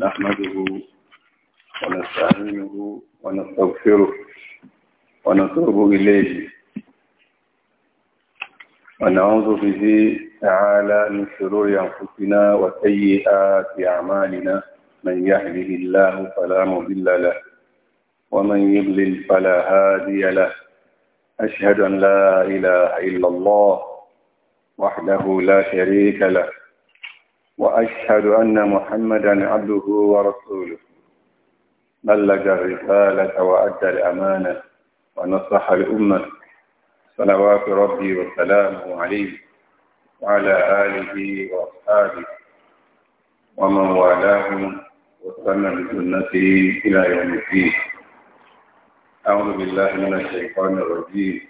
نحمده ونستعينه ونستغفره ونتوب إليه ونعوذ به تعالى من شرور أنفسنا وسيئات أعمالنا من يهده الله فلا مضل له ومن يضلل فلا هادي له أشهد أن لا إله إلا الله وحده لا شريك له وأشهد أن محمدا عبده ورسوله بلغ الرسالة وأدى الأمانة ونصح الأمة صلوات ربي وسلامه عليه وعلى آله وأصحابه ومن والاهم وسلم بسنته إلى يوم الدين أعوذ بالله من الشيطان الرجيم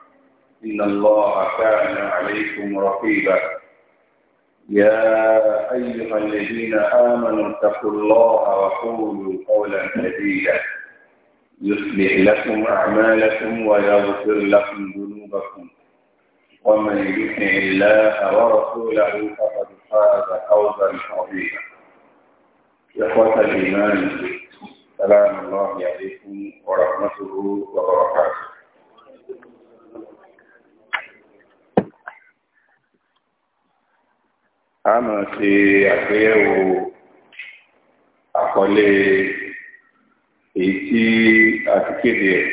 إن الله كان عليكم رقيبا يا أيها الذين آمنوا اتقوا الله وقولوا قولا سديدا يصلح لكم أعمالكم ويغفر لكم ذنوبكم ومن يطع الله ورسوله فقد فاز فوزا عظيما إخوة الإيمان سلام الله عليكم ورحمته وبركاته a máa ṣe àgbéyẹ̀wò àkọlé èyí tí a ti kéde ẹ̀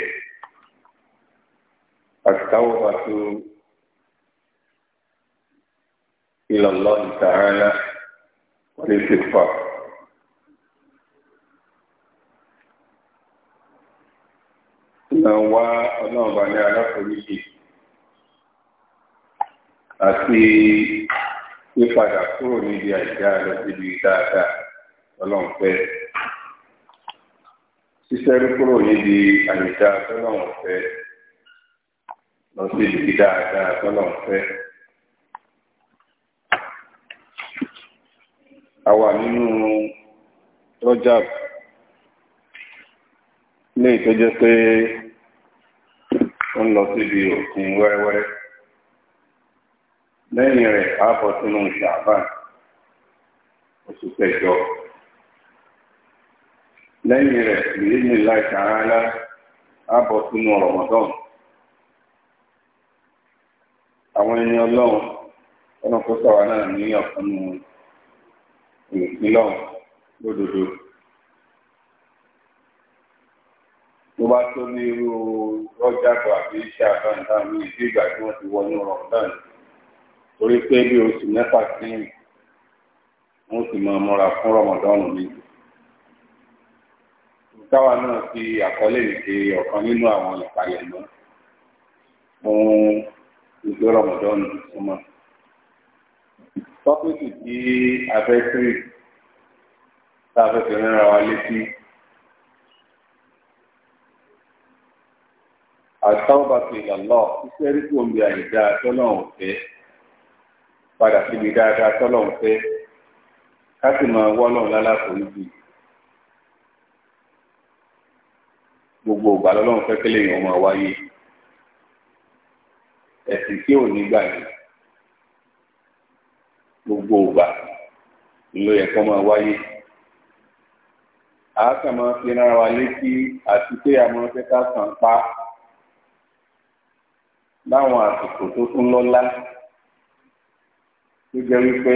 àtìkáwò pàtó ìlọ̀lọ́ ìtàrànlá wọlé sí fà. Ìlànà ọlọ́ọ̀bá ní aláforíjì àti pé padà kúrò níbi àìdá lọ síbi dáadáa ọlọ́run fẹ́ ṣíṣẹ́rí kúrò níbi àìdá tọ́lọ́run fẹ́ lọ síbi dáadáa tọ́lọ́run fẹ́. a wà nínú Rajab ilé ìtọ́jẹ́ pé ó ń lọ síbi òkun wẹ́rẹ́wẹ́rẹ́. lẹ́yìn rẹ̀ ààbọ̀ sínú ṣàbán oṣù kẹjọ lẹ́yìn rẹ̀ lèyí ní láì sàárá ààbọ̀ sínú rọ̀mọ̀dọ́n àwọn ẹni ọlọ́run ọ̀nà kó sọ̀rọ̀ náà ní ọ̀kan nù lódodo bá tó ní irú àbí ìdí ìgbà tí wọ́n ti yìí. torí pé bí oṣù mẹ́fà sẹ́yìn wọ́n sì máa múra fún rọmọdọ́nù mi. táwa náà fi àkọlé nìke ọ̀kan nínú àwọn ìpalẹ̀mọ́ fún ìjọ rọmọdọ́nù tuntun mọ́. tọ́pìtì tí abẹ́tírì tá a fẹ́ fi rẹ́ra wa létí. àtàwọn bá fi ìlànà ìṣẹ́rí tó ń bẹ àyíká tọ́lọ́run fẹ́ padà síbi dáadáa tọ́lọ̀ ń fẹ́ ká sì máa wọ́lọ̀ lálàforíjì gbogbo ìgbà lọ́lọ́run fẹ́ kí lèèyàn máa wáyé ẹ̀sìn tí ò ní gbà ní gbogbo ìgbà ló yẹ kó máa wáyé a kàn máa fi rán wa létí àti pé a máa fẹ́ ká kàn pa láwọn àsìkò tó tún lọ́lá tó jẹ́ wípé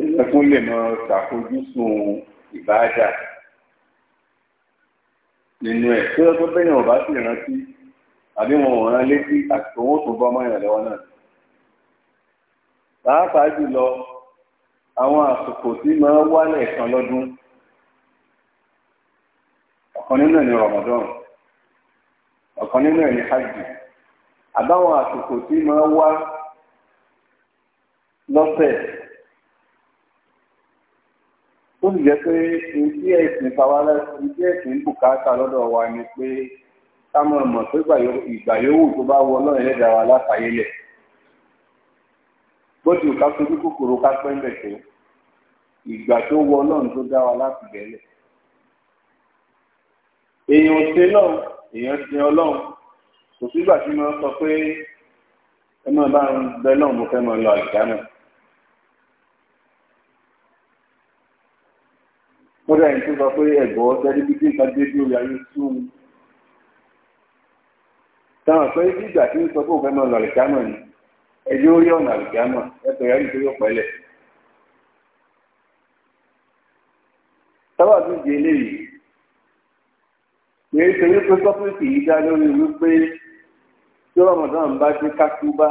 ẹlẹ́kùn lè mọ ṣàfojúsùn ìbáàjà nínú ẹ̀ tó yẹ kó bẹ́yàn ọ̀bá sì rántí àbí wọn ò rán létí àti owó tó bọ́ mọ́yàn lọ́wọ́ náà. pàápàá jùlọ àwọn àsìkò tí máa ń wálẹ̀ kan lọ́dún ọ̀kan nínú ẹ̀ ní Ramadan ọ̀kan nínú ẹ̀ ní hajj àbáwọn àsìkò tí máa wá lọ́sẹ̀ ó sì jẹ́ pé ìdí ẹ̀sìn fawálẹ́ ìdí ẹ̀sìn bùkátà lọ́dọ̀ wa ni pé ká mọ̀ mọ̀ pé ìgbà yòówù tó bá wọ ọlọ́run ẹlẹ́dàá wa látàyè lẹ̀ bóti ò ká sojú kòkòrò ká pẹ́ ńbẹ̀ tó ìgbà tó wọ ọlọ́run tó dá wa láti bẹ̀lẹ̀ èèyàn ṣe náà èèyàn ṣe ọlọ́run kò sígbà tí mo sọ pé ẹ máa bá ń bẹ náà mo fẹ́ máa lọ àlùkà náà. kódà yìí tó sọ pé ẹ̀gbọ́ sẹ́díbítì nǹkan déédéé orí ayé sùn. táwọn pé bí ìgbà tí ń sọ pé òun fẹ́ máa lọ àlùkà ni ẹ̀dí ó rí ọ̀nà àlùkà náà ẹ̀tọ́ yẹn nítorí ọ̀pẹ̀lẹ̀. sábà tún di eléyìí èyí ṣe wípé sọ́fíìsì yìí dá lórí wípé tí rọmọdán bá dé kákúbá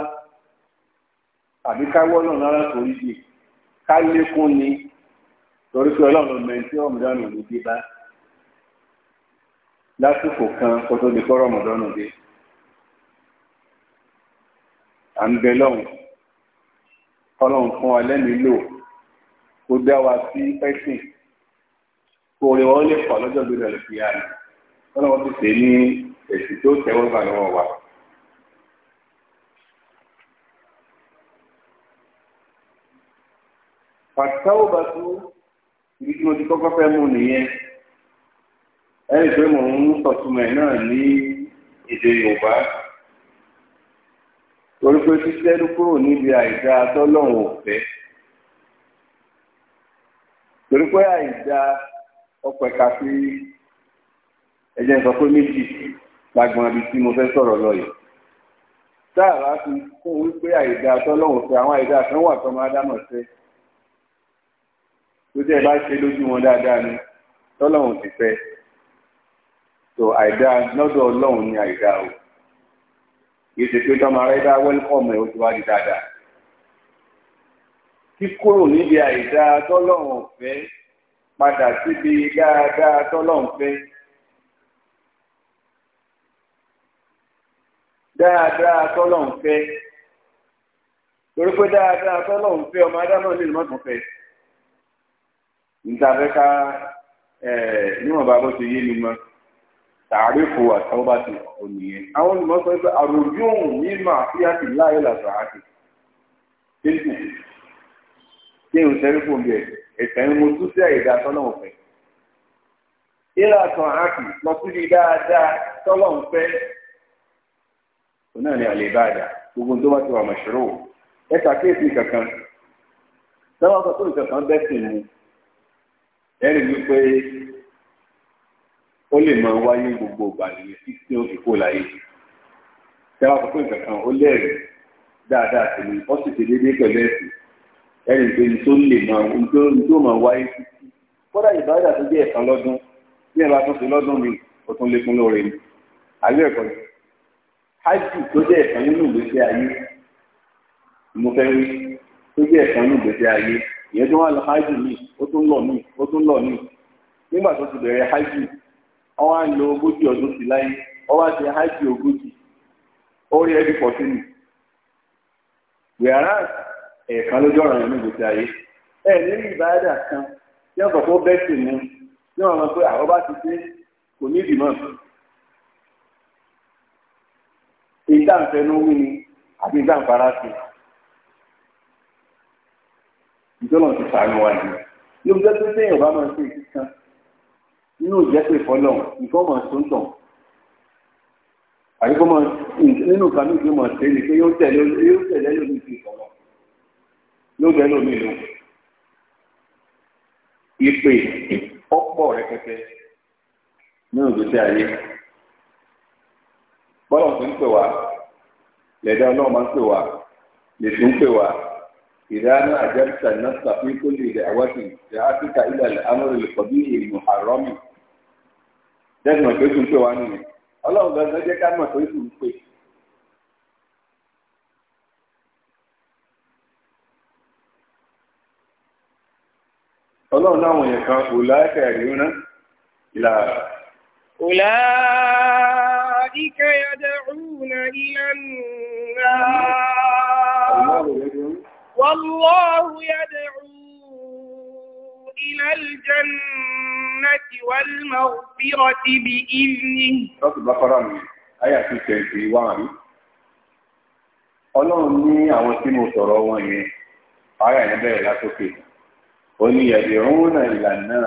àbí káwọ́ náà lára torí dè ká lékún ni torí pé ọlọ́run mẹ́tí rọmọdán ò ní dé bá lásìkò kan kó tó lè kọ́ rọmọdán ò dé à ń bẹ lọ́hùn kọ́lọ́hùn fún wa lẹ́mìí lò kó dá wa sí ẹ̀sìn kó rẹ wọ́n lè pọ̀ lọ́jọ́ gbé lọ́lẹ̀ fìyà rẹ̀ wọn lọ́wọ́ ti pè ní èsì tó tẹ́wọ́ gbà lọ́wọ́ wa. pàtàkó bá tó ibi tí mo ti kọ́kọ́ fẹ́ mú nìyẹn ẹni pé mò ń sọ̀túnmẹ̀ náà ní èdè Yorùbá torí pé títẹ́rú kúrò níbi àìdá tọ́lọ́hún òfẹ́ torí pé àìdá ọ̀pẹ̀ka sí ẹ jẹ́ n sọ pé méjì lágbọn ibi tí mo fẹ́ sọ̀rọ̀ lọ yìí sáàrà ti kún wípé àìdá tọ́lọ́hùn fẹ́ àwọn àìdá kan wà tọ́mọ ádámọ̀ fẹ́ tó jẹ́ bá ṣe lójú wọn dáadáa ni tọ́lọ́hùn ti fẹ́ tó àìdá lọ́dọ̀ ọlọ́hùn ni àìdá o yìí ṣe pé tọ́mọ aráyé dá wẹ́lkọ̀mù ẹ̀ ó ti wá di dáadáa kíkúrò níbi àìdá tọ́lọ́hùn fẹ́ padà síbi dáadáa tọ́lọ́hùn fẹ́. dáadáa tọ́lọ̀ ń fẹ́ torí pé dáadáa tọ́lọ̀ ń fẹ́ ọmọ adámọ̀ lè má tún fẹ́ ntàfẹ́ká níwọ̀nba bó ti yé mi mọ́ tààrífù àtàwọ́bàtì ònìyẹn àwọn olùmọ̀ sọ pé àròjùn mímọ àfíàtì láyé làtọ̀ àti tẹ́lifù kí n tẹ́lifù bẹ̀ ẹ̀sẹ̀ ń mo tún sí àyèdá tọ́lọ̀ ń fẹ́ ìlàtọ̀ àti lọ sí ibi dáadáa tọ́lọ̀ ń fẹ́ òun náà ni àlèbáàdà gbogbo tó bá ti wà mọ̀ṣúrò ẹ ṣàkíyèsí kankan sábà sọ pé ìkankan bẹ́sìn mu ẹ̀rí wípé ó lè máa wáyé gbogbo ìgbà nìyẹn tí tí ó fi kó láyé sábà sọ pé ìkankan ó lẹ́rìí dáadáa sí ni ó sì ti dédé pẹ̀lú ẹ̀sìn ẹ̀rí pé ní tó lè máa ní tó máa wáyé títí kódà ìbáradà tó jẹ́ ẹ̀kan lọ́dún bí ẹ̀ bá tún ṣe lọ́dún mi ó tún lékún lóore ni àlẹ́ ẹ̀kọ́ ni. hajj tó jẹ́ ẹ̀kan nínú ìgbésí ayé mo fẹ́ rí tó jẹ́ ẹ̀kan nínú ìgbésí ayé ìyẹn tó lọ hajj mi ó tún lọ mi ó tún lọ mi nígbà tó ti bẹ̀rẹ̀ hajj ó wá lò ogójì ọdún sí láyé wá hajj ogójì ó rí ẹbí ẹ̀ẹ̀kan lójú ọ̀ràn yẹn ní ìgbésí ayé ìbáradà kan tí wọ́n fún bẹ́ẹ̀sì pé àwọn bá ti dé kò èyí tá à ń fẹnu wí ni àbí tá à ń fara sí ìjọba ti sàánú wa ni yóò jẹ́ pé sẹ́yìn ọba máa ń ṣe ìkan nínú ìjẹ́pẹ̀ fọlọ́ ìfọ́mọ̀ tó ń tàn àyíkọ́ máa nínú kanú ìgbé máa tẹ̀lé pé yóò tẹ̀lé yóò tẹ̀lé lómi ti sọ̀rọ̀ yóò tẹ̀lé lómi lò ìpè ọ̀pọ̀ rẹpẹtẹ nínú ìgbésí ayé bọ́lá ọ̀sẹ̀ ń pè wá lẹ́dá ọlọ́run máa ń pè wá lẹ́sìn ń pè wá ìdáná àjẹsà náà ṣàfihàn lè rẹ̀ àwọ̀sìn rẹ̀ áfíríkà ilẹ̀ amúrè lè kọ́ bí èèmù àrọ́mì jẹ́sìn ọ̀sẹ̀ tún pè wá nìyẹn ọlọ́run gbọ́dọ̀ jẹ́ ká mọ̀ pé tún pè. ọlọ́run náà wọ̀nyẹn kan òlà ẹ̀kẹ́ rẹ̀ rán ìlà. òlà. بعدك يدعون إلى النار والله يدعو إلى الجنة والمغفرة بإذنه سورة البقرة آية 21 Ọlọ́run ní àwọn tí mo sọ̀rọ̀ wọn yẹn, ara ẹ̀ bẹ̀rẹ̀ látòkè. Ó ní ẹ̀dẹ̀ òun náà ìlànà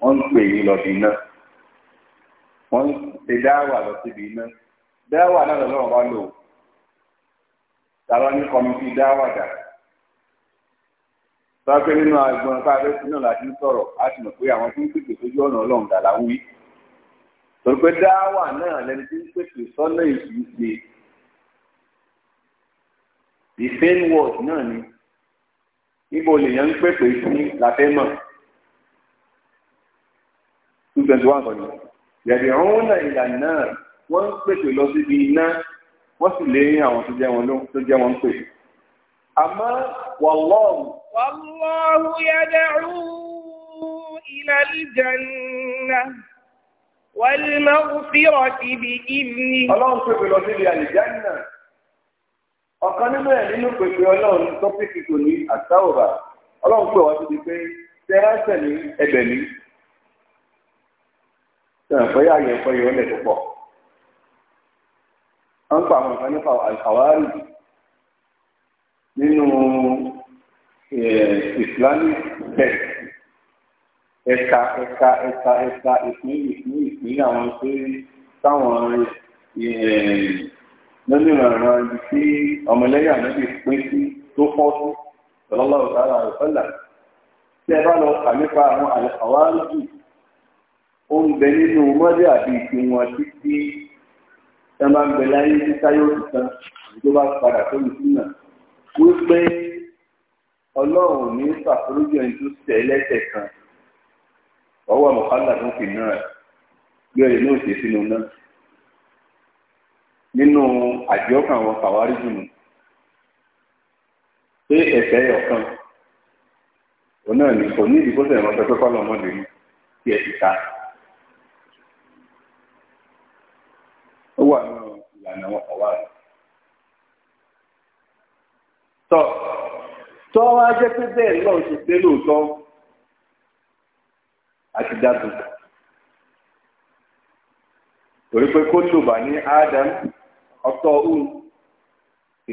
wọ́n ń pè yín lọ́bì náà. Wọ́n ń ṣe dáwà lọ síbi iná dáwà náà lọ́lọ́run bá lò tàbá ní kọmitì dáwà dà sọ́pẹ́ nínú agbọn káfíńsì náà láti ń sọ̀rọ̀ a sì mọ̀ pé àwọn tí ń pèsè sójú ọ̀nà ọlọ́run dà láwùú yìí torí pé dáwà náà lẹni tí ń pèsè sọ́nà ìlú ṣe the same word náà ni níbo lèèyàn ń pèsè sí la two twenty one kọ́ni yẹ̀dì ọ̀hún náà ìyà náà wọ́n ń pèsè lọ síbi iná wọ́n sì lé àwọn tó jẹ́ wọn ló tó jẹ́ wọn ń pè. àmọ́ wàlọ́ọ̀hù. wàlọ́ọ̀hù yad'u ila al-janna wal-maghfirati bi-idhnihi. ọlọ́run pèsè lọ síbi àlìjánná. ọ̀kan nínú ẹ̀ nínú pèsè ọlọ́run tọ́pìkì tòní àtàwọ̀bà ọlọ́run pè wá síbi pé tẹ́rẹ́sẹ̀ ní ẹ̀bẹ̀ ní sọ̀rọ̀ pé àyè ẹ̀kọ́ yìí ó lè tó pọ̀ wọ́n ń pa àwọn nǹkan nípa àwárí nínú islamic bẹ́ẹ̀ ẹ̀ka ẹ̀ka ẹ̀ka ẹ̀ka ìpín ìpín ìpín àwọn tó táwọn lónìí ìrànràn ibi tí ọmọlẹ́yìn ànábì pín sí tó fọ́ sí sallallahu ta'ala alaihi wasallam tí ẹ bá lọ kà nípa àwọn àwárí yìí ó ń bẹ nínú mọ́dé àti ìpínwọ̀n títí tá máa ń bẹ láyé títa yóò ti tán ìjọba padà tó lù sí náà wípé ọlọ́run ní ṣàforíjì ẹni tó tẹ̀ lẹ́sẹ̀ kan ọwọ́ mọ̀kálà tó fi náà bí ọ̀rẹ́ náà ṣe sínú náà nínú àjọkàn àwọn kàwárí jùlọ pé ẹ̀fẹ́ ọ̀kan òun náà ní ní ìdíkọ́sẹ̀ ìrànṣẹ́ pẹ́pẹ́ lọ́mọdé ní tí ẹ ti ta. wà nínú ìlànà wọn kọ̀ wá rẹ̀. tọ́ tọ́ wá jẹ́ pé bẹ́ẹ̀ náà ṣe pé lóòótọ́ àti dáàbò torí pé kó lò bá ní Adam ọtọ òun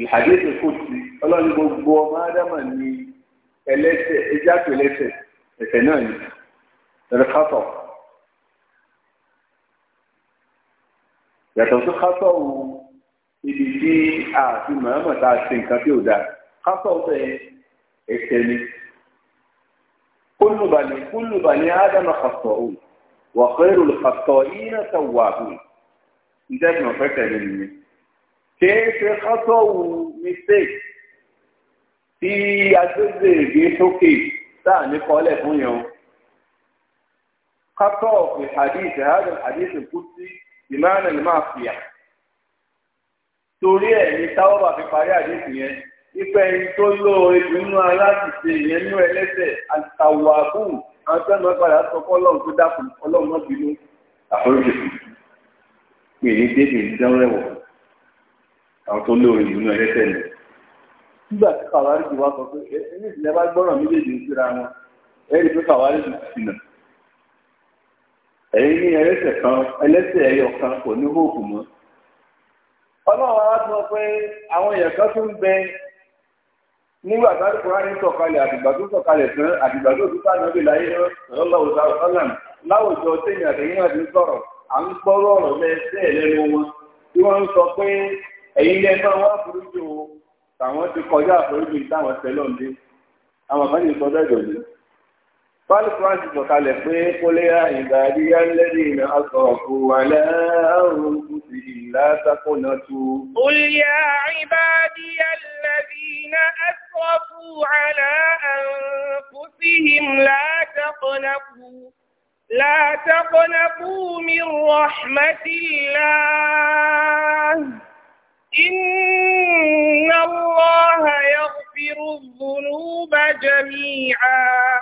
ìhàdíìsì kò sí ọlọ́run gbogbo ọmọ Ádámà ní ẹlẹ́sẹ̀ ẹjá pẹ̀lẹ́sẹ̀ ẹ̀fẹ̀ náà ní ẹ̀rẹ́kátọ̀. yàtọ̀ sí kásọ̀wù ibi tí ààfin mọ̀ọ́mọ̀ tá a ṣe nǹkan tí ò dáa kásọ̀wù tẹ ẹsẹ̀ ni kúlùbàní kúlùbàní ádámà kásọ̀wù wà pẹ́rù kásọ̀ yíyá tàwàbù ìdẹ́gbọ̀n ọ̀fẹ́tẹ̀ ni nìyẹn kìí ṣe kásọ̀wù mistake tí agbègbè gbé sókè tá à ní kọ́lẹ̀ fún yẹn kásọ̀wù fi hadith hadith hadith ìmáàna ni máa fìyà torí ẹ̀ ní táwọ́bà fi parí àdéhùn yẹn ìfẹ́ ẹni tó lò ìdùnnú aláṣìṣe ìyẹn nínú ẹlẹ́sẹ̀ àtàwàbù àwọn tó ń padà sọ fọlọ́run tó dákun ọlọ́run náà bínú àforíjì mi ní débi ìdánwò ẹ̀wọ̀ àwọn tó lò ìdùnnú ẹlẹ́sẹ̀ nìyẹn nígbà tí kàwárí ti wá sọ pé ẹni ìsìnlẹ̀ bá gbọ́ràn méjèèjì ń síra wọn ẹni pé kàwárí ti sì ẹ̀yin ní ẹlẹ́sẹ̀ kan ẹlẹ́sẹ̀ ẹyọ kan kò ní hóòpù mọ́. ọlọ́run wa sọ pé àwọn èèyàn kan tún bẹ nígbà táwọn kùránì sọ̀kalẹ̀ àtìgbà tó sọ̀kalẹ̀ tán àtìgbà tó tó sáà nàbì láyé lọ́lọ́wọ́ sálàm láwùjọ tẹ̀yìn àtẹ̀yìn àti sọ̀rọ̀ à ń gbọ́rọ̀ ọ̀rọ̀ lẹ́sẹ̀ lẹ́nu wọn tí wọ́n ń sọ pé ẹ̀yin lẹ́ máa wá foríjì o tàwọn ti kọjá àforíjì táwọn tẹ́lọ̀ ń dé àwọn kan yìí sọ bẹ́ẹ̀ dọ̀lẹ́. قال فرانسيس وقال لي قل يا عبادي الذين اسرفوا على انفسهم لا تقنطوا قل يا عبادي الذين اسرفوا على انفسهم لا تقنطوا لا تقنطوا من رحمة الله إن الله يغفر الذنوب جميعاً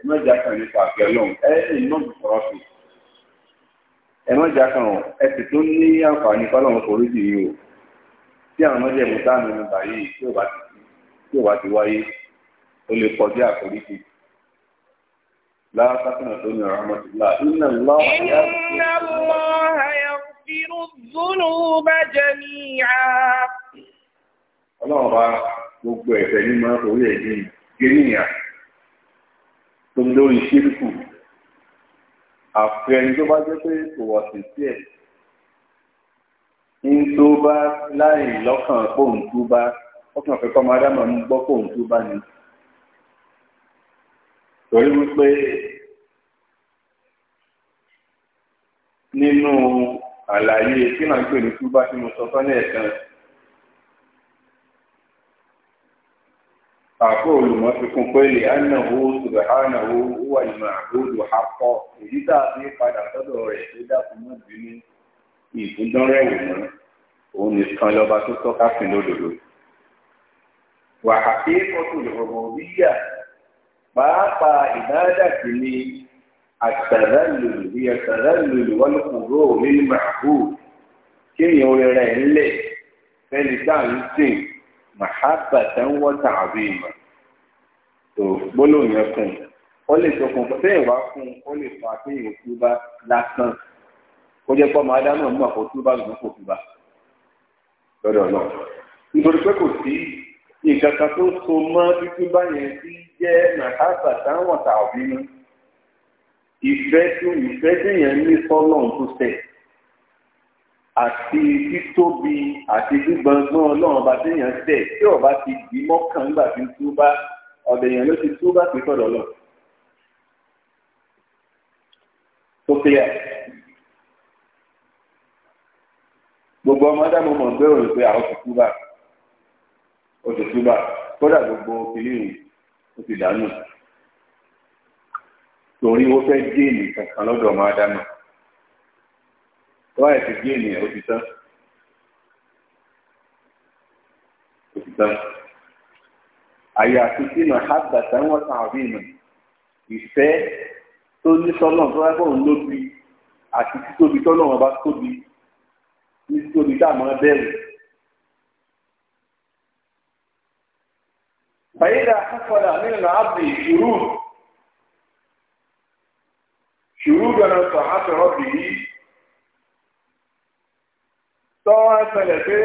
ẹ má jà kan nípa àfẹ́ ọlọ́run ẹ ẹ má bù sọ̀rọ̀ sí ẹ má jà kan ẹ sì tún ní àǹfààní fọlọ́run kò rí bì yìí o tí àwọn ọmọdé ẹ̀mú sáà nínú báyìí tí ò bá ti tí ò bá ti wáyé ó lè kọjá àforíjì lásàkùnà tó ní ọ̀rọ̀ ọmọdéla iná lọ. iná lọ ayọ̀fìrú zúnú bá jẹ níyà. ọlọ́run bá gbogbo ẹ̀fẹ̀ ní máa ń forí ẹ̀ dín gé níyà tó ní lórí ṣírkù àfi ẹni tó bá jẹ́ pé kò wọ̀ sí sí ẹ̀ ní tó bá láì lọ́kàn fóun tó bá ọkàn fẹ́ kọ́ máa dámọ̀ ń gbọ́ fóun tó bá ni torí wípé nínú àlàyé kí náà ń pè ní túbá tí mo sọ fọ́nà ẹ̀kan. àpò olùmọ̀ fi kún pé lè ánàwó subhanahu wà ní ma'budu haqqo èyí tá a fi padà sọ́dọ̀ rẹ̀ tó dákun mọ́ bínú ìfúndánrẹ́wò mọ́ òun nìkan lọ́ba tó tọ́ka sí lódodo. wàhálà ìfọ́tò ìrọ̀rùn òbíyà pàápàá ìdáadà sí ni àtàlálùlù bí àtàlálùlù wọn ló kúrò nínú ma'budu kéèyàn rẹ̀ rẹ̀ ńlẹ̀ fẹ́ni dáhùn sìn mahabatan wa ta'zima tó gbólóhùn yẹn fún un ó lè tó fún un téèyàn bá fún un ó lè fún akéèyàn túbá lásán kó jẹ́ pọ́ máa dáná mọ́ àpò túbá lòún kò túbá lọ́dọ̀ náà nítorí pé kò sí nǹkan kan tó so mọ́ túbá yẹn tí jẹ́ mahabatan wa ta'zima ìfẹ́ tó ìfẹ́ téèyàn ní fọ́lọ́hún tó sẹ́yìn àti títóbi àti gbígbọ̀ngbọ́n ọlọ́run bá téèyàn tẹ̀ tí ọba ti dì í mọ́kàn nígbà tí ń túbá ọ̀dẹ̀ èèyàn ló ti túbá pé sọ̀dọ̀ lọ. tó kílẹ̀ gbogbo ọmọ dáàbò mọ̀ gbé òrùn pé àwọn ti túbá ó ti túbá kódà gbogbo kìnìún o ti dànù torí ó fẹ́ géèmì kankan lọ́dọ̀ ọmọ adámọ̀ wáyé ti gé ènìyàn ó ti tán ó ti tán àyàfi sínú àgbàtà wọn sàn àbí ìmọ̀ ìfẹ́ tó ní sọ́nà tó wáyé fóun ló bi àti títóbi tọ́nà wọn bá tóbi ní títóbi tá a máa bẹ̀rù. nínú àbí ìṣòro ṣòro gbọ́dọ̀ sọ àtọ̀rọ̀ bìí tọ́wọ́ ẹsẹ̀lẹ̀ pé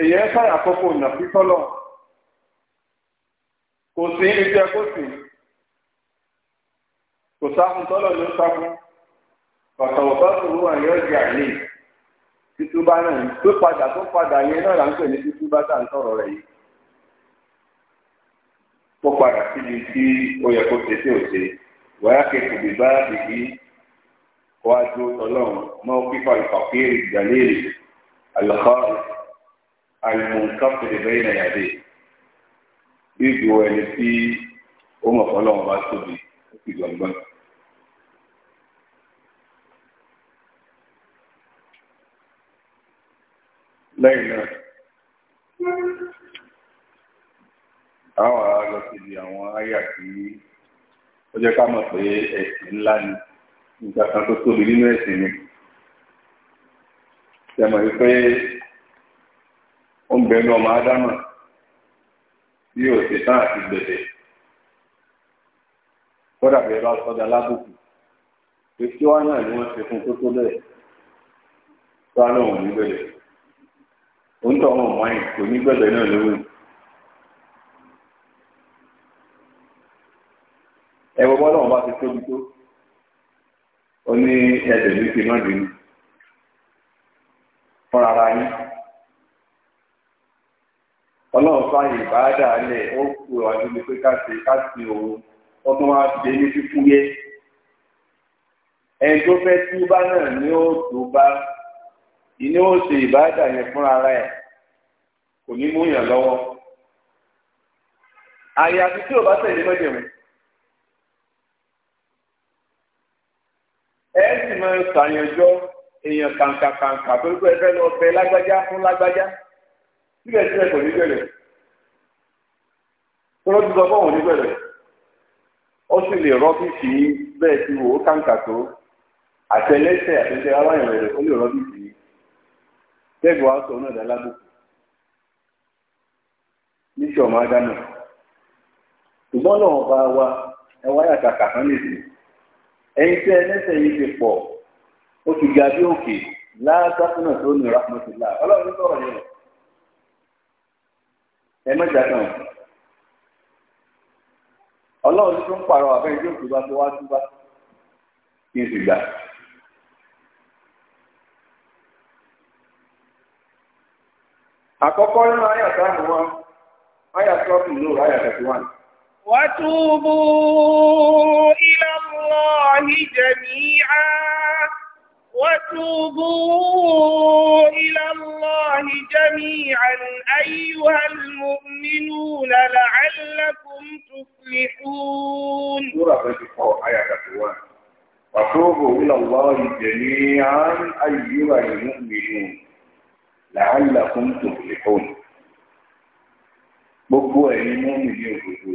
èyí ẹ̀sán àkókò ìnà fífọ́lọ̀ kò sí ibi ẹkọ́ sí kò sáfún tọ́lọ̀ ló sáfún ọ̀tọ̀wọ̀ bá sòrò wà ní ọjà yìí títúbá náà tó padà tó padà yẹn náà là ń pè ní títúbá tá à ń sọ̀rọ̀ rẹ̀ yìí tó padà síbi tí ó yẹ kó ṣe tí ò ṣe wàá kékeré bá bìbí wájú ọlọ́run mọ́kífà ìfàkìrì gàlérì àlùkọ́rì àlùmọ̀ǹkàfèrè bẹ́ẹ̀ náà yàdé bíbu ẹni tí ó mọ̀ fọlọ́run bá tóbi ó sì gbọ̀ngbọ́n. lẹ́yìn náà àwọn ará lọ síbi àwọn àyà tí ó jẹ́ ká mọ̀ pé ẹ̀sìn ńlá ni nǹkan kan tó tóbi nínú ẹ̀sìn mi ṣẹmọ̀ yìí pé ó ń bẹnu ọmọ ádámà bí yóò ṣe tán àti gbẹ̀dẹ̀ kódà bí ẹ bá sọdá lábùkù pé kí wọ́n náà ni wọ́n ṣe fún tó tó bẹ́ẹ̀ tó á lóun ní gbẹ̀dẹ̀ òun tó ọmọ ọmọ yìí kò ní gbẹ̀dẹ̀ náà lóhùn. ẹ wọ bọ́lá wọn bá ti tóbi tó ó ní ẹ̀jẹ̀ ní ti má bínú fúnra ara yín ọlọ́run fáyìn ìbáradà alẹ̀ ó kú ọdún ní pé ká ṣe ká sí òun ọdún wa ṣe ní fífúyẹ́ ẹni tó fẹ́ túbá náà ni ó tó bá ìní ó ṣe ìbáradà yẹn fúnra ara ẹ̀ kò ní mú yàn lọ́wọ́ àyàfi tí ò bá tẹ̀lé mọ́jẹ̀mú. ẹ sì máa ṣàyànjọ èèyàn kàǹkàkàǹkà tó gbé ẹgbẹ́ lọ bẹ lágbájá fún lágbájá síbẹ̀síbẹ̀ kò ní bẹ̀rẹ̀ tó lọ́dún sọ fún òun ní bẹ̀rẹ̀ ó sì lè rọ́bìsì bẹ́ẹ̀ ti wò ó kàǹkà tó àtẹlẹsẹ̀ àtẹlẹsẹ̀ aláìrìn rẹ̀ ó lè rọ́bìsì tẹ́gùn aṣọ náà dá lábùkù níṣẹ́ ọmọ adánà ṣùgbọ́n náà wa ẹ wáyà kàkà kan lè ẹ̀yin tẹ́ ẹlẹ́ṣẹ̀ yìí ti pọ̀ ó ti òkè láàtàkùnà tó ní rahmatullah ọlọ́run sọ̀rọ̀ yẹn ẹ mẹ́ta kan ọlọ́run tó ń pàrọ̀ àfẹ́yìn òkè bá tó wá túbá kí n sì gbà. àkọ́kọ́ nínú àyàtọ̀ wọn الله جميعا وتوبوا إلى الله جميعا أيها المؤمنون لعلكم تفلحون آية وتوبوا إلى الله جميعا أيها المؤمنون لعلكم تفلحون gbogbo ẹ̀yin mú mi ní òdodo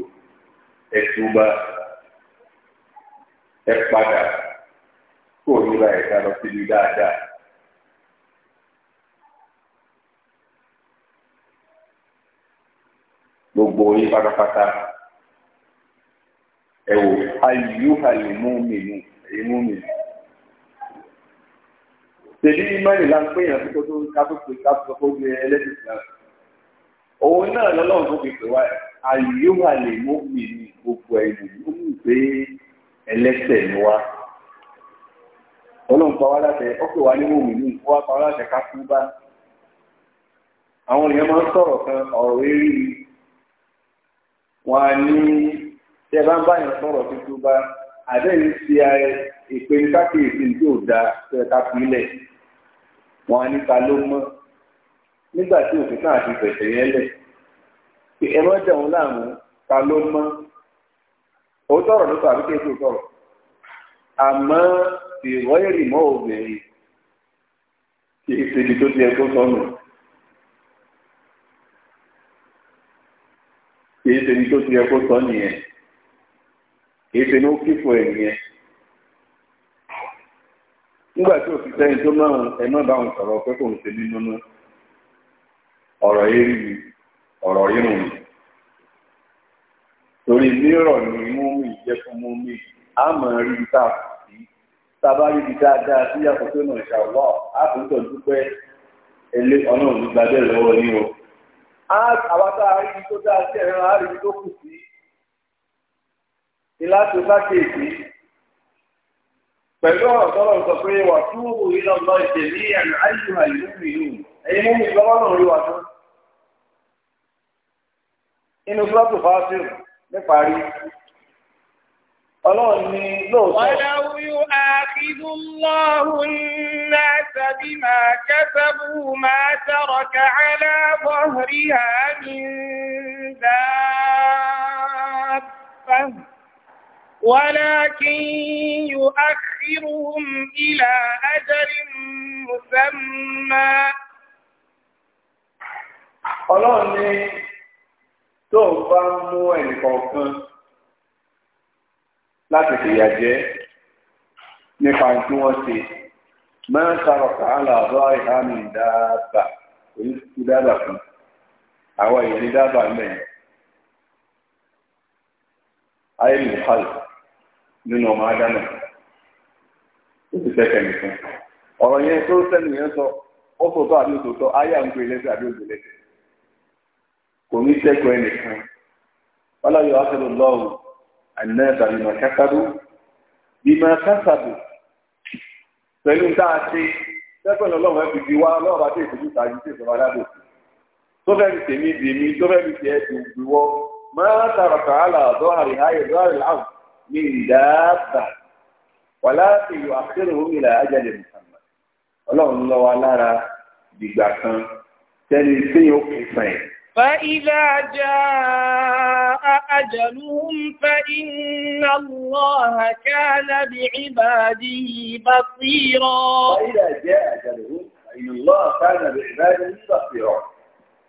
ẹ̀tùbà ẹ padà kó o níra ẹ̀ka lọ síbi dáadáa. gbogbo yín pátápátá ẹ wò ayélujára mú mi nù èyí mú mi. tèmi ní mẹ́rin la ń pè yàn kó tó kápẹ́pẹ́ kápẹ́pẹ́ kó gbé ẹlẹ́sìn náà. òun náà lọ́lọ́run tó fi pè wá ayélujára mú mi nù gbogbo ẹ̀yìn mú mi pé ẹlẹ́sẹ̀ ni wá ọlọ́run pa wá láṣẹ ọkọ̀ wá nínú òmìnú wá pa wá láṣẹ ká kú bá àwọn èèyàn máa ń sọ̀rọ̀ kan ọ̀rọ̀ eré wọn á ní tí ẹ bá ń báyàn sọ̀rọ̀ tuntun bá àdéhùn ti ìpè kákìrìsì tí ò dáa tó ẹ ká pilẹ̀ wọn á ní ta ló mọ́ nígbà tí òfin náà ti bẹ̀tẹ̀ yẹn lẹ̀ ẹ mọ́ jẹun láàmú ta ló mọ́. òótọ́ ọ̀rọ̀ ló sọ àbí kéèké òótọ́ ọ̀rọ̀ àmọ́ ìwọ́ èrè mọ́ obìnrin kì í ṣe ibi tó tiẹ̀ tó sọnù kì í ṣe ibi tó tiẹ̀ tó sọ nìyẹn kì í ṣe ní ó kíkọ nígbà tí torí mírọ̀ ni múmi jẹ́ fún múmi a mọ̀ rí ibi tá a kù sí tábà rí ibi dáadáa sí yàtọ̀ tó nà ìṣàwọ̀ àtúntò dúpẹ́ ẹlẹ́ ọlọ́run ní gbadẹ́ lọ́wọ́ ní o. àwa tá a rí ibi tó dáa sí ẹ̀rọ a rí ibi tó kù sí ilá tó bá kéèké pẹ̀lú ọ̀rọ̀ tọ́lọ̀ sọ pé wà túbù iná lọ ìṣèlú ẹ̀rọ ayélujára ìlú mi nù ẹ̀yin mú mi lọ́wọ́ náà rí wa tó. inú sọ́tù fásitì níparí ọlọ́run ní lóòótọ́. ọlọ́run yóò àkìdú lọ́hùn náà tàbí máa kẹ́sàbù máa tọrọ kàálà bọ́ọ̀rì àmì dáàbà. ولكن يؤخرهم إلى أجل مسمى. tó ń bá mú ẹnìkọ̀ọ̀kan láti fìyà jẹ́ nípa tí wọ́n ṣe máa ń sàrọ̀kà aláàbọ̀ ìhámi dáàbà èyí ti dáàbà àwọn èyí dáàbà mẹ́rin ayé nìkan nínú ọmọ ádámà ó ti tẹ́tẹ̀ nìkan ọ̀rọ̀ yẹn tó sẹ́nu yẹn sọ ó àbí ayé lẹ́sẹ̀ àbí òtò lẹ́sẹ̀. kò ní sẹ́kọ̀ọ́ ẹnìkan wọ́n láyọ̀ ákẹ́lò lọ́wọ́ àná tàbí màkàkàdù bí màkàkàdù pẹ̀lú tá a ṣe sẹ́kọ̀ọ́ lọ́wọ́ ẹ̀ fi di wá lọ́wọ́ àti ìṣèlú tàbí ìṣèjọba lábò tó fẹ́ fi tèmi dèmi tó fẹ́ fi tẹ̀ ẹ̀dùn ìwọ máa tààrà kàálà ọ̀dọ́ àríháyè lọ́rẹ̀ láwù ní ìdáàbà wà láti yọ àkérò ìlà ajáde Muhammad ọlọ́run lọ́wọ́ alára dìgbà kan tẹ́lẹ̀ sẹ́yìn ó فإذا جاء أجلهم فإن الله كان بعباده بصيرا فإذا جاء أجلهم فإن الله كان بعباده بصيرا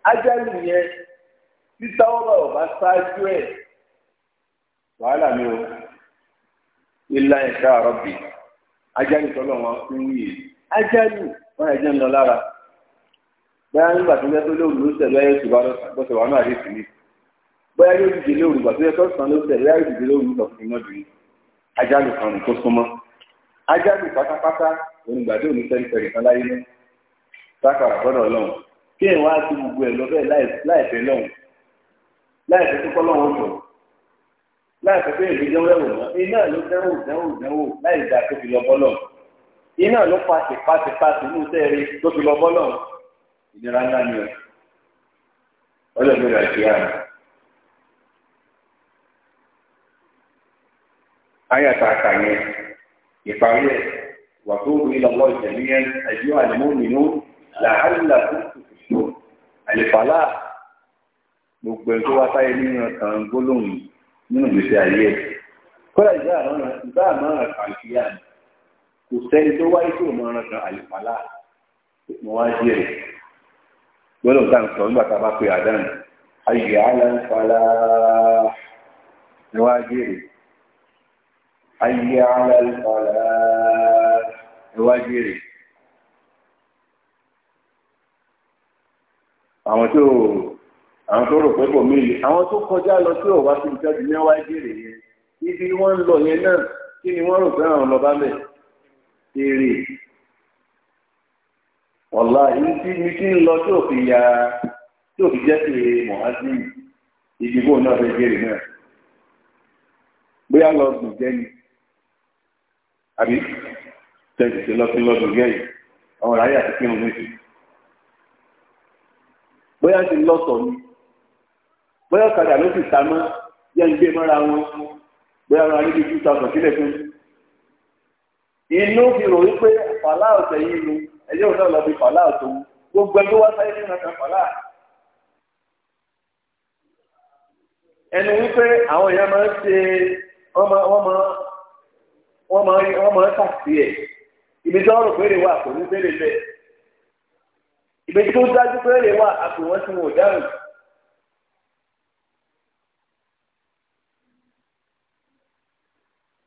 أجل يس تتورى وبساجوه وعلى ميو إلا إن شاء ربي أجل تولى وانسوه أجل وانا جنة لارا bóyá nígbà tó ń yẹ tó lóòrù ló tẹ̀lé ayé tó bá lọ́sẹ̀ wà náà rí sí ni bóyá yóò dìde lóòrù gbà tó yẹ tó sàn ló tẹ̀lé ayé dìde lóòrù lọ fún iná dùn ajálù kan tó súnmọ́ ajálù pátápátá onígbàdé òní fẹ́rifẹ́ri kan láyé náà sákàrà gbọ́dọ̀ lọ́hùn kí ẹ̀ wá sí gbogbo ẹ̀ lọ bẹ́ẹ̀ láìpẹ́ lọ́hùn láìpẹ́ tó kọ́ lọ́hùn jọ láìpẹ́ pé èmi jẹ́wọ́ ẹ̀wò mọ́ iná ló dánwò dánwò dánwò láì dáa tó fi lọ bọ́ lọ́hùn iná ló pa tìpátìpá sínú sẹ́ẹ̀rì tó fi lọ bọ́ lọ́hùn ìnira ńlá ni ọ̀ ọlọ́gbẹ̀rẹ̀ àti àná. ayàtà àkàyẹ ìparí ẹ̀ wà tó rí lọ́wọ́ ìtẹ̀lé yẹn ẹ̀yọ́ àlùmọ́nìyó làálùlà tó tòkè tó àlèfàlà gbogbo ẹ̀ tó wá sáyé nínú kan gbólóhùn nínú gbèsè ayé ẹ̀ kọ́lá ìgbà àmọ́ràn ìgbà àmọ́ràn kàlùfíà kò sẹ́ni tó wáyé tó mọ̀ràn kan àlèfàlà mo wá díẹ̀ gbọ́dọ̀ tá à ń sọ nígbà tá a bá pe àdánù ayò aláǹfààlà ni wọ́n á jèrè ayò aláǹfààlà ni wọ́n á jèrè. àwọn tó àwọn tó rò pé kò mí lè àwọn tó kọjá lọ sí ọ̀wá tó ń ní wọ́n jèrè yẹn ibi wọ́n lọ yẹn náà kí ni wọ́n rò pé àwọn lọ bá bẹ̀ èrè ọ̀la ìlú tí mi ti ń lọ tí òfin ya tí òfin jẹ́ sí mọ̀hásí ìdìbò náà fẹ́ jèrè náà bóyá lọ gùn jẹ́ ni àbí tẹ̀sí ti lọ sí lọ́dún jẹ́ yìí àwọn ọ̀rọ̀ ayé àti kírun méjì bóyá ti lọ sọ ni bóyá ọ̀kadà ló sì ta mọ́ yẹn ń gbé mọ́ra wọn bóyá wọn arídìí two thousand sílẹ̀ fún inú fi rò wípé àpàlà ọ̀sẹ̀ yìí lu ẹ̀yẹ́ òun náà lọ bí fàlà àtòwú gbogbo ẹgbẹ́ wá sáyé nínú ẹ̀ka fàlà. ẹnu wípé àwọn èèyàn máa ń ṣe wọ́n máa wọ́n máa wọ́n máa wọ́n máa ń tàkì ẹ̀ ibi tí wọ́n rò pé èrè wà kò ní bẹ́ẹ̀ bẹ́ẹ̀ ibi tí ó dájú pé èrè wà àpò wọn tí wọn ò dáhùn.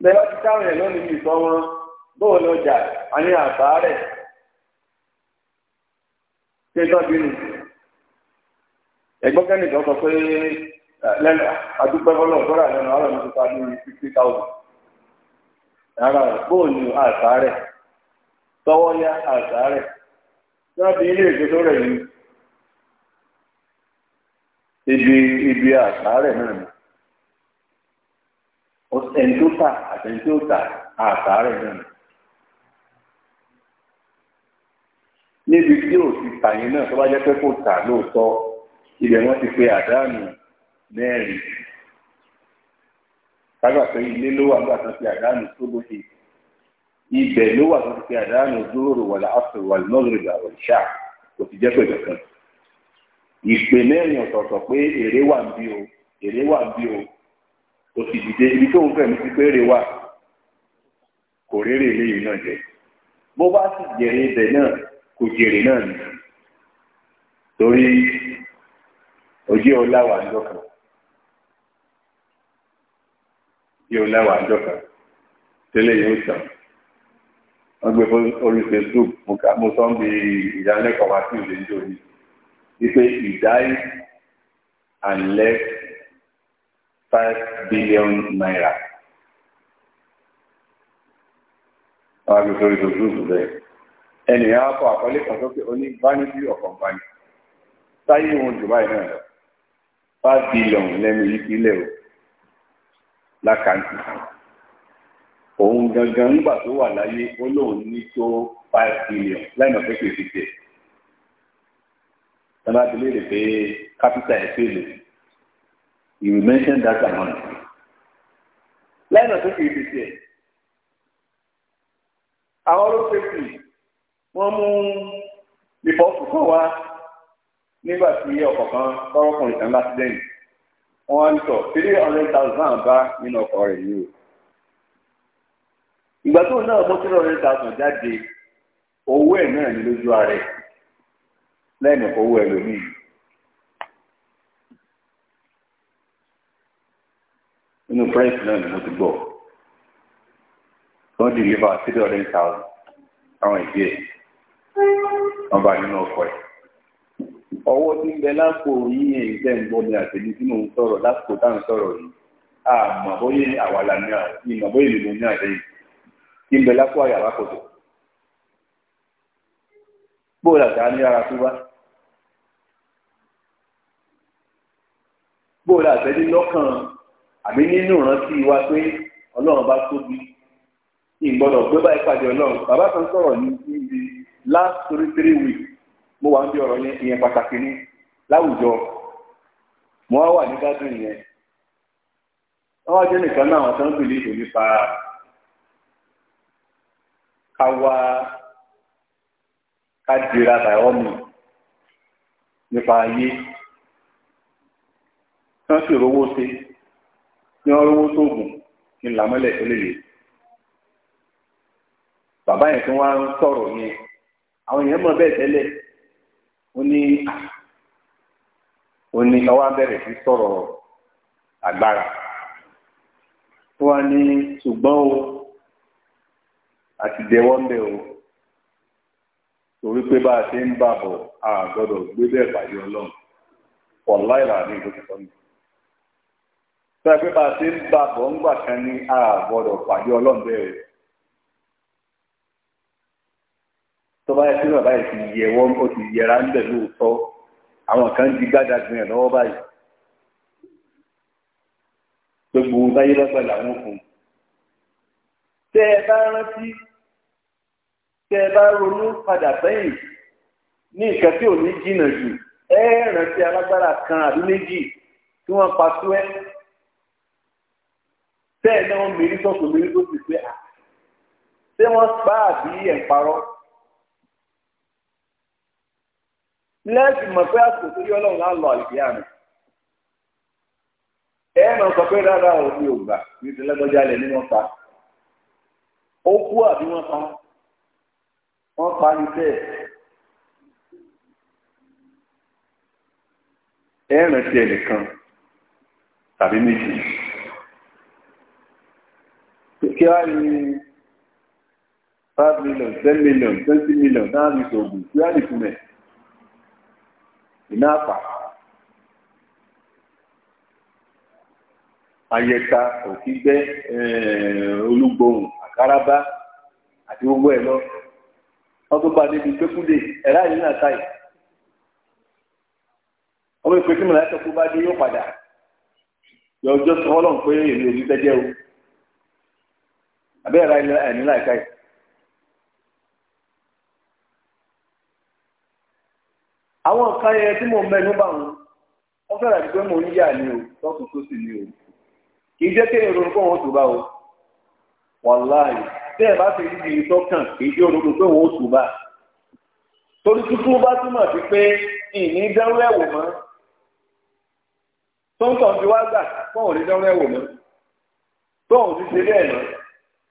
lẹ́yìn tí táwọn èèyàn lónìí ìtọ́ wọn bóun àní àbá rẹ̀ ṣé ń tọ́jú ni ẹ̀gbọ́n kẹ́nìkan sọ pé lẹ́nu àdúgbò fọlọ́ gbọ́dọ̀ lẹ́nu àwọn ọmọ tuntun àbí fifty thousand rárá bóòlù àṣà rẹ̀ tọwọ́ yá àṣà rẹ̀ tí wọ́n fi ilé ìgbésó rẹ̀ yìí ibi ibi àṣà rẹ̀ náà ni ẹni tó tà àti ẹni tó tà àṣà rẹ̀ náà ni. níbi tí ò ti tà yín náà tó bá jẹ́ pé kò tà lóòótọ́ ibẹ̀ wọ́n ti pe àdánù mẹ́rin kágbà pé ilé ló wà nígbà tó ti àdánù tó bó ṣe ibẹ̀ ló wà tó ti pe àdánù dúró wàlà àfẹ wàlà nọ́ọ̀rẹ̀dà wàlìṣà kò ti jẹ́ pé kankan ìpè mẹ́rin ọ̀tọ̀ọ̀tọ̀ pé èrè wà ń bí o èrè wà ń bí o kò sì dìde ibi tó ń fẹ̀ mí ti pé èrè wà kò rérè eléyìí náà jẹ bó bá sì jẹ̀rẹ̀ ibẹ̀ náà kò jèrè náà ni torí ojú ọláwà ń dọkàn ojú ọláwà ń dọkàn tẹ́lẹ̀ yóò tàn wọ́n gbé fún orí facebook mo sọ ń bi ìdánilẹ́kọ̀ọ́ wa sí ìlú ìjọ yìí wípé ìdáyé and five billion naira wọ́n gbé fún orí facebook bẹ́ẹ̀ ẹnìyàn á kọ àkọlé kan sókè oní vanity of company táyé wọn jù báyìí náà lọ five billion lẹ́nu yìí sílẹ̀ o lákàntì òun gangan ńgbà tó wà láyé ó lóun ní tó five billion lẹ́nu pé kò fi ti léèrè pé capital ẹ̀ fèlè you mention that amount lẹ́nu pé kò fi tẹ̀ àwọn ló fẹ́ wọ́n mú rìpọ́ọ̀tù kan wá nígbà tí ọkọ̀ kan tọ́rọ́kùnrin kan lásìdẹ́yìn wọ́n ń tọ̀ three hundred thousand bá nínú ọkọ̀ rẹ̀ yìí o ìgbà tó náà mú three hundred thousand jáde owó ẹ̀ náà ní lójú ara ẹ̀ lẹ́nu owó ẹlòmíì. inú pírẹ́sì náà ni mo ti gbọ́ wọ́n dìlíbà three hundred thousand àwọn ìdí ẹ̀. Ọba bá nínú ọkọ̀ ọwọ́ tí ń bẹ lápò yín ẹ̀yìn ń mi àtẹ̀lé tí mò ń sọ̀rọ̀ lásìkò tá à ń sọ̀rọ̀ yìí àmọ́ bóyá àwa là ní àwọn ìmọ̀ bóyá ní tí ń bẹ tó bá. bóyá lọ́kàn àbí nínú ìrántí wa pé ọlọ́run bá tóbi gbé báyìí last three three weeks mo wà ń bí ọ̀rọ̀ yẹn ìyẹn pàtàkì ní láwùjọ mo wá wà ní gádùn yẹn wọ́n wá jẹ́ nìkan náà àwọn tó ń pè ní ìlú nípa káwa kádìrà bàọ́mì nípa ayé tí wọ́n sì rówó sí tí wọ́n rówó sóògùn kí làmọ́lẹ̀ tó lè lè bàbá yẹn tí wọ́n á ń sọ̀rọ̀ yẹn àwọn èèyàn mọ̀ bẹ́ẹ̀ tẹ́lẹ̀ ó ní ó ní ọwọ́ abẹ́rẹ́ sí sọ̀rọ̀ agbára tó wá ní ṣùgbọ́n o àti dẹwọ́ ń bẹ̀ o torí pé bá a ṣe ń bàbọ̀ a gbọ́dọ̀ gbé bẹ́ẹ̀ pàdé ọlọ́run ọ̀la ìlànà ìlú ti sọ́nù tó yẹ pé bá a ṣe ń bàbọ̀ ńgbà kan ní a gbọ́dọ̀ pàdé ọlọ́run bẹ́ẹ̀ o. tó bá yẹ kí bàbá yìí ti yẹ wọ́n ó ti yẹra ń bẹ̀ lóòótọ́ àwọn kan di gbádà gbìn ẹ̀ lọ́wọ́ báyìí gbogbo ohun táyé bá pẹ̀lú àwọn òkun tẹ ẹ bá rántí tẹ ẹ bá ronú padà sẹ́yìn ní nǹkan tí ò ní jìnnà jù ẹ rántí alágbára kan àbí méjì tí wọ́n pa tó ẹ tẹ ẹ náà mèrí sọ̀tún mèrí tó sì pé à ṣé wọ́n pa àbí ẹ̀ ń lẹ́ẹ̀sì mọ̀ pé àsìkò tó yọ lọ́run láàlọ́ àlùkìyà mi ẹ máa sọ pé rárá o mi ò gbà mi ti lẹ́gbọ́jà lẹ̀ ní wọ́n pa ó kú àbí wọ́n pa wọ́n pa ní bẹ́ẹ̀ ẹ rántí ẹnìkan tàbí méjì kí wàá ní five million ten million twenty million náà ní sọ̀gùn kí wàá ní kúmẹ̀. inafa ayẹta òkígbẹ eh, olúgbòhùn àkàràbà àti gbogbo ẹ lọ wọn tó bá a débi gbẹkúndé ẹrá yìí náà táyì ọmọ ìpè tí mo láti bá dé padà sọ pé tẹjẹ o àbẹ ẹrá yìí náà àwọn nǹkan yẹn tí mò ń mẹ́nu bá wọn wọ́n fẹ́ràn àti pé mò ń yà ni o lọ́kùn tó sì ni o kì í jẹ́ kéèyàn ronú pé wọ́n tó bá o wàláì tẹ́ ẹ̀ bá fi rí ibi tó kàn kì í jẹ́ ronú pé wọ́n tó bá torí tuntun bá túmọ̀ sí pé ìní dánwó ẹ̀wò mọ́ tó ń tàn ju wá gbà fún òní dánwó ẹ̀wò mọ́ tó òun ti ṣe bẹ́ẹ̀ mọ́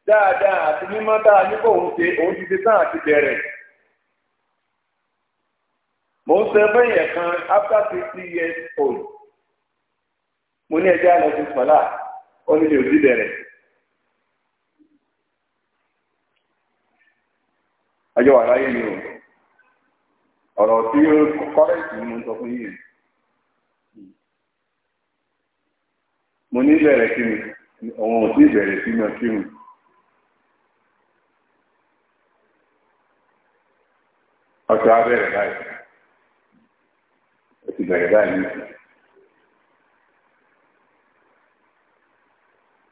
dáadáa àti mímọ́ dáa nípa òun ṣe òun ti ṣe tán àti bẹ̀rẹ̀ mo ń sẹ́fẹ́ yẹn kan after sixty years old mo ní ẹjẹ́ àlọ́ ti sọ̀lá ó ní mi ò sí bẹ̀rẹ̀. ọjọ́ wà láyé ni o ọ̀rọ̀ tí kọ́rẹ́ǹtì ni mo ń sọ fún yìí mo ní bẹ̀rẹ̀ kí ni òun ò sí bẹ̀rẹ̀ sí mi kí ni. ọ̀sẹ̀ abẹ́rẹ́ báyìí bẹ̀rẹ̀ báyìí.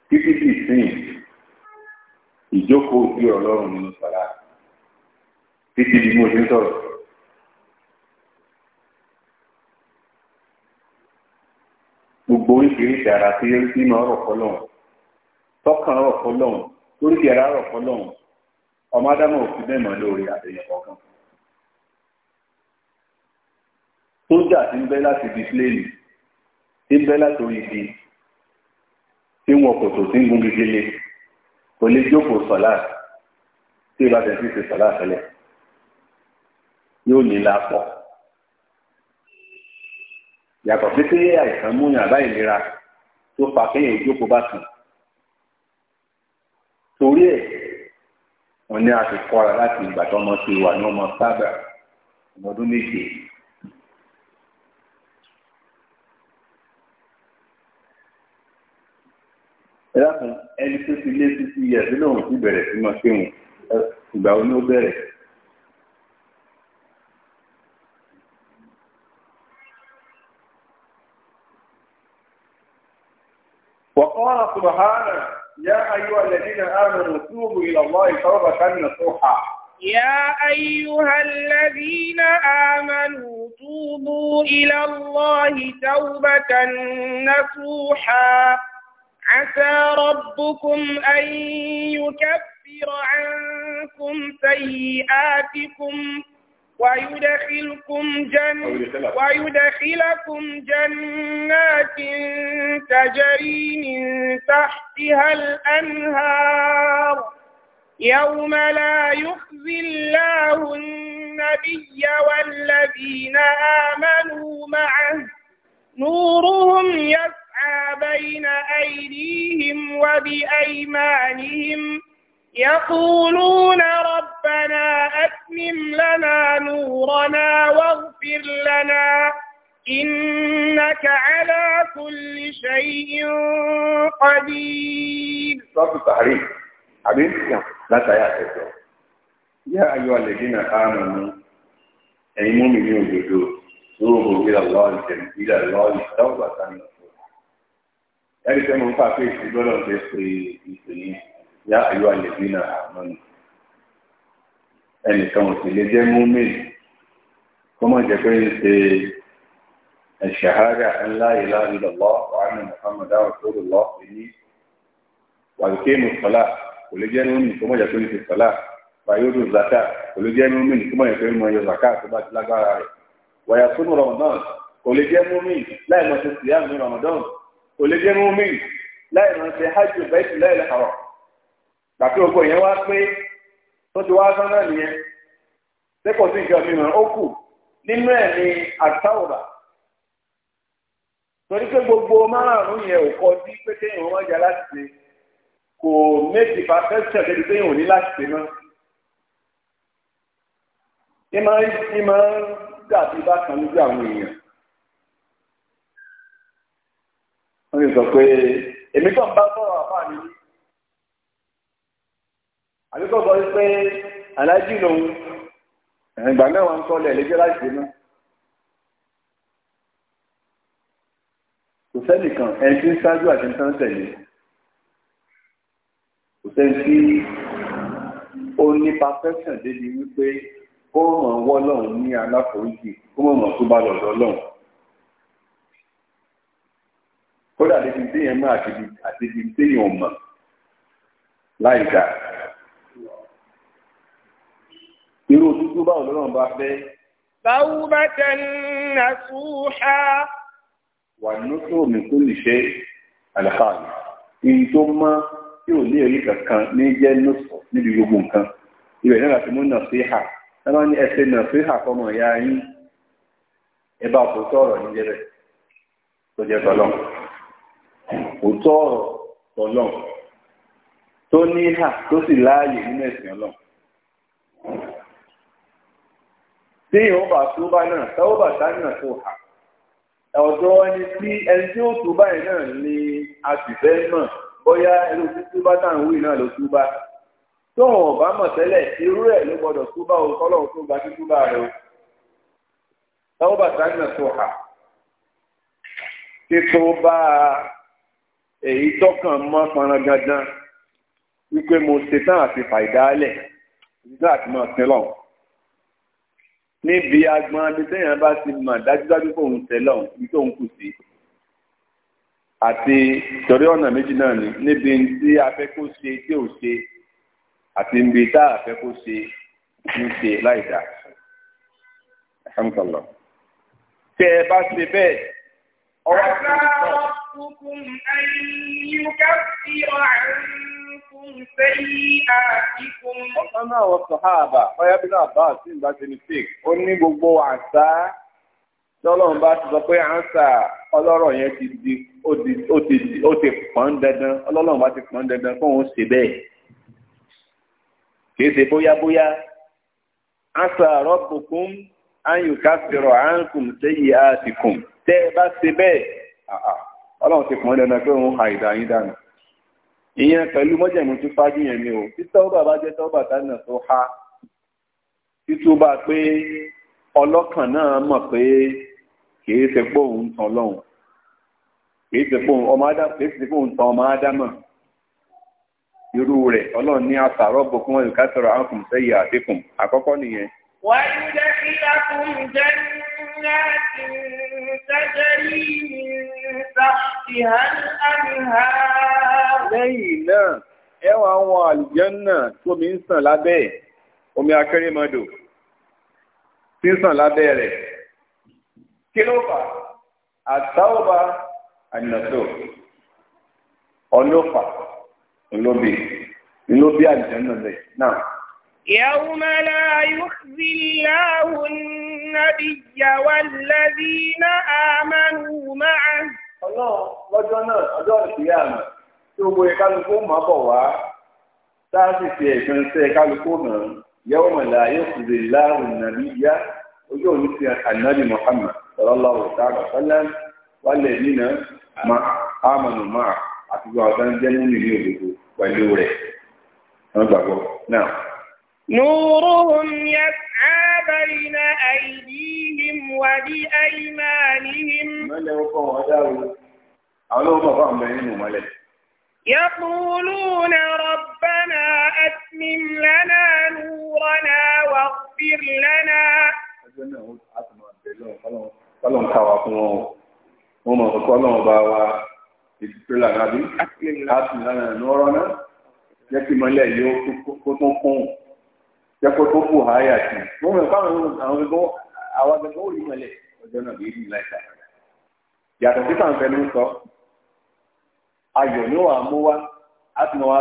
títí sì sìn ìjókòó sí ọlọ́run nínú sọ́lá títí di mo ti ń sọ̀rọ̀. gbogbo oríṣiríṣi ara tí yẹn ti máa rọ̀ kọ́ lọ́hùn tọ́kàn rọ̀ kọ́ lọ́hùn oríṣi ara rọ̀ kọ́ lọ́hùn ọmọ ádámọ̀ òfin bẹ́ẹ̀ mọ́ lórí àtẹ̀yìn kọ̀ọ̀kan. sójà ti ń bẹ́ láti di pléènì ti ń bẹ́ látòrí igi tí wọn kò tó sí ń gun gègéle kò lè jókòó sọ̀lá tí ìbá tẹ̀sí ṣe sọ̀lá tẹ́lẹ̀ yóò ní lápọ̀ yàtọ̀ sí pé àìsàn múyàn àbá ìlera tó fa kéèyàn ìjókòó bá sùn torí ẹ̀ wọ́n ní a ti kọ́ra láti ìgbà tó ọmọ ti wà ní ọmọ sábà ọmọdún méje ẹlẹ́kùn ẹni tó ti lé títí yẹ ẹ̀sìn náà ti bẹ̀rẹ̀ sí máa ṣéwọ̀n ìgbà wo ni ó bẹ̀rẹ̀. وقال سبحانه يا أيها الذين آمنوا توبوا إلى الله توبة نصوحا يا أيها الذين آمنوا توبوا إلى الله توبة نصوحا عسى ربكم أن يكفر عنكم سيئاتكم ويدخلكم جن ويدخلكم جنات تجري من تحتها الأنهار يوم لا يخزي الله النبي والذين آمنوا معه نورهم يسعى بين أيديهم وبأيمانهم يقولون ربنا أتمم لنا نورنا واغفر لنا إنك على كل شيء قدير صوت التحريف حبيب لا تيأس يا أيها الذين آمنوا أي مؤمنين وجدوا توبوا إلى الله إلى الله توبة ẹni tẹ́ mo ń pàṣẹ ìgbọ́dọ̀ ṣe pé ìpè yìí yá àyọ àlèbí náà àmọ́nù ẹnìkan ò sì lè jẹ́ múmìn kó mọ̀ jẹ́ pé ń ṣe ẹ̀ṣẹ̀hárà ńlá ìlà ìlọ̀lọ́ wàhánà muhammadu rasulullah ní wàlùkẹ́ mu sọ́lá kò lè jẹ́ múmìn kó mọ̀ jẹ́ pé ń ṣe sọ́lá fàyọ́dù zaka kò lè jẹ́ múmìn kó jẹ́ pé ń mọ̀ yọ zaka tó bá ti lágbára rẹ̀ wàyà sunu ramadan kò lè jẹ́ múmìn láì mọ̀ ṣe síyá mi ramadan kò lè jẹ́ múmi láì rántí hajj bẹ́ẹ̀tì lẹ́ẹ̀lẹ́ ọ̀rọ̀ gbàtí gbogbo yẹn wá pé tó ti wá sán náà nìyẹn sẹ́kọ̀ọ́ sí nǹkan mìíràn ó kù nínú ẹ̀ ní àtàwọ̀bà torí pé gbogbo márùn yẹn ò kọ sí pé kéèyàn wọ́n jà láti ṣe kò méjì fa fẹ́sẹ̀ débi pé ò ní láti ṣe náà ìmọ̀ ń dàbí bákan lójú àwọn èèyàn. wọ́n ti sọ pé èmi kàn bá sọ̀rọ̀ àbá mi ní. àbíkọ́ sọ pé aláàjì lòun ìgbà mẹ́wàá ń kọ́lẹ̀ lẹ́jọ́ láti náà. kò sẹ́nìkan ẹni tí ń ṣáájú àti ń tán tẹ̀lé kò sẹ́ni tí ó ní perfection débi wípé kó mọ̀ wọ́ lọ́hùn ní aláforíjì kó mọ̀ mọ̀ tó bá lọ́dọ̀ lọ́hùn. kódà níbi téèyàn mọ̀ àti ibi téèyàn mọ̀ láì dá irú òtútù báwọn lọ́nà bá fẹ́. Báwúbátẹ́ nà súhá. Wà lóṣù mi kó lè ṣe àlàfààní. Iye tó mọ́ tí ò ní èrí kankan ní jẹ́ lóṣù níbi gbogbo nǹkan. Ibẹ̀ náà láti mú nà síhà. Sábà ní ẹsẹ̀ nà síhà fọmọ ìyá yín. Ẹ bá kó sọ̀rọ̀ níjẹ́ bẹ̀. Tó jẹ́ tọ́lọ́mù òótọ́ ọ̀rọ̀ tọlọ tó ní hà tó sì láàyè nínú ẹ̀sìn Ọlọ́run tí ìwọ́n bá tó bá náà táwọn bá tá náà tó hà ọ̀dọ́ ẹni tí ẹni tí ó tó báyìí náà ni a sì fẹ́ mọ̀ bóyá ẹni tí tó bá táwọn wí náà ló tó bá tóun ọ̀bá mọ̀ tẹ́lẹ̀ irú ẹ̀ ló gbọ́dọ̀ tó bá òun kọ́lọ́hún tó gba títú bá rẹ o táwọn bá tá náà tó hà títú bá a èyí tọkàn mọ́ fọnrán gangan wípé mo ṣetán àti fàìdálẹ̀ nígbà tí mo sin lọ níbi agbọn abisẹ́yìn bá ti mọ̀ dájúdájú fóun tẹ́lọ̀ ní tóun kù sí àti torí ọ̀nà méjì náà ni níbi tí a fẹ́ kó ṣe tí ò ṣe àti níbi tá a fẹ́ kó ṣe ń ṣe láì dá alhamdulilah tẹ ẹ bá ṣe bẹ́ẹ̀ ọwọ́ àti ìṣọ́. ربكم أن يكفر عنكم سيئاتكم أما والصحابة ويا ابن عباس بس نسيك أني gbogbo àṣà tọ́lọ́run bá ti sọ pé àǹsà ọlọ́rọ̀ yẹn ti di ó ti pọ́n dandan ọlọ́run bá ti pọ́n dandan fún òun ṣe bẹ́ẹ̀ kì í ṣe bóyá bóyá àǹsà rabbukum an yukaffiru ankum sayyi'atikum tẹ́ ẹ bá ṣe bẹ́ẹ̀ ọlọ́run ti pọ̀n dandan pé òun ha ìdá dànù ìyẹn pẹ̀lú mọ́jẹ̀mú tí fájú yẹn ni o tí bá jẹ́ tọ́ba tánà tó ha títúbà pé ọlọ́kàn náà mọ̀ pé kìí ṣe pé òun lọ́hùn kìí ṣe pé ọmọ kìí ṣe pé òun ọmọ irú rẹ̀ ọlọ́run ní bò fún تجري من تحتها الأنهار lẹ́yìn náà ẹ wá àwọn àlùjànnà tómi ń sàn lábẹ́ ẹ̀ omi akérèmọdò tí ń sàn lábẹ́ rẹ̀ kí ló fà àtàwọ̀bà ànàtò ọlọ́fà olóbi olóbi àlùjànnà náà. يوم لا يخزي الله النبي والذين آمنوا معه ọlọ́run lọ́jọ́ náà ọjọ́ ìṣìyà mi tí gbogbo ìkálukú mọ̀ bọ̀ wá sáàsì fi ẹ̀sìn ṣe ìkálukú náà yẹ́wò mọ̀lá yóò fi lè láàrùn nàbí yá ojú òní ti ànábì Muhammad sallallahu ta'ala sallam wálé nínà má àmọ̀nù má àti gbọ́ ọ̀sán jẹ́ nínú ìlú òdodo pẹ̀lú rẹ̀ wọ́n gbàgbọ́ náà. نورهم يسعى بين أيديهم وبأيمانهم يقولون ربنا أتمم لنا نورنا واغفر لنا Ọlọ́run ká wa fún wọn o, wọ́n mọ̀ ọ̀kọ́ ọlọ́run bá wa ìdíkúrẹ́lá náà bí, láti lánàá ní ọ̀rọ̀ náà, jẹ́ kí mọ́lẹ̀ yóò kó tó kún un. jẹ́pọ̀ tó kù ha yà sí mo mọ̀ fáwọn àwọn gbogbo àwọn gbogbo òòlù mọ̀lẹ̀ ọjọ́ náà bí ibi láìka yàtọ̀ sí fàǹfẹ́ ló ń sọ ayọ̀ ní wàá mú wá á ti mọ wá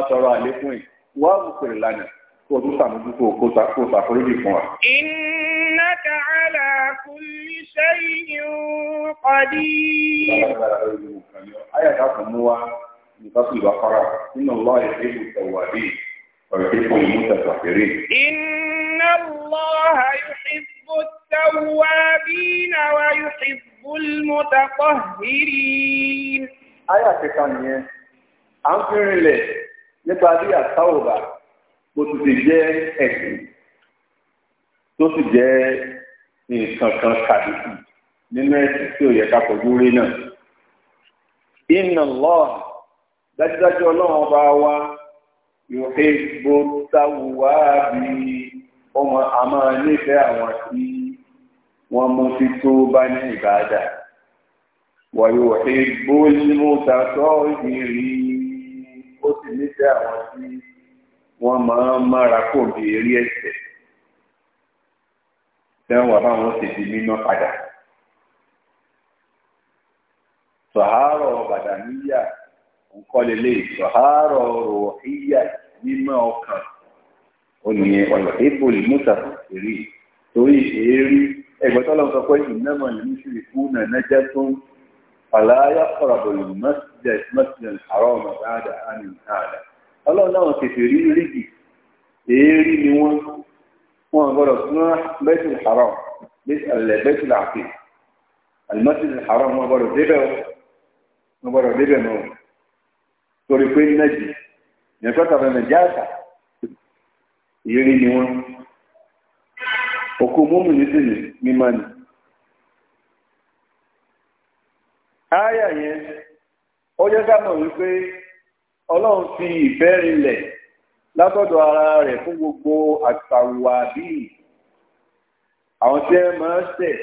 wàá pèrè lánàá kó o tún kó o fún wa. ala kulli shay'in qadir. ayàtọ̀ kan mú wá nípa ìbá fara nínú ويحب المتطهرين إن الله يحب التوابين ويحب المتطهرين آية كتانية عن فرنلة نبادي التوبة وتتجاه ẹ̀sìn tó sì jẹ́ nǹkan kan kàdùkù nínú ẹ̀sìn tí ò yẹ ká fojú rí náà. Inna Allah dájúdájú ọlọ́run ọba wa yòókè gbó táwùwá bí ọmọ àmọ́ nífẹ̀ẹ́ àwọn tí wọ́n mú sí tó bá ní ìbáadà wọ́n yòókè gbó nímú tàtọ́ ìrírí ó sì nífẹ̀ẹ́ àwọn tí wọ́n máa ń mára kò bí eré ẹ̀sẹ̀ tẹ́wọ̀n àbáwọn sì di mímọ́ padà sọ̀hárọ̀ bàdàníyà ń kọ́ lélẹ̀ mímọ́ ọkàn oníyẹn ọ̀yọ̀ èèbò lè múta èrè torí èérí ẹgbẹ́ tọ́lọ́ sọ pé ìnáwó ní mùsùlùmí kú náà nájà tó ń fàlàyà kọ̀rọ̀bọ̀ lè mọ́sílẹ̀ àárọ̀ ọmọ dáadáa àmì dáadáa ọlọ́run náà tètè rí rígì èérí ni wọ́n wọn gbọ́dọ̀ súná bẹ́tùl haram bẹ́tùl àfẹ́ àlùmọ́sílẹ̀ haram wọn gbọ́dọ̀ débẹ̀ wọn gbọ́dọ̀ débẹ̀ náà torí pé nájì nìkọ́tà bẹ̀rẹ̀ jáàsà ìrírí ni wọ́n òkú múmi ní sílẹ̀ mímọ́ ni. ááyà yẹn ó jẹ́ ká mọ̀ wípé ọlọ́run fi ìfẹ́ rinlẹ̀ látọ̀dọ̀ ara rẹ̀ fún gbogbo àtàwà bíi àwọn tí ẹ máa ń ṣẹ̀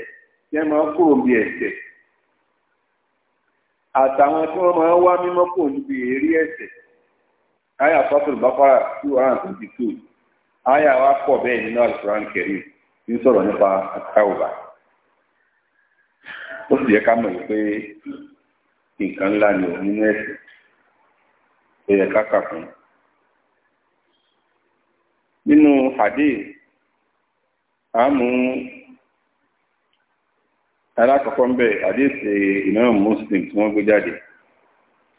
tí ẹ máa ń kúrò bí ẹ̀ṣẹ̀ àtàwọn tí wọ́n máa wá mímọ́ kò níbi èrí ẹ̀ṣẹ̀ àyà sọ́tò bàkàrà two hundred and twenty two àyà wa pọ̀ bẹ́ẹ̀ nínú alukuran kẹrin ń sọ̀rọ̀ nípa àtàwùbà ó sì yẹ ká mọ̀ pé nǹkan ńlá ni òun nínú ẹ̀sìn ó yẹ ká kà fún un nínú hadith àmú alákọ̀ọ́kọ́ ń bẹ̀ hadith Imam Muslim tí wọ́n gbé jáde.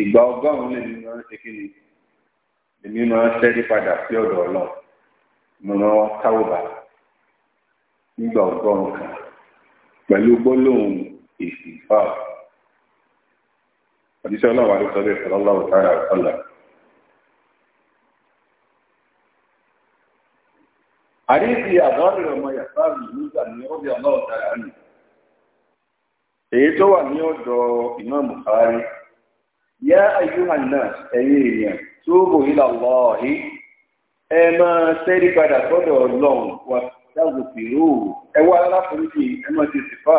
ìgbà ọgọ́rùn-ún lèmi máa ń ṣe kí ni èmi máa ń ṣẹ́rí padà sí ọ̀dọ̀ ọlọ́run mo máa ń káwọ́bà nígbà ọgọ́rùn-ún kan pẹ̀lú gbólóhùn èsì fáà àdìsẹ́ ọlọ́run àdìsẹ́ ọlọ́run ìfẹ́ ọlọ́run táyà ọ̀tọ́là. àdìsí àbọ̀rẹ̀ ọmọ yàtọ̀ nígbà ní ọ̀bí ọlọ́run táyà nù èyí tó wà ní ọ̀dọ̀ ìmáàmù Bukhari yá ayúhàn náà ẹ̀yin èèyàn tó bò ilà lọ́ọ̀hí ẹ máa sẹ́rí padà sọ́dọ̀ ọlọ́run wà dáàbò fìró ẹ wá aláforíjì ẹ máa ti sì fà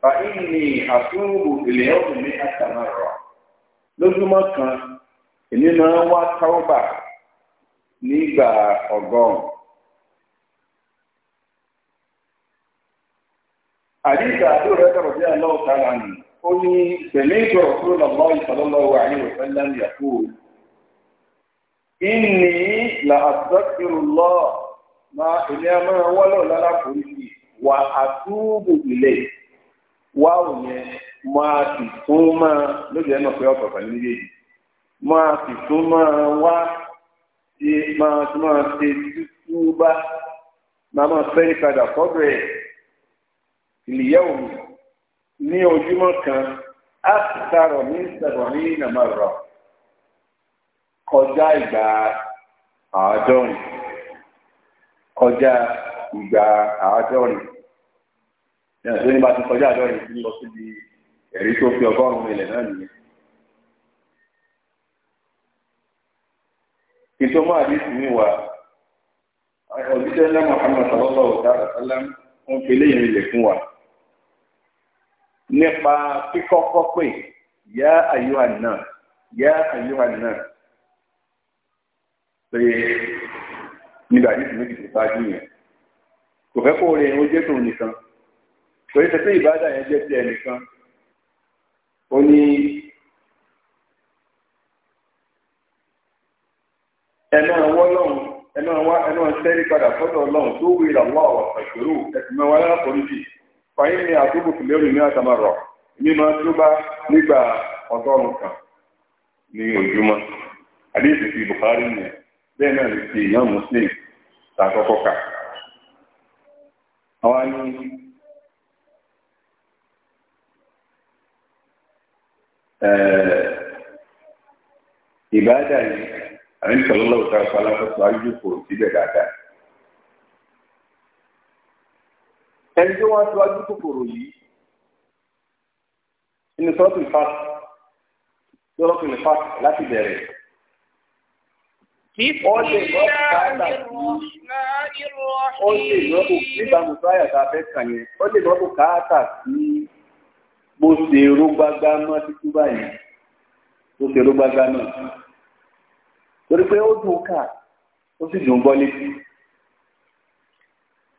fà ìní àtúnwò ilẹ̀ ọ̀hún ní àtàmárà lójúmọ́ kan èmi máa wá táwọ́bà nígbà ọgọ́rùn àdìgbà àdúrà ẹ̀ka rọ̀bí àlọ́ ọ̀tá lánàá ó ní ìpẹ̀lẹ́ ìjọ òkúrò lọ́wọ́ ìsọlọ́lọ́wọ́ àríwẹ̀fẹ́ lẹ́nu yàtọ̀ ìní là àtúntàkìrù lọ ma èmi a máa wọ́lọ̀ lára foríjì wà àtúbù ilé wà ò yẹn máa sì tún máa lójú ẹnu pé ọ̀tọ̀ pẹ̀lú méjèèjì máa sì tún máa wá ṣe máa tún máa ṣe tútú bá máa máa fẹ́ nípadà fọ́dọ̀ ẹ̀ ìlìyẹ́ òun ní ojúmọ́ kan áṣìṣàrọ̀ ní sẹ̀rọ̀ ní ìnàmọ̀rọ̀ kọjá ìgbà àádọ́rin kọjá ìgbà àádọ́rin yàtọ̀ tó ní bá ti kọjá àádọ́rin ti lọ síbi ẹ̀rí tó fi ọgọ́rùn-ún ilẹ̀ náà nìyẹn. ìtọ́mọ́ àdìsí mi wà òjíṣẹ́ ńlá Muhammad sallallahu alaihi wa sallam ń fi léyìn ilẹ̀ fún wa nípa kíkọ́kọ́ pé yá àyùhàn náà yá àyùhàn náà pé níbi àdìsí méjì tó bá dùn yẹn kò fẹ́ kó rẹ̀ ó jẹ́ tòun nìkan kò yẹ pé ìbádà yẹn jẹ́ tiẹ̀ nìkan ó ní ẹnu ọwọ́ lọ́hùn ẹnu ọwọ́ ẹnu ọ̀sẹ́rì padà fọ́dọ̀ lọ́hùn tó wí ìrànwọ́ ọ̀pẹ̀ ìṣòro ẹ̀sìn mẹ́wàá lápò níbi fàyín ni àtúbù fìlérì ní àtàmàrọ̀ mímọ tó bá nígbà ọgọ́rùn kan ní ojúmọ́ àdéhùn ti Bukhari ni bẹ́ẹ̀ náà lè ti ìyàn Muslim tàkọ́kọ́ kà àwọn ni ìbáàdà yìí àmì sọlọ́lọ́wọ́ tá a sọ alákòóso ayélujára dáadáa. ẹni tí wọ́n tiwájú kòkòrò yìí nínú sọ́ọ̀tù ìfàt sọ́ọ̀tù ìfàt láti bẹ̀rẹ̀. ó lè lọ bùkátà sí ó lè lọ bù nígbà mùsáyà tá a fẹ́ kàn yẹn ó lè lọ bùkátà sí bó ṣe ró gbágbá mọ́ títú báyìí bó ṣe ró gbágbá náà torí pé ó dùn ká ó sì dùn gbọ́ létí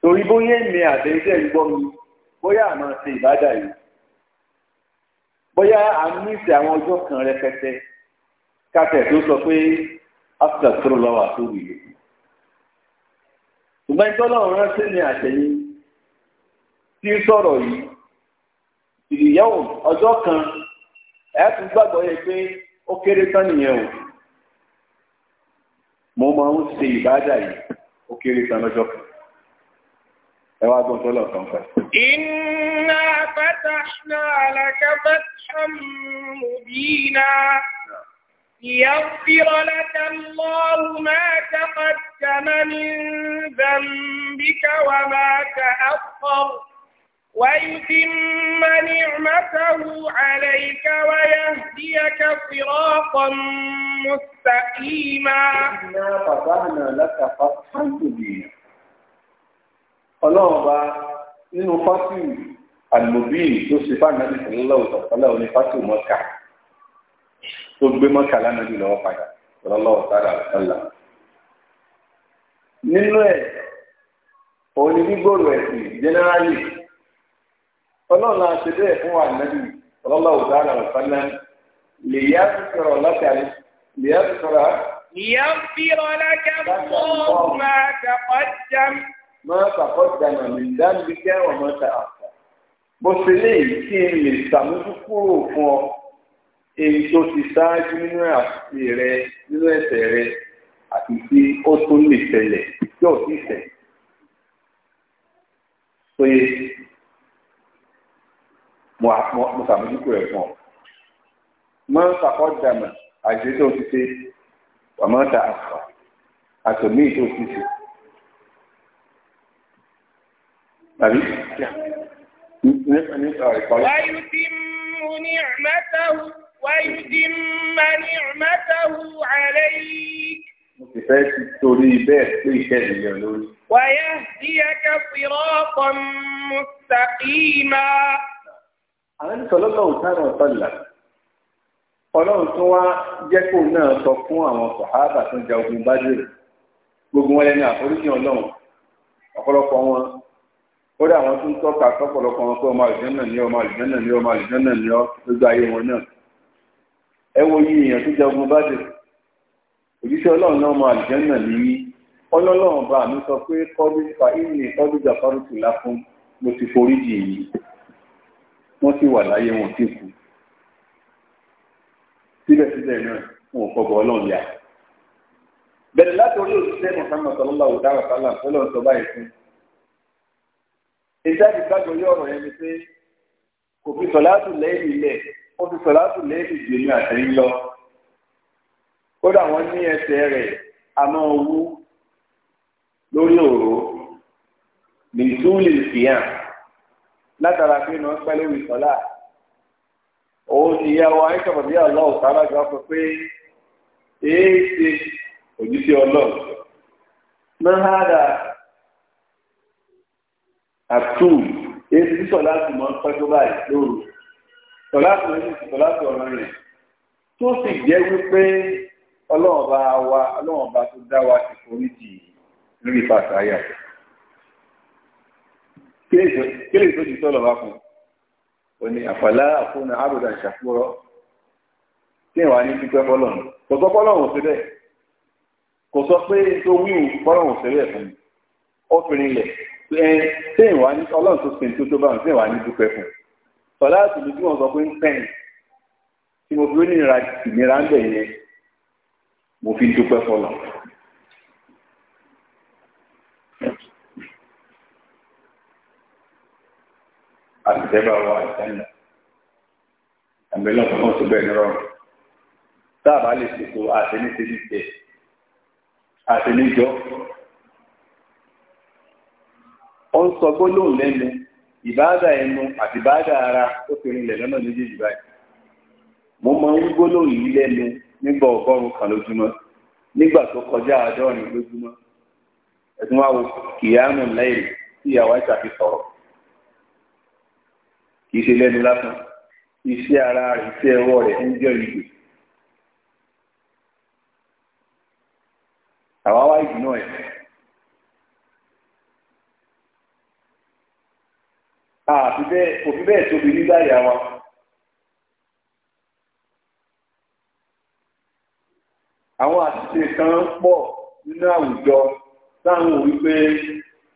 torí bóyá èmi àtẹ̀jẹ́ ń gbọ́ mi bóyá àmọ́ ṣe ìbádà yìí bóyá a ní ìsẹ̀ àwọn ọjọ́ kan rẹpẹtẹ kátẹ̀ tó sọ pé after three lọ́wọ́ àtúwì yìí ṣùgbọ́n ìtọ́lọ́run rántí ní àtẹ̀yìn tí ń sọ̀rọ̀ yìí ìrìyàwó ọjọ́ kan ẹ̀ tún gbàgbọ́ yẹ pé ó kéré tán nìyẹn o mo máa ń ṣe ìbádà yìí ó kéré tán lọ́jọ́ kan. إنا فتحنا لك فتحا مبينا fẹ́. ليغفر لك الله ما تقدم من ذنبك وما تأخر ويتم نعمته عليك ويهديك صراطا مستقيما. إنا فتحنا لك فتحا مبينا. ọlọ́run bá nínú fásitì àlùbíì tó ṣe fáànàbì sọlọ́lá òtọ̀tọ̀lá òní fásitì mọ́kà tó gbé mọ́kà lánàbì lọ́wọ́ padà sọlọ́lá òtọ̀lá òtọ̀lá. nínú ẹ̀ òun ni gbígbòòrò ẹ̀sìn jẹ́nẹ́rálì ọlọ́run náà ṣe bẹ́ẹ̀ fún ànábì sọlọ́lá òtọ̀lá òtọ̀lá lè yá sọ̀rọ̀ lọ́kàlẹ̀ lè yá sọ̀rọ̀. ìyá ń fi ọlá máa tàkọ́dàmà mi dábìí kí àwọn ọmọ ta àpò. mo ṣe léyìí kí n lè ṣàmójúkúrò fún ọ èyí tó ti ṣáájú nínú àṣìṣe rẹ nínú ẹ̀ṣẹ̀ rẹ àti tí ó tún lè ṣẹlẹ̀ tí ò sì ṣẹ̀. pé mo ṣàmójúkúrò ẹ̀ fún ọ. máa tàkọ́dàmà àṣìṣe tó ti ṣe wàmọ́ta àpò àtòmíì tó ti ṣe. tàbí nípa ìparí. wáyú tí mú ní ìrìnmẹ́tàwù wáyú tí má ní ìrìnmẹ́tàwù ààrẹ yìí. mo sì fẹ́ ti torí bẹ́ẹ̀ pé ìkẹ́lì yẹn lórí. ọlọ́run tó wá jẹ́ kó náà sọ fún àwọn sàhábà tó ń ogun bá dèrò gbogbo wọn lẹ́nu àforíjì ọlọ́run ọ̀pọ̀lọpọ̀ wọn kódà àwọn tó ń tọ́ka sọ́pọ̀lọpọ̀ wọn pé ọmọ àlùjẹ́nà ni ọmọ àlùjẹ́nà ni ọmọ àlùjẹ́nà ni ọ gbogbo ayé wọn náà ẹ wo yí èèyàn tó jẹ ogun bàdé òjíṣẹ́ ọlọ́run náà ọmọ àlùjẹ́nà ni yí ọlọ́lọ́run bá mi sọ pé kọ́dú fa ìní kọ́dú jàpárù tù láfún mo ti forí jì yìí wọ́n sì wà láyé wọn sì kú síbẹ̀síbẹ̀ náà wọn kọ́ bọ́ ọlọ́run yá bẹ̀rẹ̀ láti orí òṣìṣẹ́ Muhammad ìjáde gbàgbọ́ yọ ọ̀rọ̀ yẹn ni pé kò fi sọ̀láàtù lẹ́yìn ilẹ̀ ó fi sọ̀láàtù lẹ́yìn ìgbèmí àtẹ̀yìn lọ. kódà wọ́n ní ẹsẹ̀ rẹ̀ àmọ́ owó lórí òró nìtúlì fìyàn látara pé wọ́n pẹ́ lórí sọ́lá. òun ti yá wa ayé sọ̀rọ̀ bí àlọ́ ọ̀tá alájọ sọ pé èé ṣe òjíṣẹ́ ọlọ́ọ̀. mọ́hádà àtú èsì sọláàtì mọ pẹtù báyìí lóru sọláàtì lórí ti sọláàtì ọ̀rọ̀ rẹ̀ tó sì jẹ́ wípé ọlọ́run bá wa ọlọ́run bá tó dá wa ti forí jì lórí fàtàyà kí lè tó di sọ́lọ̀ wá fún un òní àfàlà àfúnà àbùdá ìṣàkúrọ̀ tí ìwà ní pípẹ́ fọlọ́run kò sọ fọlọ́run sí bẹ́ẹ̀ kò sọ pé tó wíwù fọlọ́run sí bẹ́ẹ̀ fún mi ó fi rinlẹ̀ ẹ sẹ́yìn wá ní ọlọ́run tó sin tó tó bá wọn sẹ́yìn wá ní dúpẹ́ fún sọlá àtùnú tí wọ́n sọ pé ń pẹ́yìn tí mo fi ó nira ìnira ń bẹ̀ yẹn mo fi dúpẹ́ fọlọ́. àtẹ̀bà wa àtẹ̀nà àmìlọ́ kan tó bẹ́ẹ̀ nírọ̀ táàbà lè ṣètò àtẹ̀níṣẹ́ ní tẹ̀ ó ń sọ gbólóhùn lẹ́nu ìbáàdà ẹnu àti ìbáàdà ara ó fi rinlẹ̀ lọ́nà méjèèjì báyìí mo máa ń gbólóhùn yìí lẹ́nu nígbà ọgọ́rùn kan lójúmọ́ nígbà tó kọjá àádọ́rin lójúmọ́ ẹ̀sùn wa wo kìyàmù lẹ́yìn tí ìyàwó àìsàn fi sọ̀rọ̀ kì í ṣe lẹ́nu lásán iṣẹ́ ara rẹ̀ iṣẹ́ ọwọ́ rẹ̀ ń jẹ́ ìgbè. àwa wá ìdùnnú ẹ̀ òfin ah, bẹ́ẹ̀ tóbi nígbà ìyá wa. àwọn àṣìṣe kan pọ̀ nínú àwùjọ táwọn òwí pé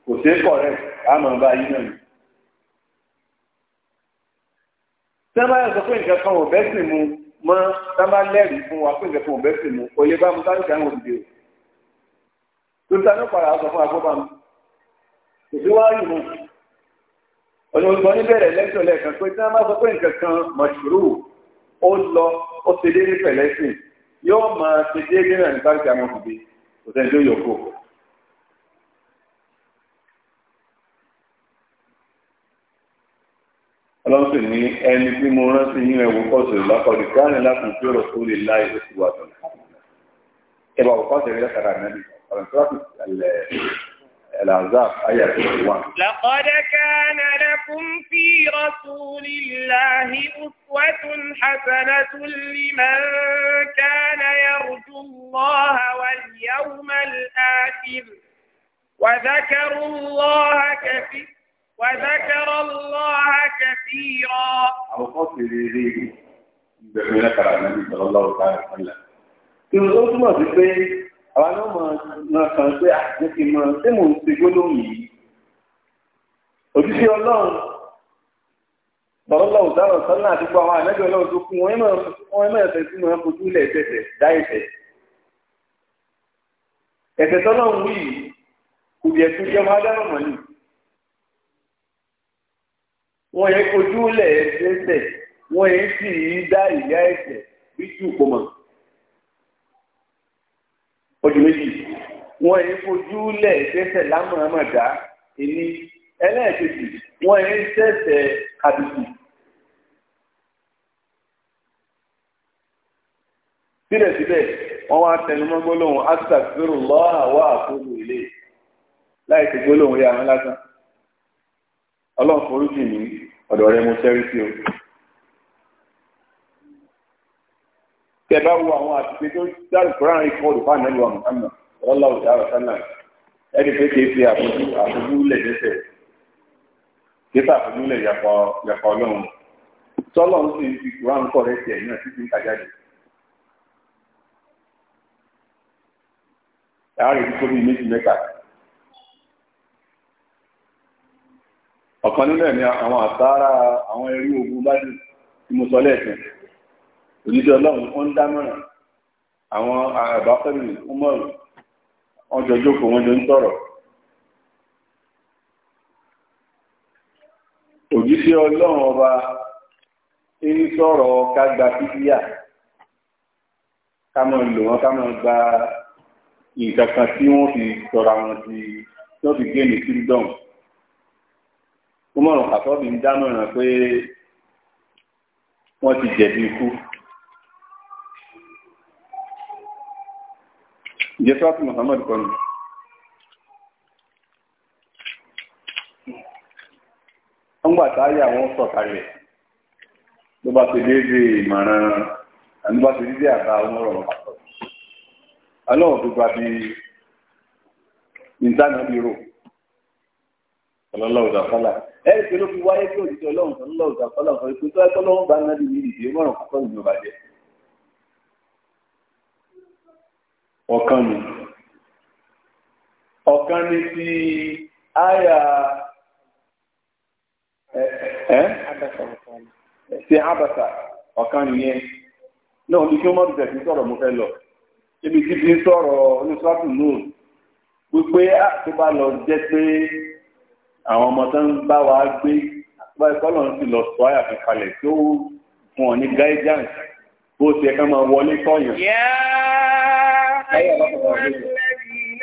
kò ṣeé kọ̀rẹ́ àmọ́ bá yín náà. sábàá sọ pé nǹkan kan ò bẹ́sìn mu mọ́ sábàá lẹ́rìí fún wa pé nǹkan kan ò bẹ́sìn mu òye bá mu sáré kan òdìdè o. tó ń ta ní padà sọ fún agbóbá mi kò sí wáyé mu olùgbọ́n níbẹ̀rẹ̀ lẹ́tọ̀ lẹ́ẹ̀kan pé tí wọ́n bá sọ pé nǹkan kan mọ̀ṣúrù ó lọ ó ṣe déédé pẹ̀lẹ́sìn yóò máa ṣe déédé náà ní báńkì àwọn òbí kò sẹ́ni tó yọkọ̀. ọlọ́sìn ní ẹni tí mo rán sí yín ẹ̀wò kọ́sù lọ́kọ̀ọ́dì káàní láti fi ọ̀rọ̀ tó lè láì ó sì wà tọ̀nà. ẹ̀bà òkọ́sẹ̀ rẹ̀ kàrà náà الأعزاب أي 21 لقد كان لكم في رسول الله أسوة حسنة لمن كان يرجو الله واليوم الآخر وذكروا الله كثيرا وذكر الله كثيرا أو قصد ليه بمنكر النبي صلى الله عليه وسلم كنت أتمنى àwa náà mọ̀ náà kàn pé àti ah, ti mọ̀ tí mò ń ṣe gbólóhùn yìí ojúṣe ọlọ́run bọ̀rọ̀lọ́ òtárọ̀ sọ́nà àti gbọ́ àwọn ànábì ọlọ́run tó kún wọn ẹ̀mọ́ ẹ̀fẹ́ tí wọ́n fojú lẹ̀ ẹ̀fẹ́ dá ẹ̀fẹ́ ẹ̀fẹ́ tọ́lọ́run wí kò yẹ kó jẹ́ wọn adáná mọ̀ ni wọ́n yẹ fojú lẹ̀ ẹ̀fẹ́ wọ́n yẹ sì dá ìyá ẹ̀fẹ́ bí jù kò mọ̀. ojú méjì wọ́n yẹn fojú lẹ̀ dẹ́sẹ̀ lámàmàdá ẹni ẹlẹ́ẹ̀kejì wọ́n yẹn sẹ̀sẹ̀ àbùkù. síbẹ̀síbẹ̀ wọ́n wá gbólóhùn láì gbólóhùn yà wọn lásán ọlọ́run ọ̀dọ̀ rẹ mo o. tẹ bá wo àwọn àtìgbé tó dáàbò kúrán rí kọ́ọ̀dù fún àná ìwà mùsàlùmá ọlọ́lá òjá ọ̀sánà ẹni pé kì í fi àfojú àfojú lẹ̀ lẹ́sẹ̀ kì í fi àfojú lẹ̀ yàpọ̀ yàpọ̀ ọlọ́run tọ́lọ̀ ń sìn fi kúrán kọ́ rẹ̀ tiẹ̀ náà títí ń kájáde. ààrẹ ìdíkó bíi méjì mẹ́ta ọ̀kan nínú ẹ̀ àwọn àsáárá àwọn ẹrí ogun bá dùn tí mo sọ lẹ́ẹ̀kan onídìí ọlọ́run ó ń dámọ̀ràn àwọn àbáfẹ́mi ọmọrù wọn jọ jókòó wọn jọ ń tọrọ òjíṣẹ́ ọlọ́run ọba ń sọ̀rọ̀ ká gba fífíà ká máa lò wọn ká máa gba nǹkan kan tí wọ́n fi sọ̀rọ̀ àwọn ti tí wọ́n fi gé ní freedom ọmọrùn kàtọ́bì ń dámọ̀ràn pé wọ́n ti jẹ̀bi ikú. ǹjẹ́ sọ́ọ̀tì Muhammad kọ́ ni. wọ́n gbà táyà wọn sọ̀kalẹ̀ ló bá ti déédé ìmọ̀ràn àní bá ti déédé àbá wọn rọ̀ pàtó. aláwọ̀ tó gba bí ìtànà bí rò ọlọ́lọ́wọ́ ìdàkọ́là ẹ ẹ pé ló fi wáyé pé òjijì ọlọ́run ọlọ́run ìdàkọ́là ọ̀sán ìpínlẹ̀ ọlọ́run bá náà di ní ìdíyẹ mọ́ràn kọ́kọ́ ìjọba jẹ́. ọ̀kan ni ọ̀kan ni ti àyà ẹ́ ti abasa ọ̀kan nìyẹn náà ní kí wọ́n mọ́tò tẹ̀sí sọ̀rọ̀ mo fẹ́ lọ ibi tí fi ń sọ̀rọ̀ oníṣọ́ọ̀tù náà wípé tó bá lọ jẹ́ pé àwọn ọmọ tó ń bá wa gbé bá ìkọlọ̀ ń sì lọ sọ àyà fi kalẹ̀ tó fún ọ ní guidance bó ti ẹ̀ka máa wọlé tọ̀yàn. أيها الذين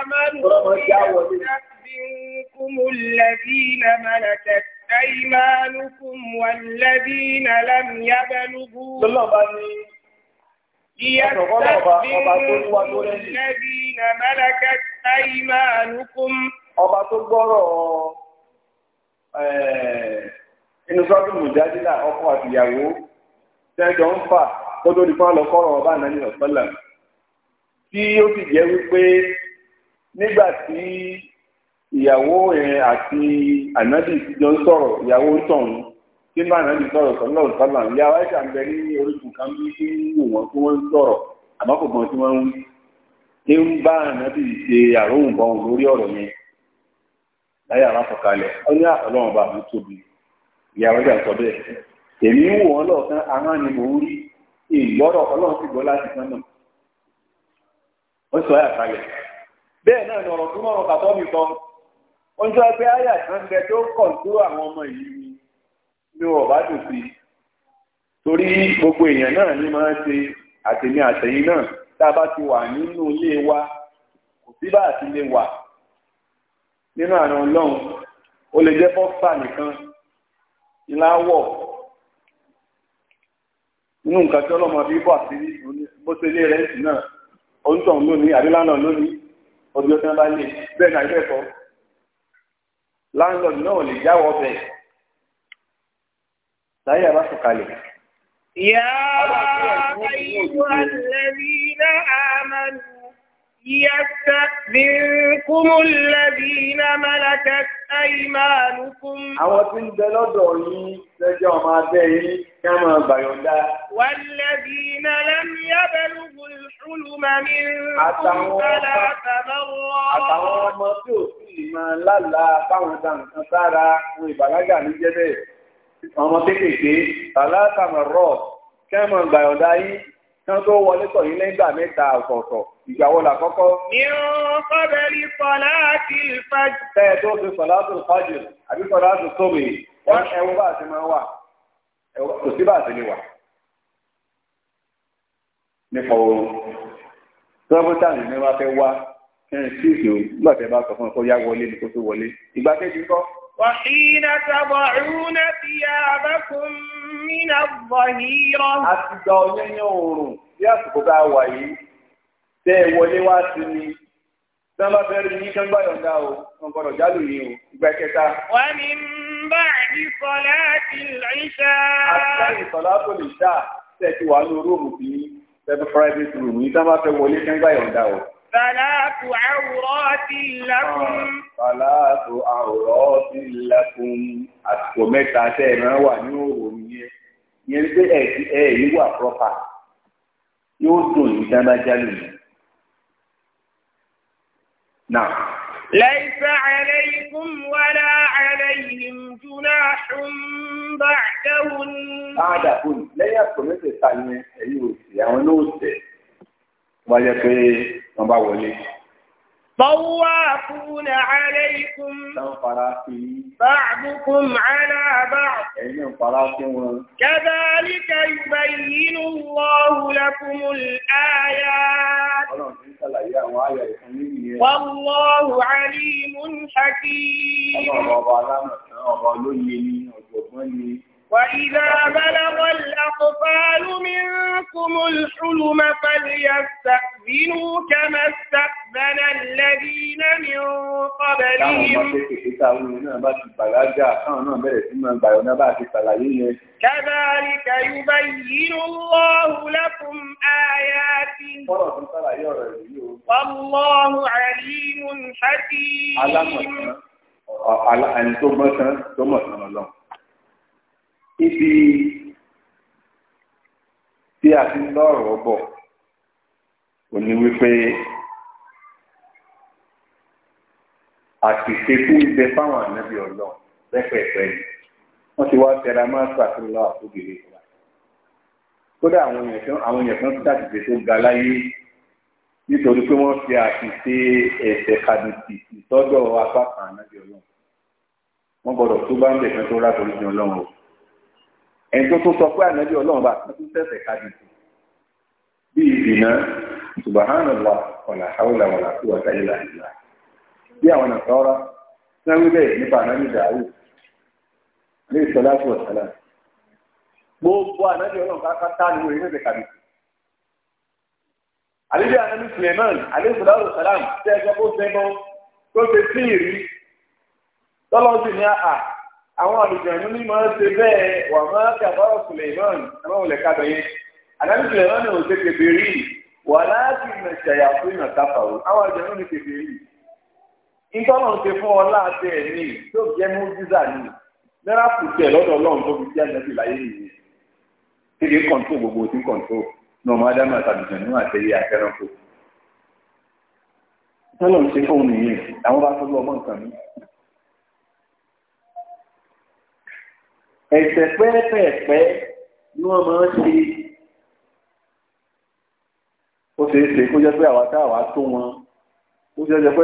آمنوا لتنبئكم الذين ملكت أيمانكم والذين لم يبلغوا ليستخدموا الذين ملكت أيمانكم ọba tó gbọ́rọ̀ inú sọ́dún mùjáde náà ọkọ àtìyàwó tẹ́jọ ń fà tó lórí fún àlọ́kọ́rọ̀ ọba náà ní ọ̀sán tí ó sì jẹ́ wípé nígbà tí ìyàwó àti ànábì jọ ń sọ̀rọ̀ ìyàwó ń tọ̀hún tí bá ànábì sọ̀rọ̀ sọ̀rọ̀ sọ̀rọ̀ ìyá wa ṣà ń bẹ ní orísun kan bí kí wù wọ́n tí wọ́n ń sọ̀rọ̀ àmọ́ kò gbọ́n tí wọ́n ń tí ń bá ànábì ṣe àrùn bọ́n lórí ọ̀rọ̀ yẹn láyé àwọn afọ̀kalẹ̀ ó ní àtọ̀lọ́wọ̀n bá mi tóbi ìyá wa ṣà sọ bẹ́ẹ̀ èmi ń wò wọ́n lọ́ọ̀kan ó sọ àyà kalẹ̀ bẹ́ẹ̀ náà ni ọ̀rọ̀ tó mọ̀ ọ̀rọ̀ bàtọ́ mi sọ ó ń sọ pé àyà kan bẹ tó kọ̀ǹtúrò àwọn ọmọ yìí ni mi ò bá dùn sí torí gbogbo èèyàn náà ni máa ń ṣe àtẹ̀mí àtẹ̀yìn náà tá a bá ti wà nínú ilé wa kò sí bá àti lè wà nínú àrùn ọlọ́run ó lè jẹ́ bọ́ksà nìkan ńlá wọ̀ nínú nǹkan tí ọlọ́mọ bí bọ́ àti bó ṣe lé rẹ́ǹtì náà oúntọ̀hún lónìí àdélánà lónìí ọdún ọdún bá lè bẹ́ẹ̀ náà bẹ́ẹ̀ kọ́ láńlọ́ọ̀dù náà lè jáwọ́ bẹ́ẹ̀ láyé àbá sọ̀kalẹ̀. يا أيها الذين آمنوا يستأذنكم الذين ملكت أيمانكم àwọn tí ń bẹ lọ́dọ̀ yín lẹ́jọ́ máa bẹ́ yín كما بيودا والذين لم يبلغوا الحلم منكم ثلاث مرات àtàwọn ọmọ tí ò sí máa lálàá báwọn dá nǹkan sára fún ìbàlágà ní jẹ́bẹ̀ ọmọ kéékèèké alátàmọ̀rọ̀ kẹ́mọ̀ gbàyọ̀dá yìí kán tó wọlé tọ̀ yín lẹ́gbà mẹ́ta ọ̀tọ̀ọ̀tọ̀ ìgbàwọ́ là kọ́kọ́. ní ọ̀kọ́bẹ̀rì sọ̀lá àti ìfàjì. tẹ́ tó fi sọ̀lá tó fàjì àbí sọ̀lá tó tóbi wọ́n ẹ̀wọ́ bá ti máa wà kò sí báàsì lè wà nípa oorun dókítà ní wá fẹ́ wá kẹrin sí ìṣó nígbà bá sọ fún ẹ yá wọlé ní kó tó wọlé ìgbà kọ́. wà yìí tẹ́ ẹ wọlé wá sí sábà bẹ̀rẹ̀ yìí kan gbà yọ̀ǹda o wọn gbọ́dọ̀ jálù yìí o ìgbà kẹta. wà ní báyìí sọlá ti ìṣá. àtẹ̀yìn sọlá tó lè ṣá tẹ̀ ti wà ní rúùmù bí seven private room yìí sábà àwòrán-ti lakum. Fàlàtù àwòrán-ti lakum. Àsìkò mẹ́ta tẹ́ ẹ̀ máa wà ní òòrùn yẹn. Ìyẹn ni pé ẹ̀ yìí wà proper. Yóò dùn ní dáná yìí. نعم ليس عليكم ولا عليهم جناح بعدهن بعدهن لا يكون مثل ثاني يوسف يعني نوسف ولا في مباولين طوافون عليكم بعضكم على بعض كذلك يبين الله لكم الآيات والله عليم حكيم وإذا بلغ الأطفال منكم الحلم فليستأذنوا كما استأذن الذين من قبلهم كذلك يبين الله لكم آياته والله عليم حكيم ibi tí a ti ń lọ́rọ̀ bọ̀ ò ní wípé àṣìṣe tó ń bẹ fáwọn ànábì ọlọ́run lẹ́pẹ̀ẹ́pẹ́ yìí wọ́n ti wá tẹra máa ṣàfihàn lọ́wọ́ àtúgbèrè ìgbà kódà àwọn èèyàn kan tó àṣìṣe tó ga láyé nítorí pé wọ́n fi àṣìṣe ẹ̀ṣẹ̀ kàdùtì ìtọ́jọ́ apá kan ànábì ọlọ́run wọ́n gbọ́dọ̀ tó bá ń bẹ̀ fẹ́ tó rà torí ọlọ́run o ẹni tó tó sọ pé ànábì ọlọ́run bá tó sẹ̀sẹ̀ kájú sí bí ìdìnnà subhanallah wàlà hawla wàlà quwwata illa billah bí àwọn àtọ́rọ́ sáré bẹ́ẹ̀ nípa ànábì dàrú ní ìsọlá tó ọ̀sálà gbogbo ànábì ọlọ́run bá kátá ni wọ́n ìrẹ́sẹ̀ kájú sí. àlejò ànábì Suleiman alẹ́ ìsọlá tó tẹ́ ẹgbẹ́ àwọn àlùjànnú ní máa ń ṣe bẹ́ẹ̀ wà máa kàbá Suleiman àwọn olè kábẹ yẹn àdáni Suleiman ò ṣe kébèrè wà láti nà ṣàyà fún ìnà káfàwọ àwọn àlùjànnú ní kébèrè ìtọ́nà ṣe fún ọ láti ẹ̀ ní tó jẹ́ mọ́jísà ní náírà kù tẹ̀ lọ́dọ̀ ọlọ́run tó fi jẹ́ ẹ̀nẹ́bí láyé nìyẹn kéde kọ̀ǹtò gbogbo tí kọ̀ǹtò náà máa dáná àtàlùjànnú àtẹ̀yẹ àtẹ̀ránkò tọ́lọ̀ ṣe fún òun nìyẹn àwọn bá tó lọ ọmọ nǹkan mi. ẹ̀ṣẹ̀ pẹ́ẹ́pẹ́ẹ̀pẹ́ ni wọ́n máa ń ṣe ó ṣe é ṣe kó jẹ́ pé àwa tá àwa tó wọn ó ṣe é ṣe pé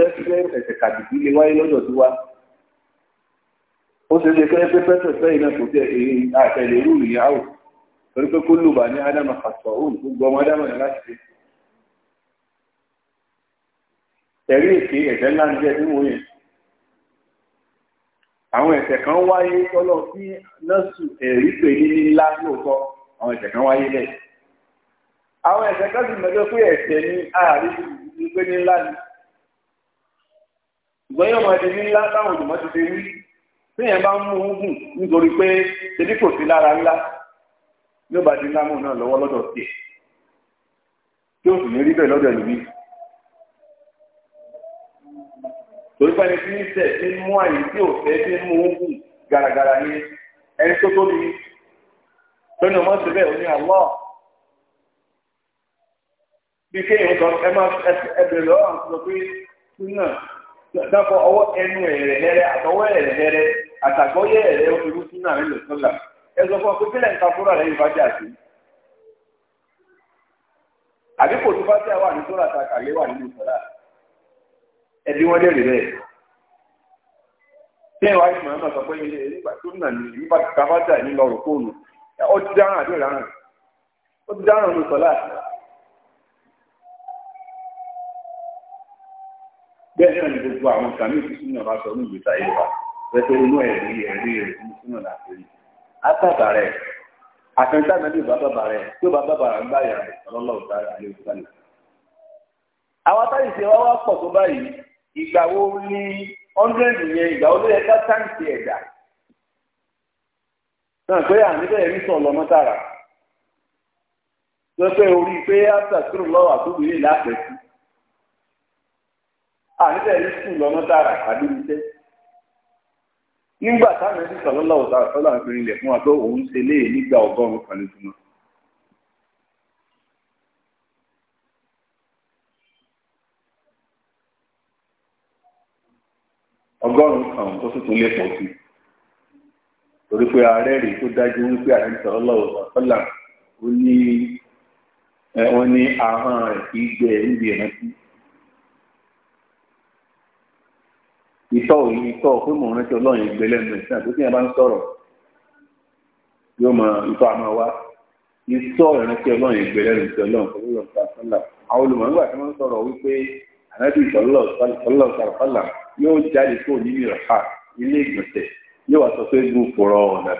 ẹ̀ṣẹ̀ kàdìdì lè wáyé lọ́dọ̀ tó wá ó ṣe é ṣe pé pẹ́ẹ́pẹ́ẹ̀pẹ́ iná kò tẹ èyí àtẹ̀lé irú ìyáwó torí pé kó lùbà ní ádámà fàṣọ òun gbogbo ọmọ ádámà ní láti ṣe ẹ̀rí èké ẹ̀ṣẹ̀ ńlá ń jẹ́ nínú yẹn àwọn ẹ̀ṣẹ̀ kan wáyé tọ́lọ̀ sí nọ́ọ̀sù ẹ̀rí pé ní ńlá lóòótọ́ àwọn ẹ̀ṣẹ̀ kan wáyé bẹ́ẹ̀. àwọn ẹ̀ṣẹ̀ kan sì mẹ́jọ pé ẹ̀ṣẹ̀ ní àárín ní pé ní ńlá ni. ìgbọ́n yóò máa di ní ńlá táwọn olùmọ̀ ti fi wí téèyàn bá ń mú un gùn nítorí pé ṣèlú kò sí lára ńlá ló bá di ńlá mọ́ náà lọ́wọ́ lọ́dọ̀ tiẹ̀ tí sì ní rí bẹ́ẹ̀ lọ́dọ̀ ẹ̀lòmíì torí pé ẹni tí ń tẹ̀ tí ń mú àyè tí ò fẹ́ tí ń mú un gùn gàràgàrà ni ẹni tó tóbi lónìí ọmọ ṣe bẹ́ẹ̀ ó ní àlọ́ bí kéèyàn sọ ẹ máa ẹ bẹ̀rẹ̀ lọ́wọ́ àwọn sọ pé túnà dákọ̀ ọwọ́ ẹnu ẹ̀rẹ̀ lẹ́rẹ́ àtọwọ́ ẹ̀rẹ̀ lẹ́rẹ́ àtàgbọ́yé ẹ̀rẹ́ òfin túnà rẹ̀ lọ ẹ sọ fún ọ pé bílẹ̀ nǹkan fúnra rẹ̀ yóò bá jà sí. àbí tó bá tẹ̀ wà ní sọ́là ta wà nínú sọ́là. ẹbí wọn lè rí bẹ́ẹ̀ ìwà ìmọ̀ ẹ̀mọ̀ sọ pé ilé nígbà tó nà ní ìlú káfájà ní lọ́rùn fóònù ó ti dáràn àbí ìràrùn ó ti dáràn ní sọlá bẹ́ẹ̀ náà ni gbogbo àwọn kàmí bá sọ ní ìgbésà yìí wa pẹ̀lú inú ẹ̀rí ẹ̀rí rẹ̀ fún súnà láti rí àtàbà rẹ̀ àtẹ̀ntà náà ní ìbá tí ó bá bàbà àwọn táyì ṣe wá wá pọ̀ tó ìgbàwó wo ni hundred yẹn ìgbà wo ló yẹ ká táǹkì ẹ̀dá náà pé àníbẹ̀ yẹn sọ lọ́mọ tààrà lọ pé orí pé áfíà kúrò lọ́wọ́ àtúndì yìí lápẹ̀sí àníbẹ̀ yẹn sùn tààrà àbí nígbà táwọn ẹbí lọ́wọ́ sọ̀rọ̀ sọ́lá ń fún ọgọ́rùn-ún kan tó sì tún lè pọ̀ sí torí pé ààrẹ rè tó dájú wípé ààrẹ sọ̀rọ̀ lọ́wọ́ ọ̀sọ́là ó ní wọ́n ní ahọ́n rẹ̀ kì í gbẹ níbi ìrántí. ìtọ́ òyìn ìtọ́ pé mò ń rántí ọlọ́run ìgbẹ́ lẹ́nu ìsìn àti tíyẹn bá ń sọ̀rọ̀ yóò mọ ìtọ́ àmọ́ wá ìtọ́ ìrántí ọlọ́run ìgbẹ́ lẹ́nu ìsìn ọlọ́run pẹ̀lú ìrọ̀lẹ́ àwọn olùmọ̀ nígbà tí wọ́n ń sọ̀rọ̀ wípé ànábì ìsọ̀lọ́ yóò jáde kó nínú ìrọ̀ha ilé ìgbọ̀nsẹ̀ yóò wá sọ pé gùn fọ̀rọ̀ ọ̀nà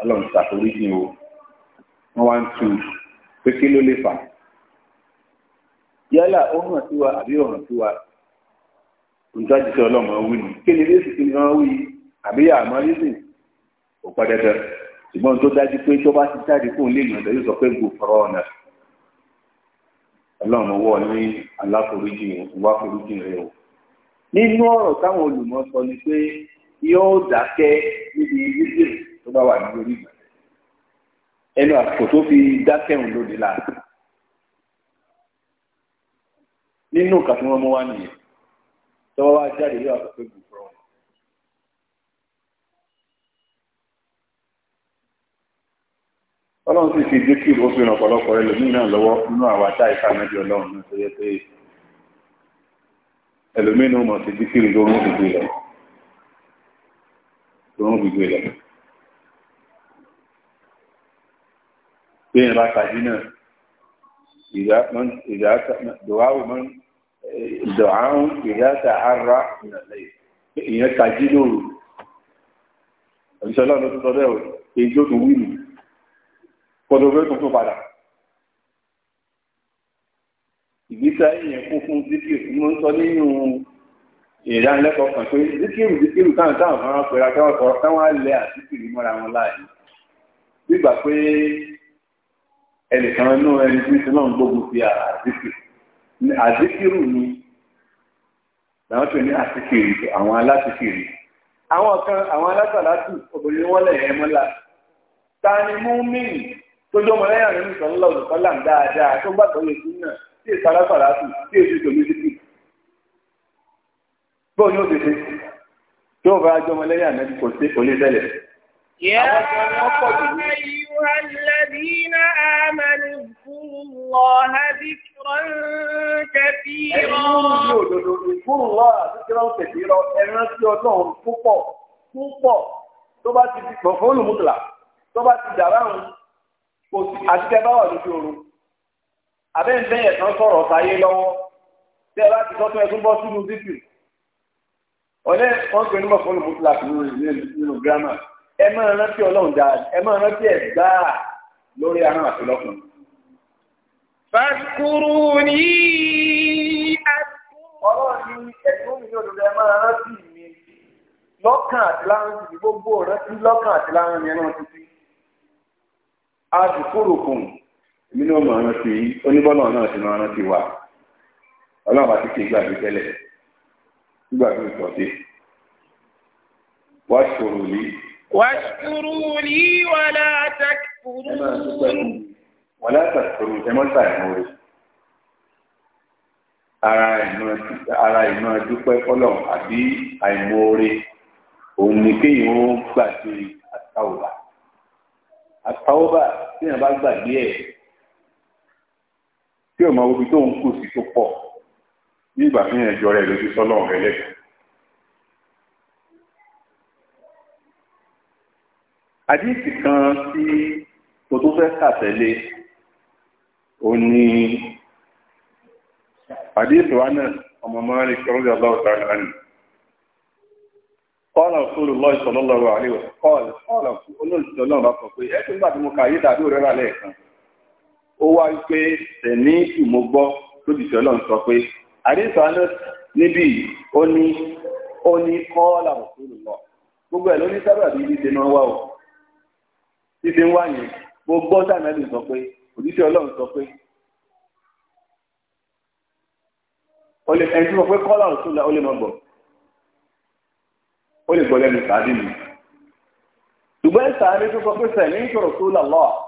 ọlọ́run ṣàforíjì o wọ́n wá ń tu pé kí ló lè fà. yálà ó hàn sí wa àbí ọ̀ràn sí wa nǹkan àti sọ ọlọ́mọ wí ni kí ni lóṣù kí ni wọ́n wí àbí àmọ́ lóṣù kò pẹ́ dandan ṣùgbọ́n tó dájú pé tó bá ti jáde kó lè yàn lóyún sọ pé gùn fọ̀rọ̀ ọ̀nà ọlọ́run wọ̀ ní aláforíjì wá nínú ọ̀rọ̀ táwọn olùmọ̀ sọ ni pé yóò dákẹ́ níbi wíwì tó bá wà ní orí ìgbà ẹnu àsìkò tó fi dákẹ́ òun lóde láàbù nínú nǹkan tí wọ́n mú wá nìyẹn tọ́wọ́ wá jáde yóò àtọ́pẹ́ bù fún ọ. ọlọ́run sì fi dúkìá ó fi ràn ọ̀pọ̀lọpọ̀ ẹlòmíràn lọ́wọ́ nínú àwọn àtàìkà mẹ́jọ ọlọ́run náà tó yẹ pé ẹlòmínú mọ̀ sí díkìrì lórún gbogbo ilẹ̀ lórún gbogbo ilẹ̀ bẹ́ẹ̀ bá tàbí náà ìdọ̀háhùn ìdáta ara ìyẹn tàbí lóru ọ̀sẹ̀ lọ́nà tó tọ́ bẹ́ẹ̀ èyí tó tún wí nù kọ́dọ̀ bẹ́ẹ̀ tuntun padà. ìgbésí ayé yẹn kún fún díkìrù mo ń sọ nínú ìdánilẹ́kọ̀ọ́ kan pé díkìrù díkìrù táwọn táwọn fara pera táwọn kọ táwọn alẹ́ àtìkìrì mọ́ra wọn láàyè gbígbà pé ẹnìkan inú ẹni tí ìṣúná ń gbógun ti àdíkìrù àdíkìrù ni làwọn tó ní àtìkìrì àwọn alátìkìrì àwọn kan àwọn alátàlátù obìnrin wọn lẹ̀ ẹ́ mọ́lá ta ni mú mí tójú ọmọ lẹ́yìn àrùn ìsọ̀nlọ́ọ̀dù kọ́là dáadáa tó gbàgbọ́ yẹ tí èsì alágbàrá tù tí èsì tòmí títì bóun yóò tètè tó bá jọmọ lẹ́yìn ànábì kò sí kò ní tẹ́lẹ̀. يا أيها الذين آمنوا اذكروا الله ذكرا كثيرا اذكروا الله ذكرا كثيرا ẹ̀rántí ọlọ́run púpọ̀ púpọ̀ tó bá ti di pọ̀fọ́lù mútùlá tó bá ti dàrá òun kò sí àti tẹ́ bá wà lójú oorun abẹ́ ń bẹ́yẹ̀ tán sọ̀rọ̀ sáyé lọ́wọ́ tí ẹ bá ti sọ́tún ẹtún bọ́ sínú dípì ọ̀lẹ́ wọn pe onímọ̀ fún olùmọ̀tòlá nínú gírámà ẹ máa rántí ọlọ́run dáa ẹ máa rántí ẹ̀ gbáà lórí ahọ́n àti lọ́kàn. fàkúrú ní ọlọ́run ní ẹ̀sìn omi ní òdòdó ẹ máa rántí mi lọ́kàn àti láwọn ti di gbogbo rántí lọ́kàn àti láwọn yẹn náà ti di. adùkúrò kùn èmi náà mọ̀ ọ́nà sí oníbọ́lọ̀ náà ti máa rántí wa ọlọ́run àti kí gbàgbé tẹ́lẹ̀ gbàgbé ìtọ́sí wá ṣòro lé. wá ṣòro lé wàlá takfurun. wàlá takfurun ẹ mọ́ ta ìmọ̀ rẹ̀ ara ìmọ̀ dúpẹ́ fọlọ́ àbí àìmoore òun ni kéèyàn ó gbàgbé àtàwọ̀bà àtàwọ̀bà tí èèyàn bá gbàgbé ẹ̀ tí ò mọ ibi tó ń kù sí tó pọ̀ ní ìgbà tí yẹn jọ rẹ̀ lójú sọ́lọ́ rẹ̀ lẹ́kọ̀ọ́. àdíìsì kan tí mo tún fẹ́ kà tẹ́lé ó ní àdíìsì wa náà ọmọ mọ́rin kọ́lọ́dọ̀ ọlọ́wọ́ tààrà ánì kọ́lọ̀ sórí lọ́ọ̀sọ̀ lọ́lọ́wọ́ àríwọ̀ kọ́lọ̀ olóòtú ọlọ́run bá sọ pé ẹ ó wá wípé tẹ̀lé ìmú gbọ́ lójijì ọlọ́run sọ pé àdéhùn àná níbí ó ní ó ní kọ́ làwọn tó lò lọ gbogbo ẹ̀ ló ní sábà bí ṣe máa ń wá o ṣíṣe ń wá yẹn mo gbọ́ sànàbì sọ pé òjíṣẹ́ ọlọ́run sọ pé ó lè ẹni tí mo pé kọ́ làwọn lọ ó lè mọ gbọ́ ó lè gbọ́ lẹ́nu sàádì mi ṣùgbọ́n sàádì tó sọ pé sẹ̀mí ń sọ̀rọ̀ tó lọ lọ́wọ́.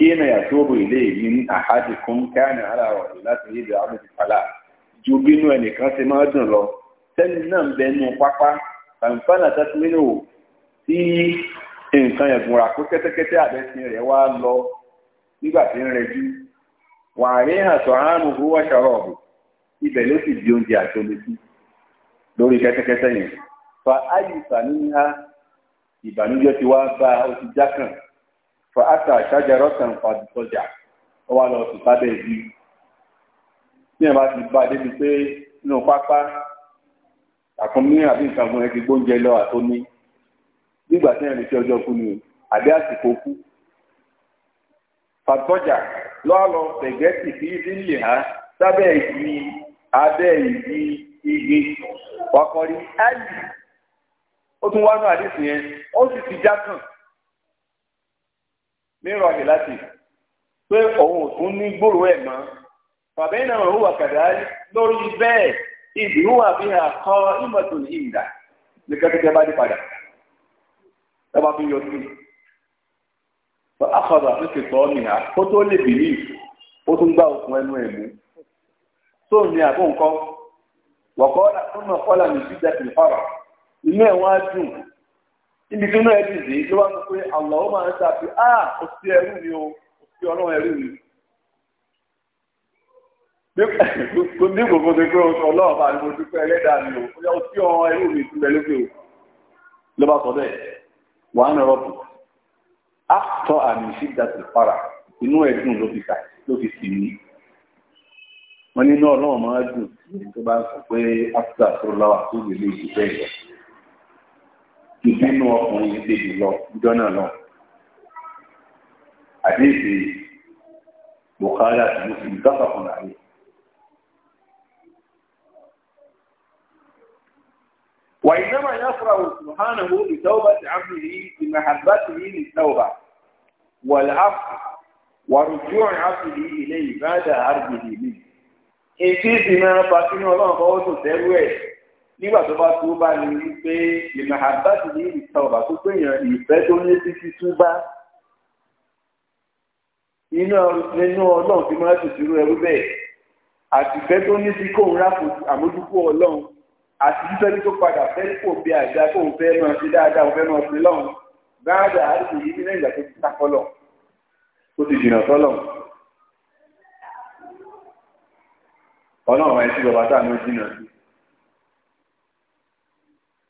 kíni àtúbù ilé yìí ní àhájì kún káàní ara ọ̀rọ̀ láti yíbi àwọn ìfàlà ju bínú ẹnìkan ṣe máa dùn lọ sẹ́ni náà ń bẹ nú pápá fàǹfààní àtàtì nínú tí nǹkan ẹ̀gùn rà kó kẹ́tẹ́kẹ́tẹ́ àbẹ́sìn rẹ̀ wá lọ nígbà tí ń rẹjú wàá rí àtọ̀ àrùn owó aṣọ́rọ̀ ọ̀bù ibẹ̀ ló sì di oúnjẹ àti lórí kẹ́tẹ́kẹ́tẹ́ yẹn fa ayùsà níhà ìbànújẹ́ ti wá bá ó ti já kàn fọ àtà ṣájàrọ sàn pàdé sọjà ó wà lọ sùn sábẹ́ ìbí tí ẹ bá ti bá débi pé inú pápá àkúnmí àbí nǹkan gun ẹgbẹ gbóúnjẹ lọ àtóní nígbà tí ẹ lè fi ọjọ́ kú ni àbí àsìkò kú fàtọjà lọ́ọ̀lọ́ tẹ̀gẹ́sì kí ibi ń lè há sábẹ́ ìdí abẹ́ ìdí igi wakọrí áyì ó tún wá náà àdéhùn yẹn ó sì ti já kàn mìíràn ọ̀hìn láti pé òun ò tún ní gbòòrò ẹ̀ mọ́ bàbá iná òun wà kàdá lórí bẹ́ẹ̀ ìdí wà fi hàn kọ́ ìmọ̀tò ìdá ní kẹ́kẹ́kẹ́ bá dé padà ẹ bá fi yọ sí i akọ̀dà tó ti tọ́ nìyà kó tó lè bìlí ó tún gbá okùn ẹnu ẹ̀ mú tó ní àbó nǹkan wọ̀kọ́ ọ̀nà kọ́là ní jíjẹ tìlfàrà inú ẹ̀ wọ́n á dùn níbi tí inú ẹ ti dì í ló wá sọ pé àlọ́ ó máa ń ṣàfi á ah, kò sí ẹrú mi o kò sí ọlọ́run ẹrú mi. kò ní gbogbo tó pé oṣù ọlọ́run bá ní mo dúpẹ́ ẹlẹ́dàá mi o ó yà ó sí ọ̀rọ̀ ẹrú mi ìtúbẹ̀ lókè o ló bá sọ bẹ́ẹ̀ wà á nọ̀rọ̀ bù. á tọ́ àmì ìṣídàtì para inú ẹ̀dùn ló fi kà ló fi sì mí wọ́n ní inú ọlọ́run máa dùn tó bá sọ pé áfíríkà tó lọ́wọ́ àtúgbò ìbínú ọkùnrin yìí tèbi lọ ìjọ náà lọ. àdéhìí Bukhari àti Muslim dọ́kà fún ààrẹ. وإنما يفرح سبحانه بتوبة عبده بمحبته للتوبة والعفو ورجوع عبده إليه بعد عرضه منه. إن في ما فاتنه الله فهو تسويه nígbà tó bá tó bá ní wípé ìmọ̀ àbáṣe ní ìta ọ̀bà tó gbẹ̀yàn ìfẹ́ tó ní títí túbá inú ọlọ́run ti máa tòṣìrò ẹrú bẹ́ẹ̀ àtìfẹ́ tó ní sí kóun ráfò àmójúkú ọlọ́run àti fífẹ́ tó padà fẹ́ kò bí àjà kóun fẹ́ máa ṣe dáadáa òun fẹ́ máa ṣe lọ́run gbáàdà àti èyí nílẹ̀ ìgbà tó ti sákọ́lọ̀ tó ti jìnnà sọ́lọ̀ ọlọ́run àìsí bàbá tá à ń jìnnà sí.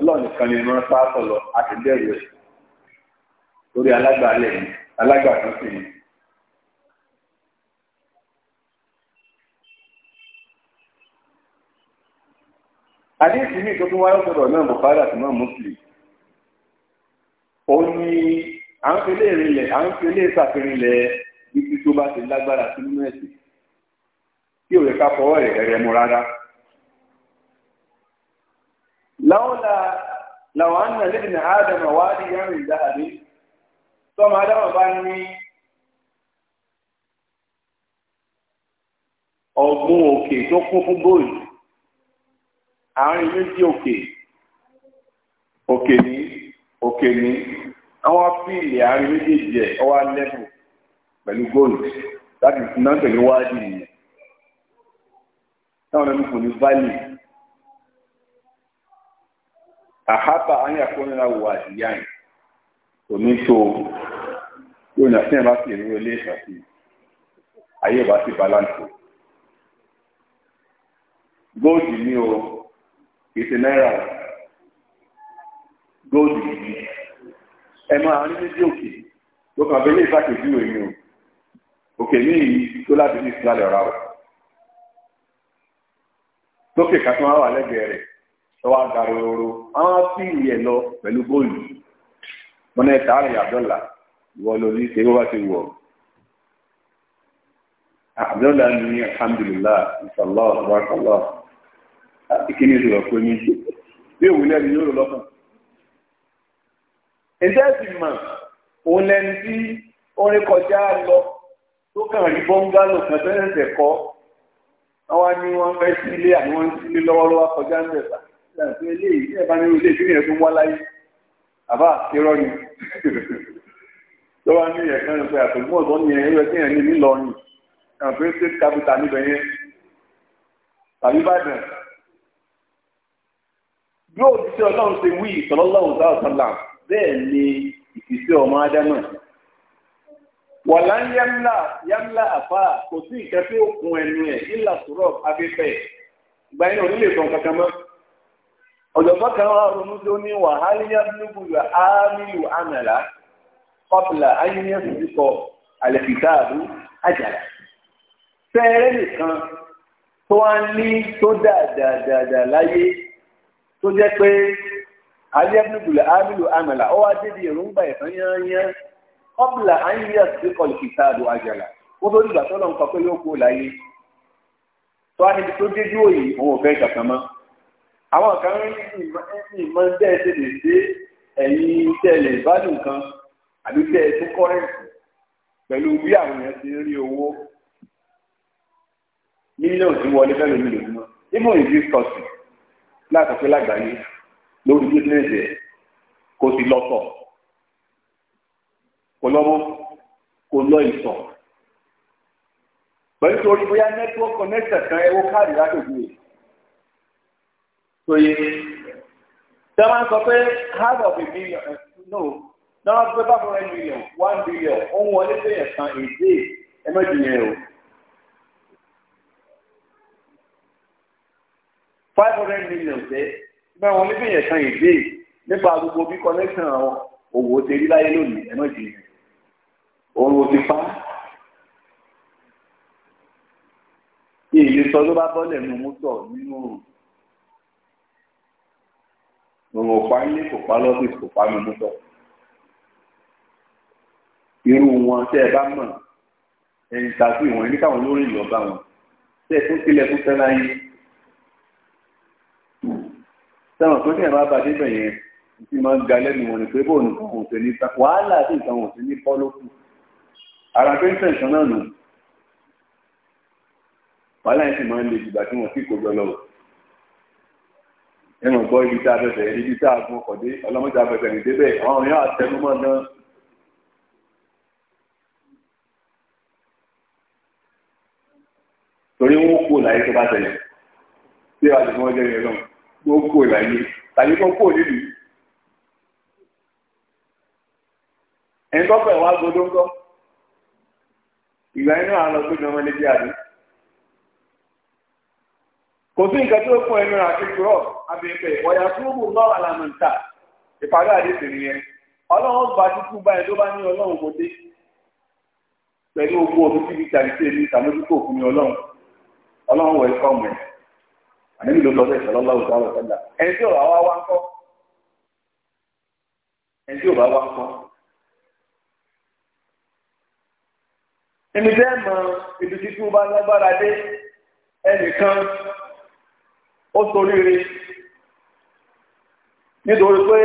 ọlọ́run nìkan ni ẹ̀rọ sáàtọ̀ lọ àtẹ̀dẹ́rù ẹ̀ lórí alágbàálẹ̀ yìí alágbàtún sí ni. àdéhùn ní ìtọ́jú wáyé sọ̀rọ̀ náà bùkárà àti náà mùsùlùmí òun ni à ń fi léèrè lẹ̀ à ń fi léèrè sàfihàn lẹ̀ ibi tó bá ti lágbára sí nínú ẹ̀sìn tí ò yẹ ká fọwọ́ rẹ̀ rẹ̀ mu rárá. لولا لو أن لابن آدم واديا من ذهب ثم آدم بني ọ̀gbun òkè tó kún fún góòlù àárín méjì òkè òkè ní òkè ní àwọn fíìlì àárín méjèèjì ẹ ọwọ́ alẹ́bù pẹ̀lú góòlù láti náà pẹ̀lú wáàdì nìyẹn táwọn ẹni kò ní fáìlì àhábà ayàkúnra wò àdìyá yìí oníṣó yóò yàn sí ẹ̀rọ sí ìrírí ilé ìṣàtì ayé wa sí balance góòdì ni o kì í ṣe náírà góòdì yìí ẹ máa ní méjì òkè tó kàn fẹ́ lé ìfàkèjú èmi o òkè ní ìyí tó láti ní ìsìlálẹ̀ ọ̀rá o tókè kàtó wà wà lẹ́gbẹ̀ẹ́ ẹwà àgàrò òru àwọn fíìlì ẹ lọ pẹ̀lú góòlù mọ́nà ẹ̀ta àrùn àbdọ́là ìwọ lórí ṣe bó ti wọ̀ àbdọ́là ní alhamdulillah ìsàlọ́ àbúrákàlọ́ ah, ìkíni ìṣòro pé mi bí òwúlẹ̀ ni yóò lọ́kàn. ǹjẹ́ ti mọ̀ òun lẹni tí orin kọjá lọ tó kàn rí bọ́ngálò kan tó ṣẹ̀ṣẹ̀ kọ́ wọ́n wá ní wọ́n fẹ́ sílé àní wọ́n sílé lọ́wọ́lọ́wọ́ kọjá ń bẹ̀ bá ṣàfihàn eléyìí ní ẹ̀bá nínú ilé ìdílé tó ń wá láyé àbá irọ́ ni lọ́wọ́ ní ẹ̀kan rẹ̀ pé àtòkùn ọ̀dọ́ ni ẹ̀yẹ́ yọ kéèyàn ní nílọrin àpé state capital níbẹ̀ yẹn tàbí Ìbàdàn bí òjíṣẹ́ ọlọ́run ṣe wí ìtọ́lọ́lọ́run sáà sọ́là bẹ́ẹ̀ ni ìfìṣẹ́ ọmọ ádámà wàlá ń yámlà yámlà àfà kò sí ìkẹ́fẹ́ òkun ẹnu ẹ̀ ìlà sùrọ̀ afẹ́fẹ́ ìgbà yẹn ò ní lè sọ nǹkan kan mọ́ ọ̀jọ̀gbọ́n kan wá ronú tó ní wàhálì yábùlùkù yà á nílò àmàlà kọ́pìlà ayẹyẹ fìdíkọ àlẹ́fìdáàbù àjàlá. fẹ́ẹ́rẹ́ nìkan tó wá ní tó dáadáa láyé tó jẹ́ pé ayẹyẹbùlùkù yà á nílò àmàlà ó wá débi èròǹgbà ẹ̀fọn yányán kọ́pìlà ayẹyẹ fìdíkọ àlẹ́fìdáàbù àjàlá ó tó dìgbà tó lọ́nkọ́ pé yóò kú láyé tó wá níbi tó dé dúró àwọn kan rí ìmọ̀ tẹ́ ẹ ṣe lè dé ẹ̀yìn tẹ́ ẹ lè bá nìkan àbí tẹ́ ẹ tó kọ́rẹ́ǹtì pẹ̀lú bí àwọn èèyàn ti rí owó mílíọ̀nù tí wọlé fẹ́ lómi lòdùmọ́ even in this country láti pé lágbàáyé lórí business ẹ̀ kò sí lọ́tọ̀ kò lọ́mọ́ kò lọ ìtọ̀ pẹ̀lú torí bóyá network connection kan ẹ̀wọ́ káàdì látòkù rẹ̀ tó yé tẹ́ máa ń sọ pé half of a million no náà wọ́n gbé báfọ̀ ẹ̀ million one billion ohun wọlé tó yẹ kan èdè ẹ̀ mẹ́jì yẹn o. five hundred million ṣe bẹ́ẹ̀ wọn níbi yẹn kan èdè nípa gbogbo bí connection àwọn òwò ṣe rí láyé lónìí ẹ̀ mẹ́jì yẹn òun ò ti pa á. ìlú sọ ló bá bọ́lẹ̀ nù mú sọ nínú òòrùn òun ò pa ilé kò pa lọ́fíìsì kò pa mi mú tọ́ irú wọn tẹ́ ẹ bá mọ̀ ẹ̀yìn tàbí ìwọ̀n ẹni káwọn lórí ìlú ọba wọn tẹ́ ẹ tún kílẹ̀ fún fẹ́ láyé sẹ́wọ̀n tó ní ẹ̀rọ abàdé bẹ̀ yẹn tí máa ń ga lẹ́nu wọn ni pé bóun nǹkan wọn ò sí ní wàhálà àti nǹkan wọn ní pọ́ lókù ara pé ń tẹ̀sán náà nù wàhálà yẹn sì máa ń le jùgbà tí wọ́n sì kó jọ nínú gbọ́ ibi tá a fẹsẹ̀ ibi tá a gun ọkọ̀ dé ọlọ́mọdé afẹsẹ̀ ní débẹ̀ àwọn èèyàn àtẹnumọ́ náà. torí wọn kó láyé tó bá tẹ̀lé tí a lè mọ ọjọ́ yẹn lọ wọn kó láyé tàbí kó kó nílùú. ẹni tó fẹ́ wá gbọdọ̀ ńkọ́ ìgbà inú àlọ́ gbẹ̀dọ̀ ọmọdé bí a dùn kò sí nǹkan tó fún ẹnu àti kúrọ̀ abẹ́fẹ́ ọ̀yà túbù náà àlàmọ̀ǹtà ìparí àdéhùn nìyẹn ọlọ́run bá títú báyìí tó bá ní ọlọ́run kò dé pẹ̀lú ogun omi tí bíi tàbí tèmi ìsàmójútó òfin ni ọlọ́run ọlọ́run wọ̀ ẹ̀kọ́ mọ̀ ẹ̀ àníbi ló lọ́dọ̀ ìṣẹ̀lẹ̀ ọlọ́run tó àwọn ọ̀sẹ̀dá ẹni tí ọ̀rọ̀ àwa wá ń kọ́ ẹni tí ọ̀rọ̀ àwa ń kọ́. ẹni bẹ́ẹ̀ mọ ibi títú bá lágbára dé ẹnìkan ó soríire nítorí pé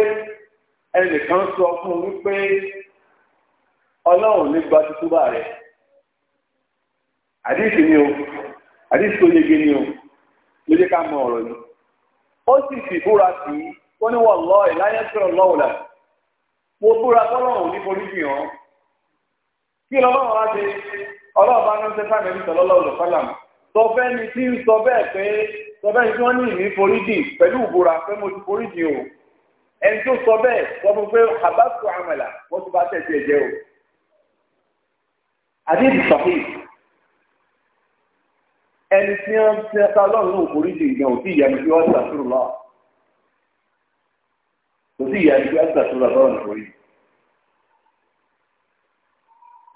ẹnìkan sọ fún un wípé ọlọ́run ní gba títúbà rẹ̀ àdìsí ni o àdìsí tó yege ni o ló jẹ́ ká mọ ọ̀rọ̀ yìí ó sì sì búra sí i ó ní wọ́n lọ ìláyé sọ̀rọ̀ lọ́wọ́lá mo búra tọ́lọ́run ní foríjì hàn kí lọ́wọ́n wá ṣe ọlọ́ọ̀bá náà ń tẹ́sán ẹ̀mí tí ń sọ bẹ́ẹ̀ pé sọ bẹ́ẹ̀ tí wọ́n ní ìní foríjì pẹ̀lú ìbúra pé mo ti foríjì o ẹni tó sọ bẹ́ẹ̀ sọ fún pé àbáṣọ àmàlà wọ́n ti bá tẹ̀sí ẹ̀jẹ̀ o. àdéhùn sọ̀hìn ẹni tí wọ́n ti ẹ̀ta lọ́run náà foríjì ìgbà òtí ìyanu tí wọ́n ṣàtúrò lọ. òtí ìyanu tí wọ́n ṣàtúrò lọ́run foríjì.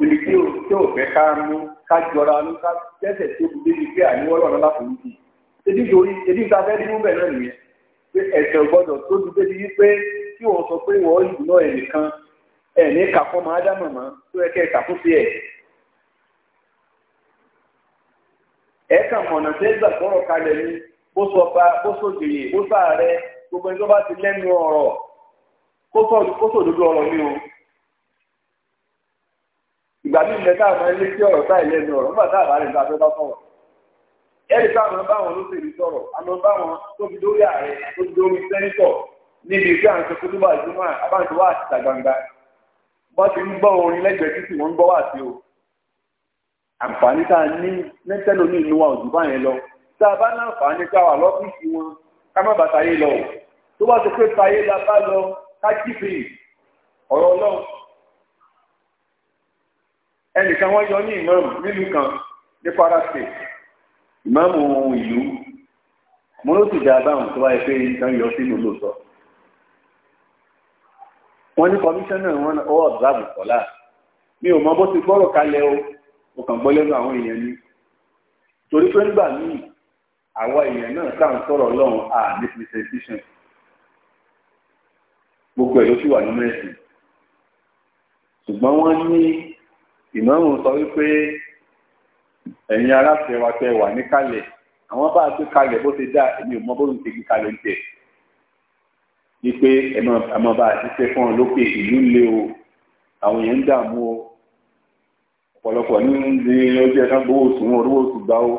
ibi tí ò fẹ́ ká mú ká jọra ní ká jẹ́sẹ̀ tó kú débi pé àníwọ́lọ́run láforíjì ebi yòórí ebi ìta fẹ́ nínú bẹ̀rẹ̀ nìyẹn pé ẹ̀sẹ̀ gbọ́dọ̀ tó ju débi wípé kí wọ́n sọ pé wọ́n yìí náà ẹnìkan ẹ̀ní kàfọ́ máa dá mọ̀mọ́ tó yẹ kẹ́ kàfún sí ẹ̀. ẹ kàn mọ̀nà tẹ́ gbà sọ̀rọ̀ kalẹ̀ ni bó sọ bá bó sòjòyè bó sàárẹ̀ gbogbo ẹni tó bá ti lẹ́nu ọ̀rọ̀ kó sòdodo ọ̀rọ̀ mi o ìgbà mi ìlẹ̀ táà máa ń lé ọ̀rọ̀ táà ìlẹ́nu ọ̀rọ̀ nígbà táà bá rìn fẹ́ bá sọ̀rọ̀ ẹ̀rí káwọn báwọn olóṣèlú sọ̀rọ̀ àmọ́ báwọn tó fi dórí ààrẹ tó fi dórí sẹ́ńtọ̀ níbi ìgbé àwọn ìṣẹ́kú tó bá ìjọba àbáǹtí wà àti ìtàgbangba wọ́n ti ń gbọ́ orin lẹ́gbẹ̀ẹ́ títì wọ́n ń gbọ́ wà sí o àǹfààní tá a ní mẹ́tẹ́lò ní ìlú wa ò jù báyẹn lọ tá a bá ní àǹfààní ká wà lọ́fíìsì wọn ká má bàtà yé lọ tó bá ti pé tayé la bá lọ ká kíbi ọ̀rọ̀ náà ẹnìkan wọ́n yọ ní ìmọ̀ràn nílùú kan ní kwara state ìmáàmù ohun ìlú mo ló sì dá báwọn tó wáyé pé nǹkan yọ sínú lóòótọ́ wọ́n ní kọmíṣánná wọn ọwọ́ ọ̀dùnláàbù kọ́lá mi ò mọ bó ti gbọ́rọ̀ kalẹ̀ o mo kàn gbọ́ lẹ́nu àwọn èèyàn ni torí pé nígbà míì àwa èèyàn náà sáà ń sọ̀rọ̀ ọlọ́run à ní presentation gbogbo ẹ̀ ló sì wà nínú ẹ̀sìn ṣùgbọ́n wọ́n ní ìmọ̀ràn sọ wípé ẹ̀yin aláṣẹ wa tẹ wà ní kalẹ̀ àwọn bá a gbé kalẹ̀ bó ṣe dá èmi ò mọ bó ń ṣe gbé kalẹ̀ ń tẹ̀ ní pé ẹ̀mọ bá a ti ṣe fún ọ lókè ìlú ńlẹ̀ o àwọn èèyàn ń dààmú o ọ̀pọ̀lọpọ̀ ní ní ọjọ́ ẹ̀ka gbowó oṣù wọn olówó oṣù gbá o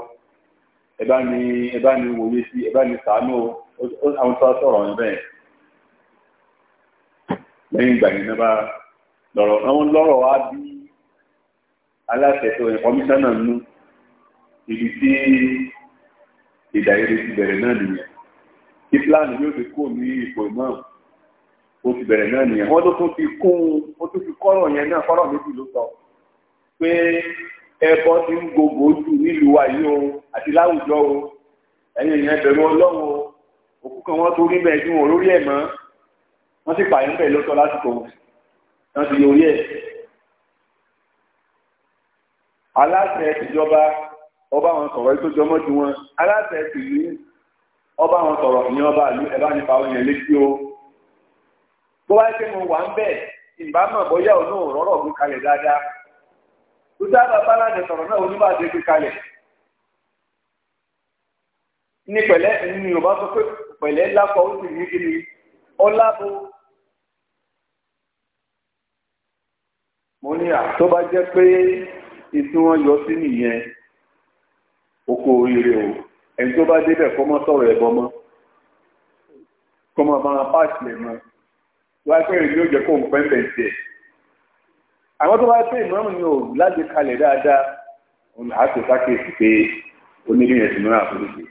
ẹ bá ní ẹ bá ní wòye sí ẹ bá ní sàánú o àwọn tó sọ̀rọ̀ yẹn bẹ́ẹ̀ lẹ́yìn ìgbà yẹn bá lọ́rọ̀ àwọn lọ́rọ̀ wa bí aláṣẹ tó yẹ kọmíṣánná nù ibi tí ìdàgbére ti bẹ̀rẹ̀ náà nìyẹn tí pílánì yóò fi kó ní ipò náà ó ti bẹ̀rẹ̀ náà nìyẹn wọ́n tó tún fi kún un ó tún fi kọ́rọ̀ yẹn náà kọ́rọ̀ méjì ló sọ pé ẹbọ ti ń gbogbo jù nílùú wa yìí o àti láwùjọ o ẹ̀yin èèyàn bẹ̀rù ọlọ́run o òkú kan wọ́n tó rí bẹ́ẹ̀ ju wọn lórí ẹ̀ mọ́ wọ́n sì pààyàn bẹ́ẹ̀ lọ́tọ̀ lásìkò wọn ti yọ orí ẹ̀ aláṣẹ ìjọba ọba wọn sọ̀rọ̀ tó jọmọ́ ju wọn aláṣẹ sì ní ọba wọn sọ̀rọ̀ ìyẹn ọba àlú ẹ̀ bá nípa àwọn yẹn létí o bó wáyé pé mo wà ń bẹ̀ ìbámọ̀ bóyá òun náà rọ́rọ̀ mú kalẹ̀ dáadáa tó sábà bálàdé sọ̀rọ̀ náà oníbàdé gbé kalẹ̀ ní pẹ̀lẹ́ ní yorùbá sọ pé pẹ̀lẹ́ lápọ̀ ó sì ní kíni ọlábo mo ní à tó bá jẹ́ pé ìsìn yọ sí nìyẹn oko oríire o ẹni tó bá débẹ̀ kọ́ mọ́ sọ̀rọ̀ ẹ̀bọ mọ́ kọ́ mọ́ bá pàṣẹ ẹ̀ mọ́ wáyé pé èyí yóò jẹ́ kó ń pẹ́ńpẹ́ tiẹ̀ àwọn tó bá pé ìmọ̀ràn ni ò láti kalẹ̀ dáadáa òun là á tó sákèsì pé oníbíyẹn ti mìíràn àforíṣe.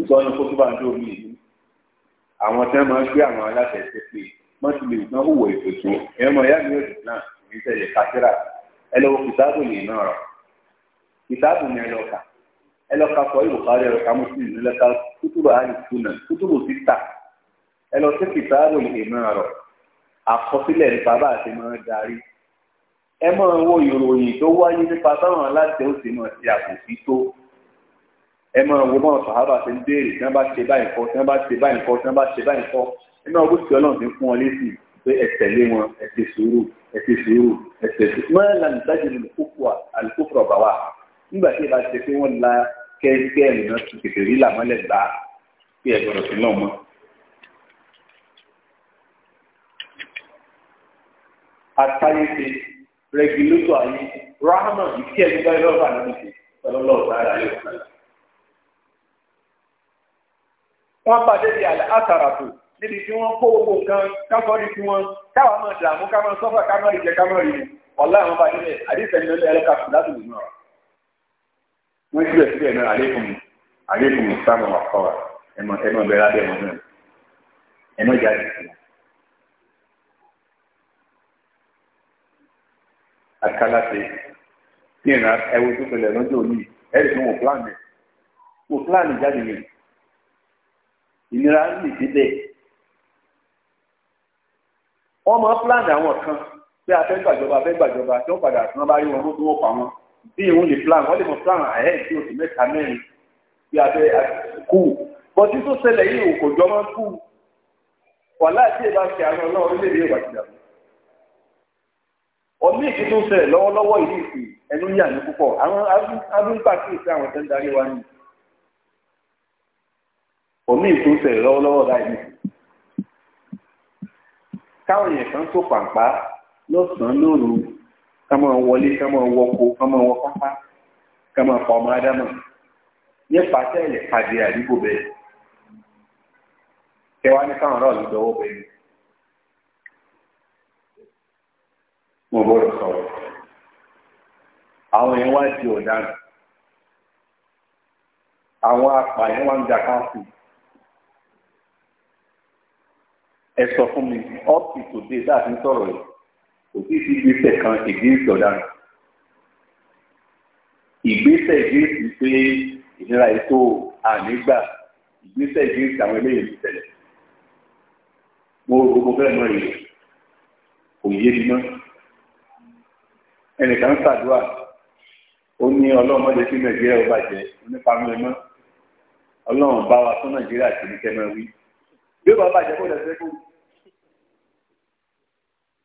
ìsọ́nù kó tó bá ń dó omi yìí àwọn tí máa ń gbé àwọn aláṣẹ ṣe pé wọ́n ti lè náwó wọ ìfòsó ẹ̀rọ ìyá mi ò dùn náà níṣẹ́ lè kásírà ẹ lọ́wọ́ kìtáàbù yìí náà rà kìtáàbù ni ẹ lọ kà ẹ lọ kà sọ ìbùkárí ẹ lọ kà mùsùlùmí ẹ lọ kà kútùrù àìsùnà kútùrù títà ẹ lọ sí kìtáàbù yìí náà rà àkọsílẹ̀ nípa bá a ti máa darí ẹ máa wo ìròyìn tó wáyé nípa táwọn aláṣẹ ó ti máa ti àbòsí tó ẹ máa wo báwọn sàhábà ti ń béèrè tí wọ́n bá ṣe báyìí kọ́ tí wọ́n bá ṣe báyìí kọ́ tí wọ́n bá ṣe báyìí kọ́ ẹ náà wọ́n ti ọlọ́run ti fún ọ lésì pé ẹ̀tẹ̀lé wọn ẹ̀tẹ̀ sùúrù ẹ̀tẹ̀ sùúrù ẹ̀tẹ̀ sùúrù. wọ́n là ní dájú ní àlùkòkò ọ̀bà wa nígbà tí ìbá ṣe pé wọ́n la kẹ́kẹ́ ẹ̀rìnà tètè rí làmọ́lẹ̀ gbà pé ẹ̀gbọ́dọ̀ sí náà mọ́. àtàyè ṣe rẹgilétọ̀ ayé rahama ìkí ẹ̀dùn báyìí lọ́wọ́ àná wọ́n pàdé di àlẹ́ àtàràtò níbi tí wọ́n kó gbogbo nǹkan káfọ́rí tí wọ́n káwa máa dààmú ká máa sọ́fà ká máa ìjẹ ká máa rí ọ̀la àwọn bàjẹ́ rẹ̀ àdéhùn ẹ̀rọ ẹ̀rọ kàfù láti lè náà. wọ́n síbẹ̀ síbẹ̀ náà àlékún àlékún sáàmù àkọ́wà ẹ̀mọ ẹ̀mọ bẹ̀rẹ̀ abẹ́ ẹ̀mọ náà ẹ̀mọ jáde sí i. àkàlàṣe tí ìran ẹwọ tó fẹlẹ̀ lọ́jọ́ òní ẹ̀rì fún òpláàni òpláàni jáde yẹn ìnira ń lè dé bẹ́ẹ̀ wọ́n máa pílánì àwọn kan pé a fẹ́ gbàjọba a fẹ́ gbàjọba tí wọ́n padà tán bá rí wọn tó wọ́n pa wọn bí ìwọ̀n lè pílánì wọ́n lè mọ pílánì àyẹ̀ tí oṣù mẹ́ta mẹ́rin bí a fẹ́ kú bọ́tí tó ṣẹlẹ̀ yìí ò kò jọ máa kú wàhálà tí ì bá ṣe àwọn ọlọ́run orílẹ̀-èdè ìwà ti dàbí ọdún èyí tó ń ṣẹlẹ̀ lọ́wọ́lọ́wọ́ ìlú ìsìn ẹnu yà ní púpọ̀ àwọn abúlùpà kì í sí àwọn tó ń darí wa ní. ọdún èyí tó káwọn èèyàn kan tó pàǹpá lọ́sàn-án lóru ká máa wọlé ká máa wọko ká máa wọ pápá ká máa pa ọmọ ádámà nípa tẹ́lẹ̀ pàdé àdúgbò bẹ́ẹ̀ kẹwàá ní káwọn aráàlú dọwọ́ bẹ́ẹ̀ mo àwọn yẹn wá di ọ̀daràn àwọn apààyàn wá ń káàkiri. ẹ sọ fún mi up to today láti sọ̀rọ̀ yìí kò sí sí ìgbésẹ̀ kan ìgbésẹ̀ ọ̀daràn ìgbésẹ̀ ìgbésẹ̀ pé ìnira ètò ànígbà ìgbésẹ̀ ìgbésẹ̀ àwọn eléyìí ti tẹ̀lé mo gbogbo fẹ́rẹ̀ mọ́ ìlú kò yé mi mọ́ ẹnìkan ṣàdúrà ó ní ọlọ́mọdé tí nàìjíríà ó bàjẹ́ onípamọ́ ẹ mọ́ ọlọ́run bá wa fún nàìjíríà kìí kẹ́ mọ́ wí bí ó bá bàjẹ́ kó lẹ́sẹ̀ kó.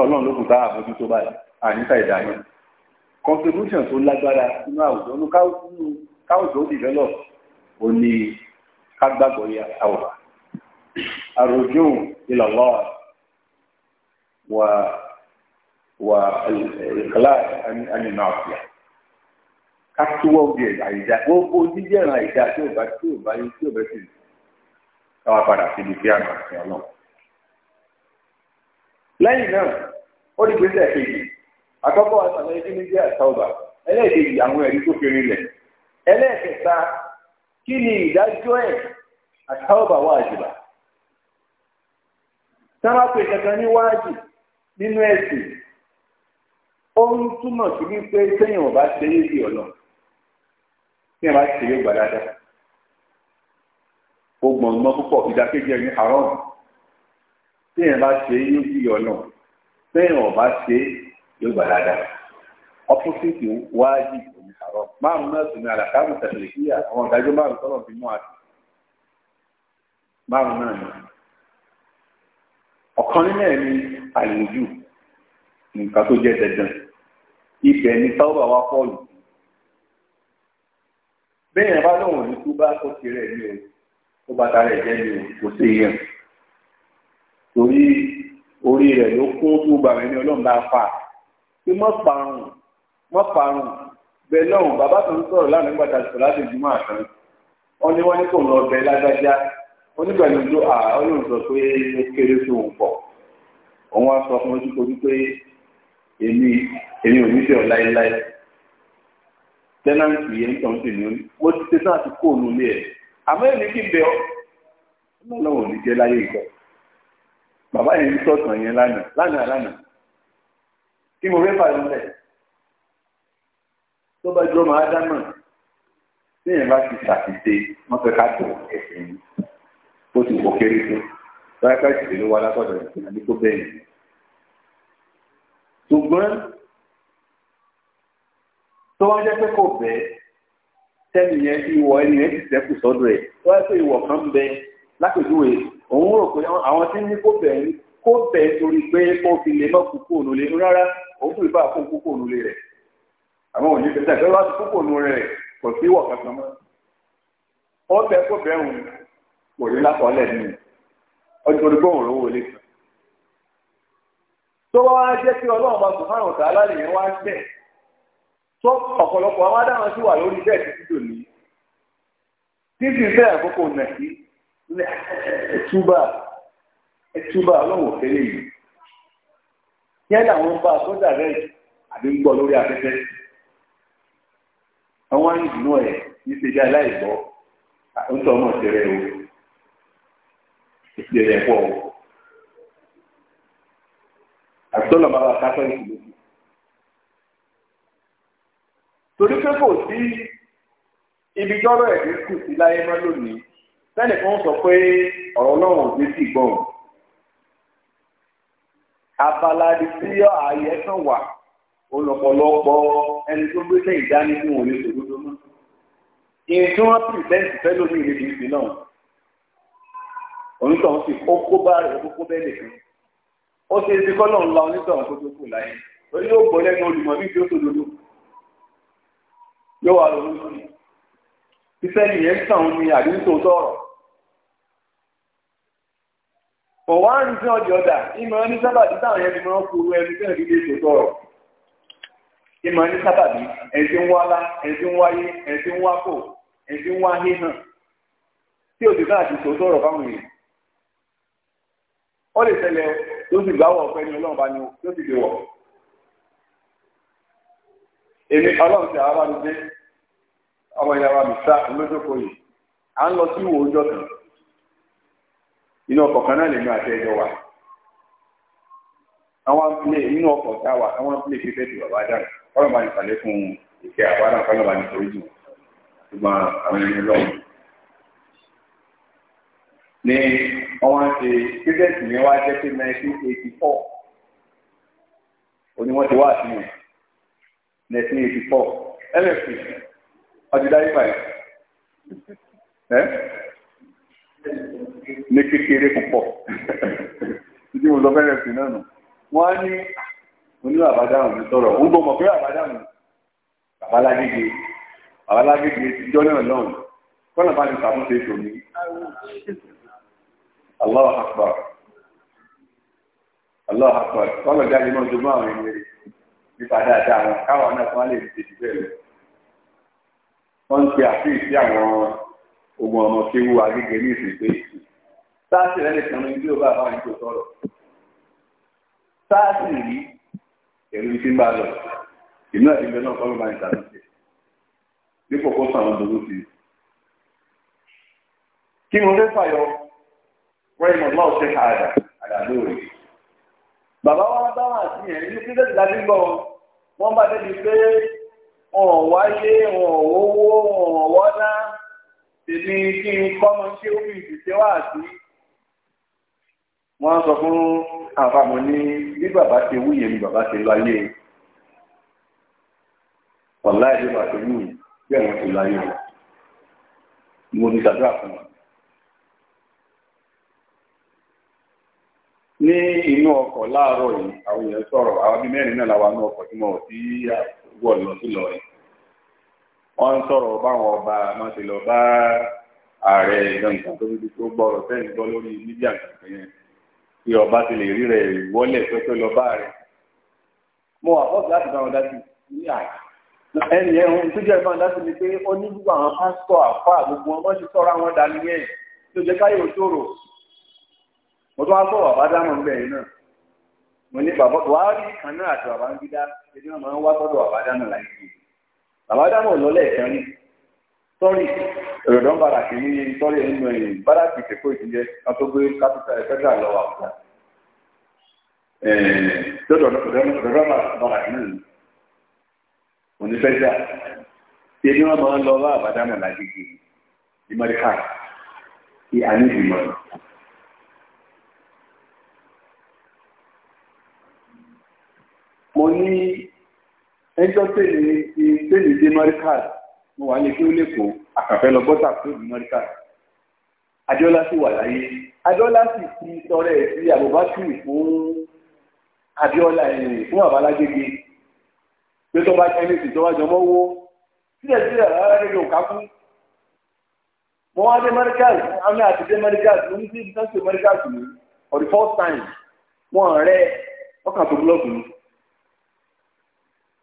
tọ́lọ́n ló kù tá àbójútó báyìí àníta ìdáná contribution tó lágbára nínú àwùjọ ní káwùjọ develop ò ní ká gbàgbọ́ yà àwùjọ àròjù ilallah wà wà ìkàlà ànínà ọ̀fìà ká túwọ́ bí àìdá gbogbo jíjẹ̀ràn àìdá tí ò bá tí ò bá tí ò bẹ́ sì káwá padà síbi tí àná àti ọlọ́run lẹ́yìn náà. ó di gbèsè kejì àkọ́kọ́ àtàwọn ẹbí ní jẹ́ ẹlẹ́ẹ̀kejì àwọn ẹ̀rí tó kéré lẹ̀ ẹlẹ́ẹ̀kẹta kí ni ìdájọ́ ẹ̀ àtàwọ̀bà wájìbà sábà kankan ní wájì nínú ẹ̀sìn ó ń túmọ̀ sí wípé sẹ́yìn ọ̀bá ṣe é ọ̀nà tí bá ṣe é gbà dáadáa ó púpọ̀ ìdákẹ́jẹ́ ní tí bá ṣe é yóò ọ̀nà. bẹ́ẹ̀ ọba ṣe yóò gbà dáadáa ọpọ́sìtì wáájì òní àrọ márùn náà sì ni àlàkàmù tẹ̀lé kí àwọn ìdájọ́ márùn tọ́lọ̀ fi mú àti márùn náà ni ọ̀kan nínú ẹ̀ ni àlùjù nǹkan tó jẹ́ dandan ibẹ̀ ni táwọn wa pọ̀lù bẹ́ẹ̀ yẹn bá lóun ní kú bá tó ti rẹ̀ ní o tó bá ta rẹ̀ jẹ́ ní o kò sí yẹn torí orí rẹ̀ ló kún tó gbà wẹ́ni ọlọ́run bá fà pé mọ́ parun mọ́ parun bẹ́ẹ̀ lọ́hùn bàbá tó ń sọ̀rọ̀ lánàá gbàtà sọ̀rọ̀ láti jùmọ̀ àtàn wọn ni wọ́n ní kò lọ bẹ lágbájá onígbàlódó à ọlọ́run sọ pé ó kéré tó ń bọ̀ òun á sọ fún ojúkojú pé èmi èmi ò ní bẹ̀rù láéláé tẹ́nàǹtì yẹn tó ń sì ní mo ti ṣe sáà ti kó òun lé ẹ̀ àmọ́ èmi kì í bẹ ọ́ ọlọ́run bàbá yẹn ń sọ̀tàn yẹn lánàá lánàá lánàá kí mo fẹ́ fàánù lẹ̀ tó bá jọ máa dáná tí yẹn bá ti ṣàtìṣe wọ́n fẹ́ ká tó ẹ̀sìn yìí ó sì wọ́ kéré tó báyìí ká ìṣèlú ló wá lápọ̀dọ̀ ẹ̀sìn àbí tó bẹ́ẹ̀ yẹn. ṣùgbọ́n tó wá jẹ́ pé kò bẹ́ẹ̀ tẹ́lẹ̀ yẹn ìwọ ẹni yẹn ti sẹ́kù sọ́dọ̀ ẹ̀ tó wá pé ìwọ kan bẹ lápèjúwe òun rò pé àwọn tí ní kó bẹ̀ kó bẹ̀ torí pé kó fi lè má kúkú òun lè nu rárá òun fún ìbá fún kúkú òun lè rẹ̀ àwọn òní fẹsẹ̀ fẹ́ wá sí kúkú òun rẹ̀ kò sí wọ̀ kankan mọ́ ọbẹ̀ kó bẹ̀ òun kò rí lákọọ́lẹ̀ ní ọjọ́ orí gbọ́n òun wọlé kan tó wá jẹ́ kí ọlọ́run bá sùn márùn-ún tààlà nìyẹn wá ń bẹ̀ tó ọ̀pọ̀lọpọ̀ àwọn adáhùn sí wà lórí bẹ́ẹ̀ títí ẹtúbà ẹtúbà ọlọ́wọ̀n fẹ́lẹ̀ yìí yálà wọn bá bọ́dà rẹ̀ àbí ń gbọ́ lórí afẹ́fẹ́ àwọn àyìnbó ẹ̀ ní ṣe dá aláìgbọ́ àtúntò ọmọ ìṣẹ̀rẹ̀ o ìṣẹ̀rẹ̀ pọ̀ o àtúntò ọmọ bàbá káfẹ́ ìṣẹ̀lẹ̀ torí pé kò sí ibi tọ́rọ̀ ẹ̀ ní kù sí lónìí sẹ́nì kan sọ pé ọ̀rọ̀ náà ò dé sí ìgbọ̀n abala tí ààyè kan wà olọ̀pọ̀lọpọ̀ ẹni tó gbé sẹ́yìn dání fún òun ní tòlódó náà ìyẹn tí wọ́n pìrìsẹ́ǹtì fẹ́ lómi ìrètí ìsìn náà onítọ̀hún sì kó kó bá rẹ̀ kókó bẹ́ẹ̀ nìkan ó ṣe é ti kọ́ lọ́n la onítọ̀hún tó tó kù láyé lórí yóò gbọ́ lẹ́nu olùmọ̀ bí yóò tó dodo yóò wà lórí sí iṣẹ́ nìyẹn sàn ní àdínkù tọ̀rọ̀ ọ̀wá àrùn tí ọjọ́ ọ̀dà ìmọ̀ ní sábàbí táwọn ẹni máa ń kú ẹni tí ẹni lè sọ̀rọ̀ ìmọ̀ ní sábàbí ẹ̀sí ń wá lá ń wáyé ẹ̀sí ń wákò ẹ̀sí ń wá híhàn tí òbí náà ti sọ sọ̀rọ̀ fáwọn èèyàn ó lè tó sì gbáwọ̀ inú ọkọ̀ kan náà lè nu àti ẹjọ́ wa àwọn ilé inú ọkọ̀ tá a wà àwọn ilé fífẹ́ ti bàbá dáná kọ́lọ̀ bá ní sàlẹ̀ fún ìkẹ́ àwọn náà kọ́lọ̀ bá ní torí jù ṣùgbọ́n àwọn ẹni lọ́wọ́ ni wọ́n ṣe kíkẹ́ẹ̀tì yẹn wá jẹ́ pé nineteen eighty four òní wọ́n ti wá àfihàn nineteen eighty four nfp ọdún dáyé báyìí ní kékeré púpọ̀ títí mo lọ bẹ̀rẹ̀ sí náà nù wọ́n á ní onílù àbájáhùn ní sọ̀rọ̀ ó ń gbọ́ mọ̀ pé àbájáhùn babalágége babalágége ti jọ́ náà lọ́hùn kọ́nà bá ní sàmúnṣe ètò mi Allahu Akbar Allahu Akbar kọ́nà jáde náà jogún àwọn ènìyàn nípa dáadáa wọn káwọn náà kọ́ lè tètè bẹ́ẹ̀ lọ wọ́n ń pe àfíìsí àwọn ogun ọmọ kéwu agége ní ìsìnkú sáàsì rẹ nìkan ní bí ó bá àwọn ìjọ sọ̀rọ̀ sáàsì rí ẹ̀rù ti ń bá lọ ìlú àdìgbẹ náà kọ́ ló máa ń ṣàtúnṣe dípò kó sàn án dòwó sí i. kí ni mo fẹ́ fàyọ wẹ́n mọ̀ náà ṣe àdà àdà lóore. bàbá wa bá wà sí yẹn ní kí lẹ́sìn láti gbọ́ wọn bá débi pé wọn ò wáyé wọn ò wówó wọn ò wọ́dá tèmi kí n kọ́mọ ṣé ó fi ìdìtẹ́ wá sí. wọ́n sọ fún àfàmù ní bí bàbá ṣe wúyẹ ni bàbá ṣe lọ ayé ọ̀la ẹ̀dí bàbá ṣe wúyẹ bẹ́ẹ̀ wọ́n ṣe lọ ayé wọn. mo ní ṣàdúrà fún wọn. ní inú ọkọ̀ láàárọ̀ yìí àwọn èèyàn sọ̀rọ̀ àwọn bíi mẹ́rin náà làwọn inú ọkọ̀ tí mo ti wọ̀ lọ sí lọ yìí wọ́n ń sọ̀rọ̀ báwọn ọba máa ti lọ bá ààrẹ ìgbọ̀nsán tó fi tó gbọ́rọ̀ fẹ́ẹ̀ gbọ́ lórí mídíà kankan yẹn kí ọba ti lè rí rẹ̀ wọlé pẹ́pẹ́ lọ bá rẹ̀. mo wà fọ́ọ̀tù láti bá dá sí ní àyà ẹnì yẹn ohun tó jẹ́ ìbọn dá sí ni pé ó ní gbogbo àwọn pásítọ̀ àfa gbogbo wọn bọ́n ti sọ̀rọ̀ àwọn dání yẹn tó jẹ́ káyọ̀ sòrò mo tún wá sọ̀rọ̀ bàbá dáhùn ń bẹ̀rẹ̀ náà mo ní bàbá wàá rí kan náà àti bàbá ń bí ẹni bàbá dámọ̀ lọ́lẹ̀ ẹ̀kan rí sọ́rí ìrọ̀dọ́ bára kì ní sọ́rí ẹnu ẹ̀yìn bára kì kẹ́kọ́ ìdílé kan tó gbé kápítà ẹ̀fẹ́dà lọ àbúrà ìrọ̀dọ́ bára kì ní onífẹ́jà tí ẹni wọn máa ń lọ bá àbádámọ̀ lágbègbè ìmọ̀ríkà kí a ní ìmọ̀ mo ní ẹjọ́ tèmi ti tèmi dé mọ́ríkàl mo wà ní kí ó lè kó àkàfẹ́ lọ bọ́tà tó di mọ́ríkàl adéọlá sì wà láyé adéọlá sì fi tọrẹ ẹ sí àbúbákìrì fún adéọlá ẹ fún àbálágége pé tó bá jẹ́ ní ìtọ́wá jọmọ́ wó sílẹ̀sílẹ̀ rárá ní yóò ká fún mo wá dé mọ́ríkàl àmì àti dé mọ́ríkàl mo ní sí ibi tó ń ṣe mọ́ríkàl mi for the first time wọn rẹ ọkàn tó búlọ́ọ̀kì mi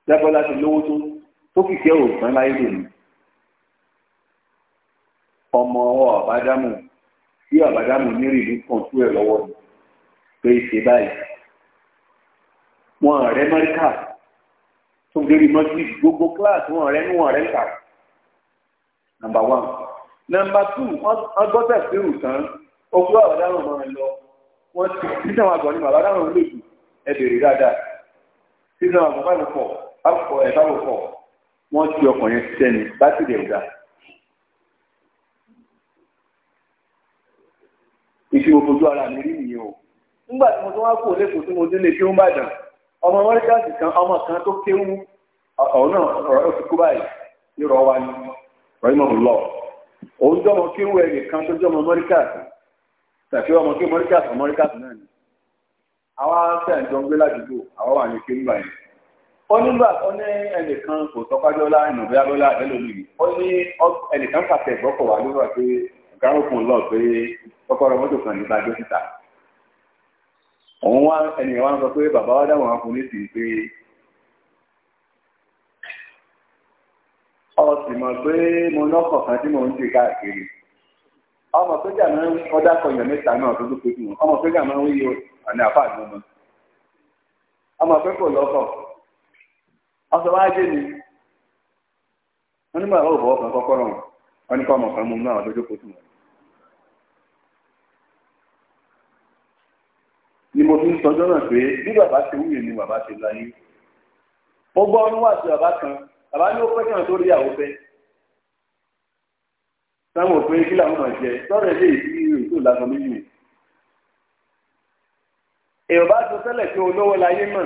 jábọ́lá ti lówó tó tó kìkẹ́ òògùn láyé lòun ọmọ ọwọ́ àbádámù tí àbádámù nírìlú kan tú ẹ̀ lọ́wọ́ ni pé ṣe báyìí wọn ọ̀rẹ́ mọ́ríkà tó lérí mọ́tì gbogbo kíláàsì wọn ọ̀rẹ́ níwọ̀n ọ̀rẹ́ kà nàmbà wán nàmbà tù wọn gbọ́dọ̀ sí ìrùtàn okú àbádámù máa ń lọ wọn ti sísan àgbọ̀n ní àbádámù lòdù ẹ bèrè dáadáa sísan àgbọ̀n báyìí pọ̀ fáfọ ẹ̀ fáfọ fọ wọ́n ti ọkọ̀ yẹn bátìrì ẹ̀ dá. ìṣirò fojú ara mi rí nìyẹn o nígbà tí mo tún wá kó lẹ́kọ̀ọ́ tí mo tún lè fi ń bàdàn ọmọ mọ́ríkàsì kan ọmọ kan tó kéwú ọ̀hún náà ọ̀rọ̀ ó ti kú báyìí ìrọ̀ wa ni rọ́ìmọ̀ lọ òun jọmọ kéwú ẹ̀rì kan tó jọmọ mọ́ríkàsì tàbí ọmọ kéwú mọ́ríkàsì mọ́ríkàsì náà ni àwa sẹ́yìn jọ ń gbé ládùúgbò àwa wà ní kéwú báyìí onígbà tó ní ẹnìkan kò tọ́kájọ́ láàrin ọ̀bẹ́ abọ́lá àdẹ́lómi yìí ó ní ẹnìkan pàtẹ ìgbọ́kọ̀ lọ pé kan nígbà síta òun wá wá pé bàbá wa ọ sì mọ pé mo kan tí mò ń ṣe káàkiri ọmọ sójà máa ń kọyàn náà tó fún ọmọ sójà máa ń yí ọsọ wa jẹ mi wọn nígbà wọn ò fọwọ́ kan kọ́kọ́ náà wọn ní kọ́ ọmọ kan mú náà lójú kó wọn. ni mo fi ń sọjọ́ náà pé bí bàbá ṣe wúyè ni bàbá ṣe láyé ó gbọ́ ọdún wà sí bàbá kan bàbá ní ó fẹ́ kàn tó rí àwọn fẹ́ sáwọn òfin kí làwọn máa jẹ sọ́rọ̀ ilé ìdílé rẹ̀ tó lásán méjì èèyàn bá sọ tẹ́lẹ̀ pé olówó láyé mọ̀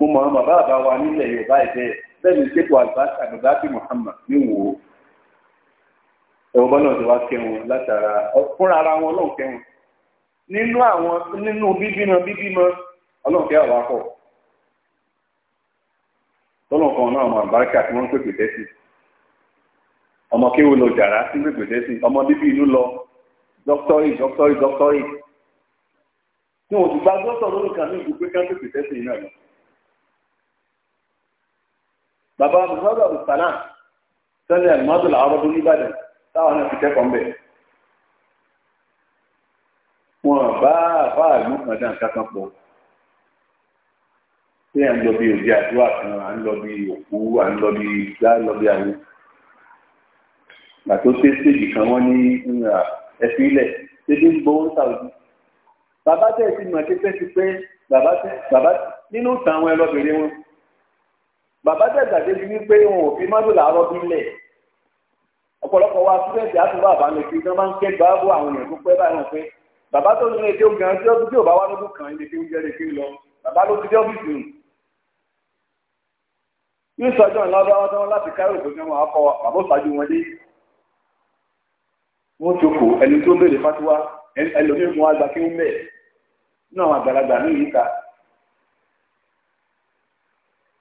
mo mọ àwọn bàbá àbá wa nílẹ̀ yorùbá ìbẹ́ bẹ́ẹ̀ni sẹ́kù àgbàdàbí muhammad ní wò ó ẹ̀wọ̀n bọ́lá ti wá kẹwọn látara fúnra ara wọn ọlọ́run kẹwọn nínú àwọn nínú bíbímọ bíbímọ ọlọ́run kẹwàá wà pọ̀ tọ́lọ̀ kan náà ọmọ àbáríkà tí wọ́n ń pèpè tẹ́sí ọmọ kéwòn lọ jàrá sí pèpè tẹ́sí ọmọ bíbí inú lọ dọ́kítọ́rì dọ́kítọ́rì dọ́kítọ́rì tí wọ́n ti gba dọ́kítọ̀ lórúkà ní ìdúpẹ́ káńpèpè tẹ́sí náà lọ bàbá muhammadu abdulsana sẹ́lẹ̀ mọ́tòlá ọ̀rọ̀dù nìbàdàn táwọn náà ti kẹ́kọ̀ọ́ mbẹ́. wọn bá bá àlù kan dá nǹkan kan pọ̀ tí à ń lọ bí òbí àdúrà kan à ń lọ bí òkú à ń lọ bí gbá lọ bí àwọn. gbàtó pé stéèjì kan wọ́n ní ẹ̀sìn ilẹ̀ ṣébí ń gbowó sàwùjú. bàbá tẹ̀ sí mọ̀ pé ti pé bàbá nínú ìtàn àwọn wọn bàbá dẹ̀gbà débi wípé wọn ò fi mọ́tò làárọ̀ bí lẹ̀ ọ̀pọ̀lọpọ̀ wa túbẹ̀tì àtúbọ̀ àbámi fi gan máa ń kẹ́gbà bó àwọn èèyàn tó pẹ́ báyọ̀ pé bàbá tó nílé tí ó gan tí ó tí ò bá wá lójú kan ilé tí ó ń jẹ́rìí kiri lọ bàbá ló ti dé ọ́fíìsì nù. ní ìsọjọ́ ńlá bá wọn tán láti káyọ̀ tó fẹ́ wọn akọ bàbá òṣàjú wọn dé. wọ́n jókòó ẹni tó béèrè fatiwa ẹlòmíì fún wa gbà kí ó mẹ́ẹ̀ náà àgbàlagbà ní ìyíká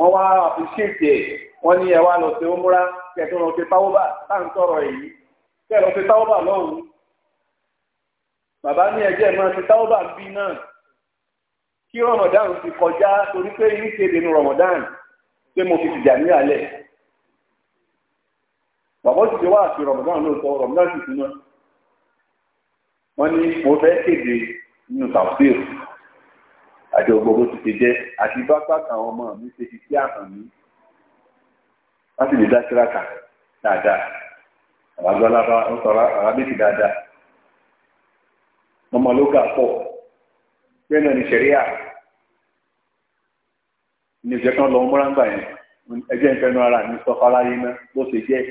wọ́n wá àfiṣètì ẹ̀ wọ́n ní ẹ wá lọ sí òmùra kẹtù lọ sí táwọ́bà tá à ń sọ̀rọ̀ yìí kẹ lọ sí táwọ́bà lọ́hùn. bàbá ní ẹ̀jẹ̀ máa ti táwọ́bà bí náà kí rọmọdán ti kọjá torí pé yìí kéde nu rọmọdán pé mo fi tìjà ní alẹ́. bàbá ti ti wá àti rọmọdán lóòótọ́ rọmọdán sì tún náà. wọ́n ní mo fẹ́ kéde nínú tàwọ́síìrì àti gbogbo ti ṣe jẹ́ àti bápá àwọn ọmọ mi ṣe ti sí àmà mi wọ́n sì lè dá síráàkà dáadáa àbágbálábá ń sọ̀rọ̀ àrábìkì dáadáa ọmọ ló gà pọ̀ bẹ́ẹ̀ náà ní ṣẹ̀ríà ní ìjẹ́ kan lọ múra ń gbà yẹn ẹjẹ́ ń fẹnu ara mi sọ fáráyé náà bó ṣe jẹ́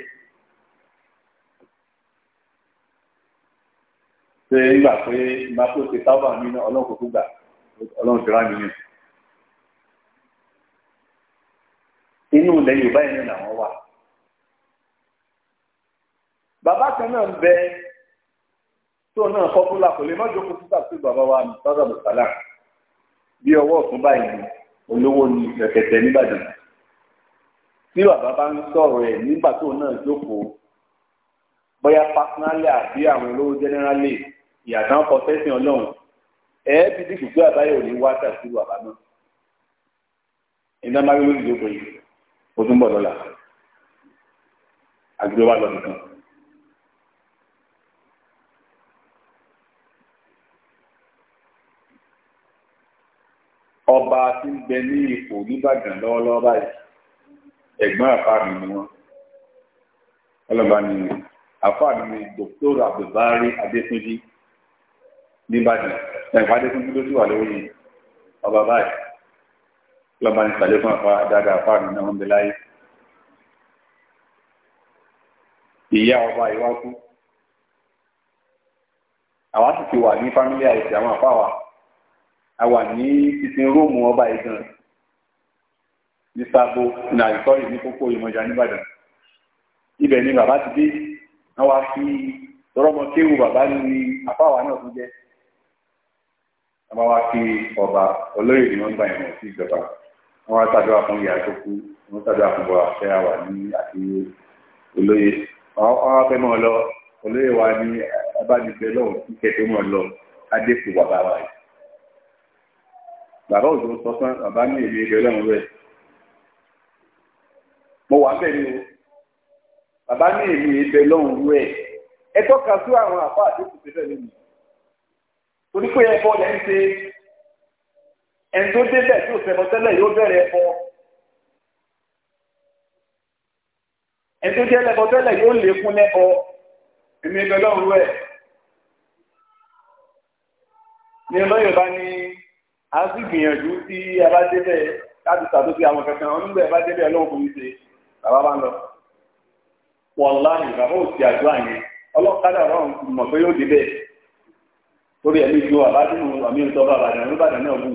ṣe ń gbà pé ìgbà tó ṣe tábà mi náà ọlọ́kùnkùn gbà ọlọ́run ti rá mi nìyẹn. inú ilẹ̀ yorùbá yẹn làwọn wà. bàbá kan náà ń bẹ tó náà fọ́pùlà kò lè má jókòó sí tàbí bàbá wa mùsàlá mùsàlá bí ọwọ́ ọ̀tún báyìí olówó ni rẹ̀kẹ̀tẹ̀ nìbàdàn tí bàbá bá ń sọ̀rọ̀ ẹ̀ nígbà tó náà jókòó bóyá pásínálì àbí àwọn olówó jẹ́nẹ́rálì ìyàtọ̀ ọkọ̀ tẹ́sán ọlọ́run ẹ̀ẹ́bí ní gbogbo àbáyọ̀ ò ní wá tàṣírò àbá náà iná máa ń lórí ìjókòó yìí ó tún bọ̀ lọ́la àgbẹ̀ wa lọ nìkan. ọba tí ń bẹ ní ipò nìbàdàn lọ́wọ́lọ́wọ́ báyìí ẹ̀gbọ́n àfa mi ni wọ́n ọlọ́ba ni àfa ni dókítà Abdulbari Adétúnjì níbàdàn ẹ̀fà adékún kí ló sì wà lórí ọba báyìí lọ́ba ní sàlékún àfa dáadáa àfa mi náà ń bẹ láyé ìyá ọba ìwákú àwa sì ti wà ní fámílì àìsí àwọn àfa wa a wà ní títí róòmù ọba ìgàn ní sábó ní àìsọ́rì ní kókó ìmọ̀jà nìbàdàn ibẹ̀ ni bàbá ti dé wọ́n wá fi tọrọmọ kéwù bàbá ní àfa wa náà tún jẹ́ wọ́n wá kí ọba olóyè ni wọ́n gbà yẹn wọ́n sí ìjọba wọ́n wá ṣàdúrà fún ìyá tó kú wọ́n ṣàdúrà fún bọ́lá fẹ́ wà ní àti olóyè wọ́n wá fẹ́ mọ́ ọ lọ olóyè wa ní abánibẹ́ lọ́wọ́ sí kẹ̀kẹ́ mọ́ ọ lọ adékù bàbá wa yìí. bàbá òjò sọ fún bàbá ní èmi ìgbẹ́ lọ́wọ́ rẹ̀ mo wà bẹ́ẹ̀ ni o bàbá ní èmi ìgbẹ́ lọ́wọ́ rẹ̀ ẹ tọ́ka sí àwọn àpá àdékù tẹ́lẹ̀ nínú torí pé ẹbọ lẹ́ ń ṣe ẹni tó débẹ̀ tí ò ṣẹbọ tẹ́lẹ̀ yóò bẹ̀rẹ̀ ẹbọ ẹni tó jẹ́ lẹ́bọ tẹ́lẹ̀ yóò lékún lẹ́bọ èmi ẹgbẹ́ lọ́rùn rẹ̀ ní ọlọ́yọ̀ bá ní a sì gbìyànjú tí a bá débẹ̀ láti ṣàtúnṣe àwọn kankan wọn nígbà bá débẹ̀ ọlọ́run kò ní ṣe bàbá bá ń lọ wọ́n láàyè bàbá ò sí àjọ àyẹn ọlọ́kadà ọlọ́run mọ̀ pé yóò débẹ̀ torí ẹ̀mí ju àbádínú àmì ìtọ́ba àbàdàn olùbàdàn náà wù.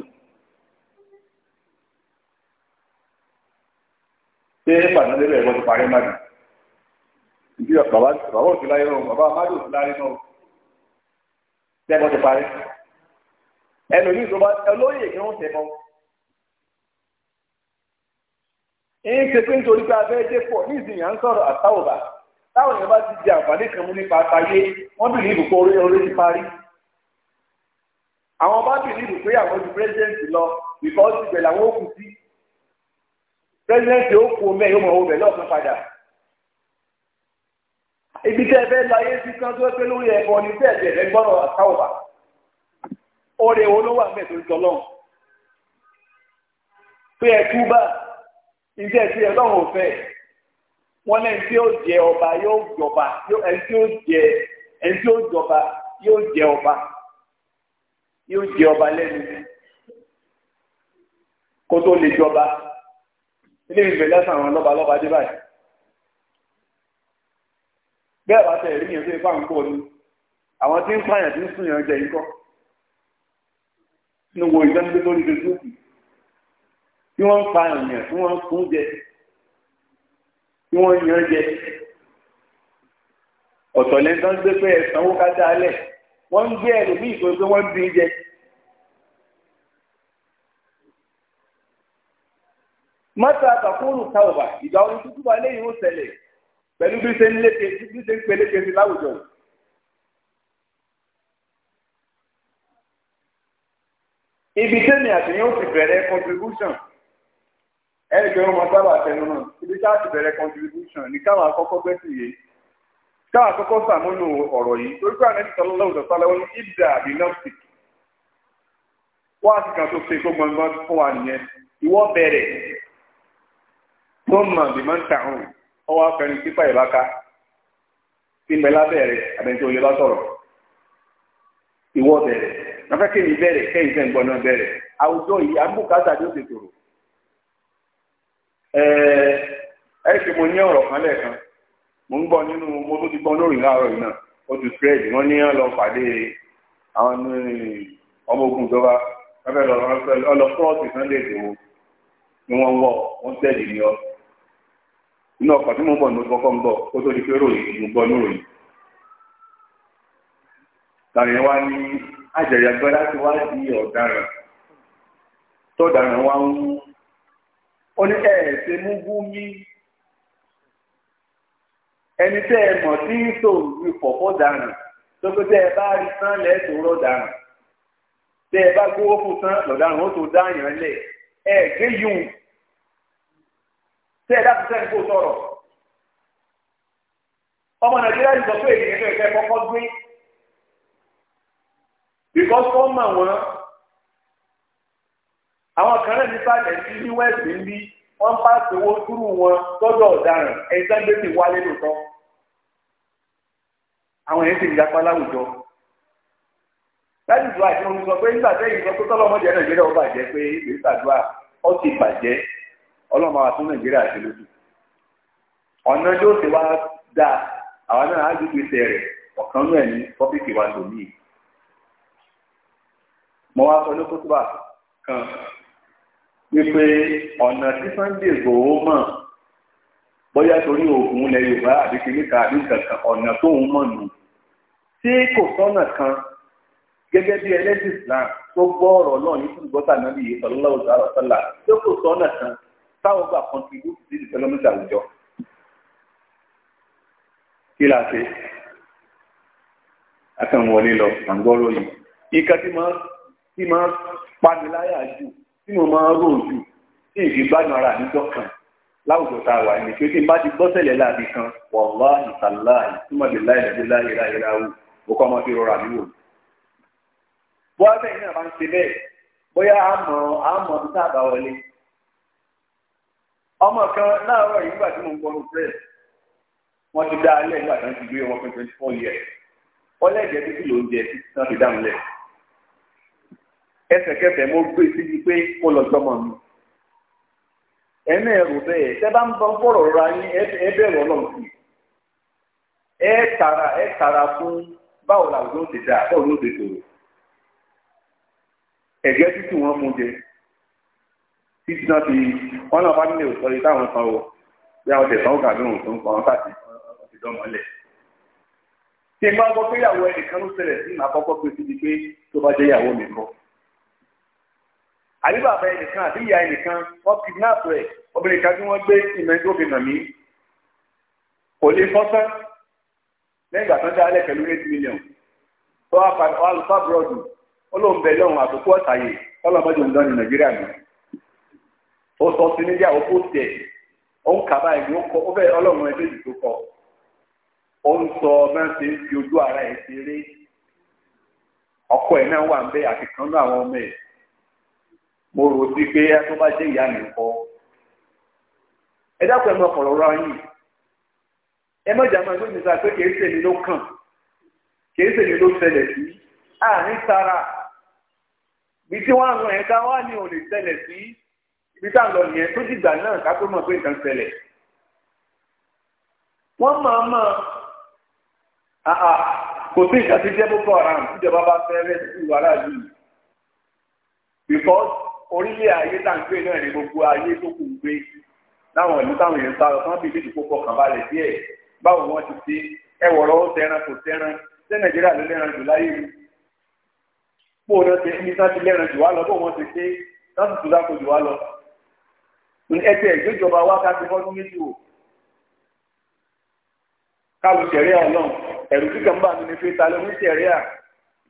ṣé pàdán lébẹ̀ ìwọ́n ti parí má dùn? ìdí bàbá òsì láyé náà bàbá amádò òsì láyé náà tẹ́gbọ́n ti parí. ẹnu ní ìjọba olóyè kí wọ́n tẹ̀gbọ́n. ń ṣe pé nítorí pé abẹ́ dé pọ̀ ní ìsìn yà ń sọ̀rọ̀ àtàwọ̀bà táwọn èèyàn bá ti di àǹfààní kan mú nípa àtàyé wọ́n bìrì ìbùkún orí orí ti parí àwọn bá bìlíìfù pé àwọn ju pírẹsidẹ́ǹtì lọ bìkọ́sì ìbẹ̀ làwọn ó kù sí pírẹsidẹ́ǹtì ó kú omi ẹ̀ yóò mọ̀ owó bẹ̀ lọ́ọ̀kan padà. ibi tẹ́ ẹ fẹ́ lọ ayé sí kan tó pé lórí ẹ̀fọ́ ní tẹ́ ẹ̀jẹ̀ rẹ gbọ́dọ̀ àtàwọ̀bà ọ̀rẹ́ wo ló wà mẹ́ tó jọ lọ́hùn. pé ẹ tú bá ìjẹ́ ti ẹ lọ́hùn òfẹ́ wọn lẹ́ni tí ó jẹ ọba yóò jọba ẹni tí ó jẹ ọba yóò jẹ ọba yóò jẹ ọba lẹ́nu kó tó lè jọba ilé ìfẹ́ lẹ́sàn àwọn lọ́ba lọ́ba dé báyìí bẹ́ẹ̀ bá tẹ̀ rí yẹn tó ipá ń pọ̀ ni àwọn tí ń pààyàn tí ń sùn yàn jẹ ikọ́ nínú wo ìdánilé lórí facebook tí wọ́n ń pààyàn yàn tí wọ́n ń sún jẹ tí wọ́n ń yàn jẹ ọ̀tọ̀ lẹ́ńtọ́ ń gbé pé ẹ̀sánwó ká dá lẹ̀ wọ́n ń gbé ẹlòmíì ìṣòro pé wọ́n ń dín jẹ. mọ́tò àtàkùnrù táwọ̀bà ìgbà orin tútù wà lẹ́yìn ó ṣẹlẹ̀ pẹ̀lú bí ṣe ń léke bí ṣe ń peléke sí láwùjọ. ibi tẹ́mi àtìyàn ó ti bẹ̀rẹ̀ contribution ẹ̀ẹ́dẹ̀gbẹ̀rún mọ́tò àbàtẹnu náà ibi tá a ti bẹ̀rẹ̀ contribution ní káwọn akọ́kọ́ gbẹ́sì yìí. káà kọ́kọ́ sàmúlò ọ̀rọ̀ yìí torí pé àlẹ́ ìtọ́lọ́lọ́ òdòdó wọn ìdá àbí nọ́ọ̀sì wọ́n á sì kàn tó ṣe gbogbo fún wa nìyẹn ìwọ bẹ̀rẹ̀ tó mọ̀ máa ń ọwọ́ afẹ́rin pípa ìbáka mẹ́lá bẹ̀rẹ̀ òye bá sọ̀rọ̀ bẹ̀rẹ̀ bẹ̀rẹ̀ kẹ́yìn fẹ́ mo ń bọ̀ nínú mo tó ti lórí láàárọ̀ yìí náà ó ti wọ́n ní lọ pàdé àwọn eh, ọmọ ogun ìjọba ẹgbẹ́ lọ lọ ni wọ́n wọ̀ wọ́n tẹ̀lé ní ọ. ọkọ̀ tí mo ní ń bọ̀ ó tó ròyìn mo ní wá sí ọ̀daràn tọ́daràn wá ń wú. ó ní mú ẹni tẹ́ ẹ mọ̀ tí tó rí fọ̀fọ́ dànù tókòtẹ́ ẹ bá rí tán lẹ́ẹ̀tọ́ rọ̀ dànù tẹ́ ẹ bá gbówó fún tán lọ̀dàrún ó tó dáyàn lẹ̀ ẹ gé yùn tẹ́ ẹ dákun sẹ́ni kó sọ̀rọ̀ ọmọ nàìjíríà yìí sọ pé ènìyàn fẹ́ fẹ́ kọ́kọ́ gbé because wọ́n mọ̀ wọ́n àwọn kan náà nípa nàìjíríà ní wẹ́ẹ̀sì ń bí wọ́n bá sowó dúró wọn tọ́jọ́ ọ̀daràn ẹ̀sán bébì wálé lóòótọ́ àwọn yẹn ti ń yapa láwùjọ láti dùn àti ohun sọ pé nígbà tẹ́yìn sọ pé tọ́lọ́mọdé nàìjíríà ó bàjẹ́ pé ìgbésà dùà ó ti bàjẹ́ ọlọ́mọ wa fún nàìjíríà ti lójú ọ̀nà yóò ti wá dà àwọn náà á ju gbèsè rẹ̀ ọ̀kan náà ní pọ́bíkì wa lòmíì mo wá sọ ní kótóbà kan wípé ọ̀nà tí Sunday Igboho mọ̀ bóyá torí oògùn ilẹ̀ Yorùbá àbí kìnìkan àbí kankan ọ̀nà tóun mọ̀ nù tí kò sọ́nà kan gẹ́gẹ́ bí ẹlẹ́sìn Islam tó gbọ́ ọ̀rọ̀ náà ní fún ìgbọ́ta náà yìí sallallahu alaihi wasallam tó kò sọ́nà kan táwọn gbà contribute sí development àwùjọ. kí la ṣe akànwọlé lọ àǹgọ́rọ̀ yìí nǹkan tí máa ń paniláyà jù tí mo máa ń rò jù tí n fi gbádùn ara mi dọ́kàn láwùjọ tá a wà ní pé kí n bá ti gbọ́ sẹ̀lẹ̀ láàbì kan wàhálà ìtàlá ìtumọ̀lẹ̀ láìlẹ́dẹ́ láìláìlá wò ó kọ́ ọmọdé rọra mi wò. bóyá bẹ́ẹ̀ náà máa ń ṣe bẹ́ẹ̀ bóyá àmọ́ àmọ́ tó sábà wọlé. ọmọ kan láàárọ̀ yìí nígbà tí mo ń gbọ́ rúfẹ́ wọ́n ti dá alẹ́ nígbà tí wọ́n ti gbé ọmọ fún twenty four years. ọlẹ́jẹ̀ títí ló ń jẹ títí náà ti dáhùn lẹ̀. ẹsẹ̀kẹsẹ̀ pé mo lọ sọmọ mi ẹ náà rò bẹ́ẹ̀ tẹ́ bá ń bọ́ fọ̀rọ̀ ra yín ẹ bẹ̀rù ọlọ́run ẹ tara ẹ tara fún báwo làwùjọ ti dà báwo ló ti tòrò ẹ̀gẹ́ títí wọn mú jẹ títí náà ti, wọn náà bá nílé òsọ yìí táwọn kan wọ bí àwọn tẹ̀sán ọ̀gá lóhùn tó ń pa wọn káàkiri wọn ti dán mọ́lẹ̀ tí n bá gbọ́ pé ìyàwó ẹnìkan ló ṣẹlẹ̀ sí ìmọ̀ àkọ́kọ́ pé síbi pé tó bá jẹ́ ìyàwó mi kọ́. àbí bàbá ẹnìkan àbí ìyá ẹnìkan wọ́n kidnap rẹ̀ obìnrin kan tí wọ́n gbé ìmẹ́jọ́ fi hàn mí kò lè fọ́sán lẹ́yìn ìgbà tó ń dá alẹ́ pẹ̀lú eight million tó wá pa alùpàá búrọ́dù olóhùn bẹ̀ lọ́hùn àtòkù ọ̀tàyè ọlọ́mọdé ń ní nàìjíríà mi ó sọ sí ó kọ kọ ó ń sọ ṣe ń ara ṣeré ọkọ náà wà ń àti kan mo rò sí pé ẹ tó bá jẹ́ ìyá mi kọ́ ẹ dákun ẹ mọ ọ̀rọ̀ ra yín ẹ mọ̀jà máa gbé mi sá pé kìí ṣèmi ló kàn kìí ṣèmi ló ṣẹlẹ̀ sí àárín sára ibi tí wọ́n àwọn ẹ̀ka wà ní òun lè ṣẹlẹ̀ sí ibi tá à ń lọ nìyẹn tó dìgbà náà ká tó mọ̀ pé nǹkan ṣẹlẹ̀ wọ́n máa máa àà kò sí nǹkan tí jẹ́ boko haram tíjọba bá fẹ́ rẹ́ sí wàhálà yìí because orílẹ̀ ayé tá à ń gbé náà ni gbogbo ayé tó kù ń gbé láwọn ìlú táwọn èèyàn sá lọ tán bí ìdíje kókó kàn balẹ̀ díẹ̀ báwo wọ́n ti ṣe ẹwọ̀rọ̀ ó tẹran kò tẹran ṣé nàìjíríà ló lẹ́ran jù láyé mi bó wọn ṣe ní sáà ti lẹ́ran jù wá lọ bó wọn ti ṣe sáà ti tùdá kò jù wá lọ ẹgbẹ́ ìgbéjọba wa ká ti fọ́dún méjì o kálu sẹ̀ríà ọlọ́run ẹ̀rù kíkà ń bà mí ní fi ta ló ní sẹ̀ríà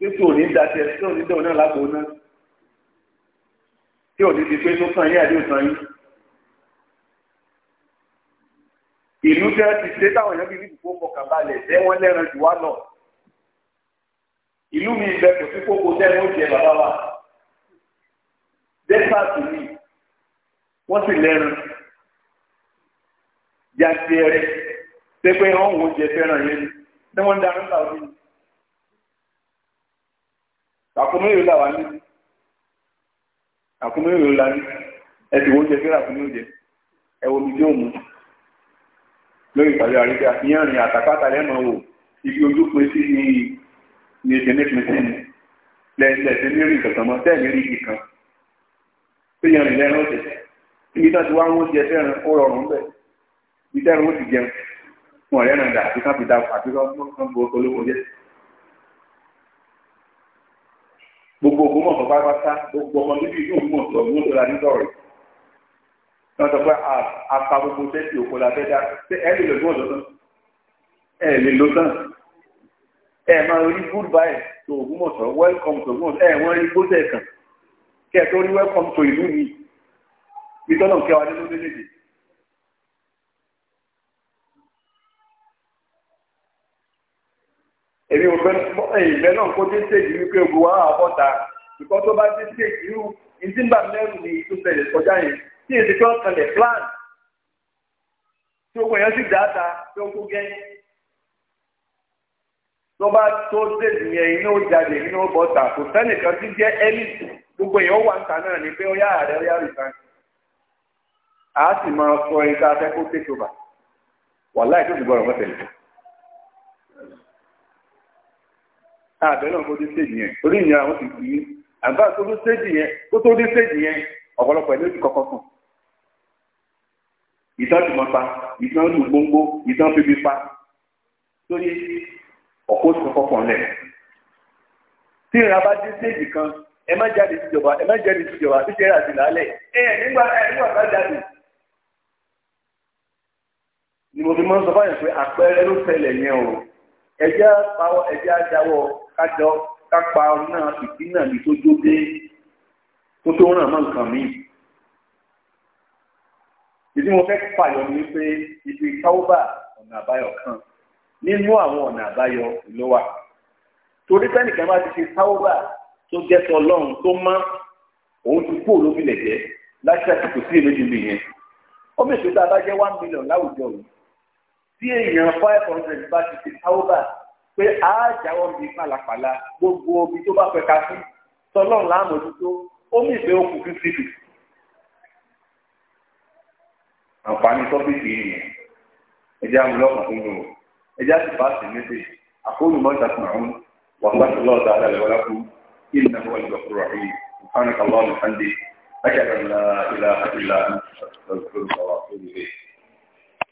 tó tò ní dàtẹ̀ tó ní dòun náà lágbo náà tí ò ti di pé tó tàn yín àdé òtàn yín. ìlú tẹ́ ti ṣe táwọn èèyàn bí ní ìdìbò fọkàn balẹ̀ tẹ́ wọ́n lẹ́ran jù wá lọ. ìlú mi ìbẹ kò sí kókó tẹ́nu ó jẹ bàbá wa. dẹ́sàtì mi wọ́n sì lẹ́ran jáde rẹ̀ tẹ́gbẹ́ wọn wò jẹ fẹ́ràn yẹn ni tí wọ́n ń darí ń ta òbí ni. àkómọ́ yóò dà wá níbi àkúnmí èrò ńlá ní ẹsì wo oúnjẹ fẹ́rẹ̀ àkúnmí oúnjẹ ẹwọ omi tí ó mú lórí ìpàdé àríkà ìyẹn rìn àtàkàtà lẹ́mọ̀ wò ibi ojú pé sí ní ní ètò ní pínpín ní lẹ́ẹ̀lẹ́sẹ̀ ní rí ìkọ̀tàn mọ́ tẹ́ẹ̀ ní rí ibi kan tó yẹn rìn lẹ́rìn ọ̀sẹ̀ ibi tí wọ́n ti wá oúnjẹ fẹ́ràn ó rọrùn bẹ́ẹ̀ ibi tẹ́rùn ó ti jẹun wọn rẹ́ràn gbogbo ogun mọ̀tò pátápátá gbogbo ọmọ níbi ìlú ògùn mọ̀tò ọ̀gbìn tó la nítorí wọ́n sọ pé apá gbogbo sẹ́ẹ̀tì òkú la fẹ́ dá ẹ lè lọ gbọ́dọ̀ ẹ lè lọ tán ẹ máa rí good bye to ògùn mọ̀tò welcome to ògùn mọ̀tò ẹ wọ́n rí gbọ́dọ̀ ẹ̀kan kí ẹ tó rí welcome to ìlú mi ìtọ́nà kẹwàá nínú méjèèjì. èmi ò fẹ́ ìfẹ́ náà kó dé stage wípé ogun wa wà bọ́ta ìkọ́ tó bá dé stage mẹ́rù ni tó ṣẹlẹ̀ kọjá yẹn tí èsì kan kalẹ̀ plan tí ogun yẹn sì dáadáa tí ó kó gẹ́yìn tó bá tó stage yẹn iná ó jáde iná ó bọ́ta kò jẹ́ gbogbo èèyàn wà níta náà ni pé ó yá ó yá sọ ẹ̀ka afẹ́kọ́ over gbọ́dọ̀ àbẹ̀ náà kó dé stage yẹn orí ìyẹn àwọn ti fi àgbà tó dé stage yẹn kó tó dé stage yẹn ọ̀pọ̀lọpọ̀ ẹ̀ ló ti kọ́kọ́ sùn. ìtàn ti mọ pa ìtàn lù gbóngbó ìtàn bíbí pa lórí ọ̀kó tó kọ́kọ́ lẹ̀. tí ìrìn àbá dé stage kan ẹ má jáde síjọba ẹ má jáde síjọba tí kẹ́rẹ́ àti làálẹ̀ ẹ nígbà ẹ nígbà bá jáde. ni mo fi mọ́ sọ fáyọ̀ pé àpẹẹrẹ ló ṣẹlẹ̀ yẹn o ẹ̀jẹ̀ àpawọ̀ ẹ̀jẹ̀ àjáwọ̀ kájọ kápa náà ìdí náà ní tó jó dé tó tó ràn mọ́ nǹkan mi. ìdí mo fẹ́ fàyọ ni pé ibi táwọ́bà ọ̀nà àbáyọ kan nínú àwọn ọ̀nà àbáyọ ló wà. torí sẹ́nìkan bá ti ṣe táwọ́bà tó jẹ́ sọ ọlọ́run tó mọ́ òun ti kú olómìnira jẹ́ láti àsìkò sí èméjì mi yẹn. ó mèsì tá a bá jẹ́ one million láwùjọ yìí tí èèyàn five hundred bá ti ṣe táwọ́bà pé a jáwọ́ bíi pàlàpàlà gbogbo omi tó bá fẹ́ ka sí tọ́lọ́run láàmójútó ó mì pé fífi lù. àǹfààní tọ́pìkì yìí ẹjẹ́ amúlọ́kàn tó ń lò ẹjẹ́ àti méjì àkóònù mọ́ta kùn àwọn wàhálà lọ́ọ̀dà àdàlẹ̀ wọlé kú kí ni nàbọ̀ ìgbà kúrò àyè سبحانك اللهم أشهد أن لا إله إلا أنت أستغفرك وأتوب إليك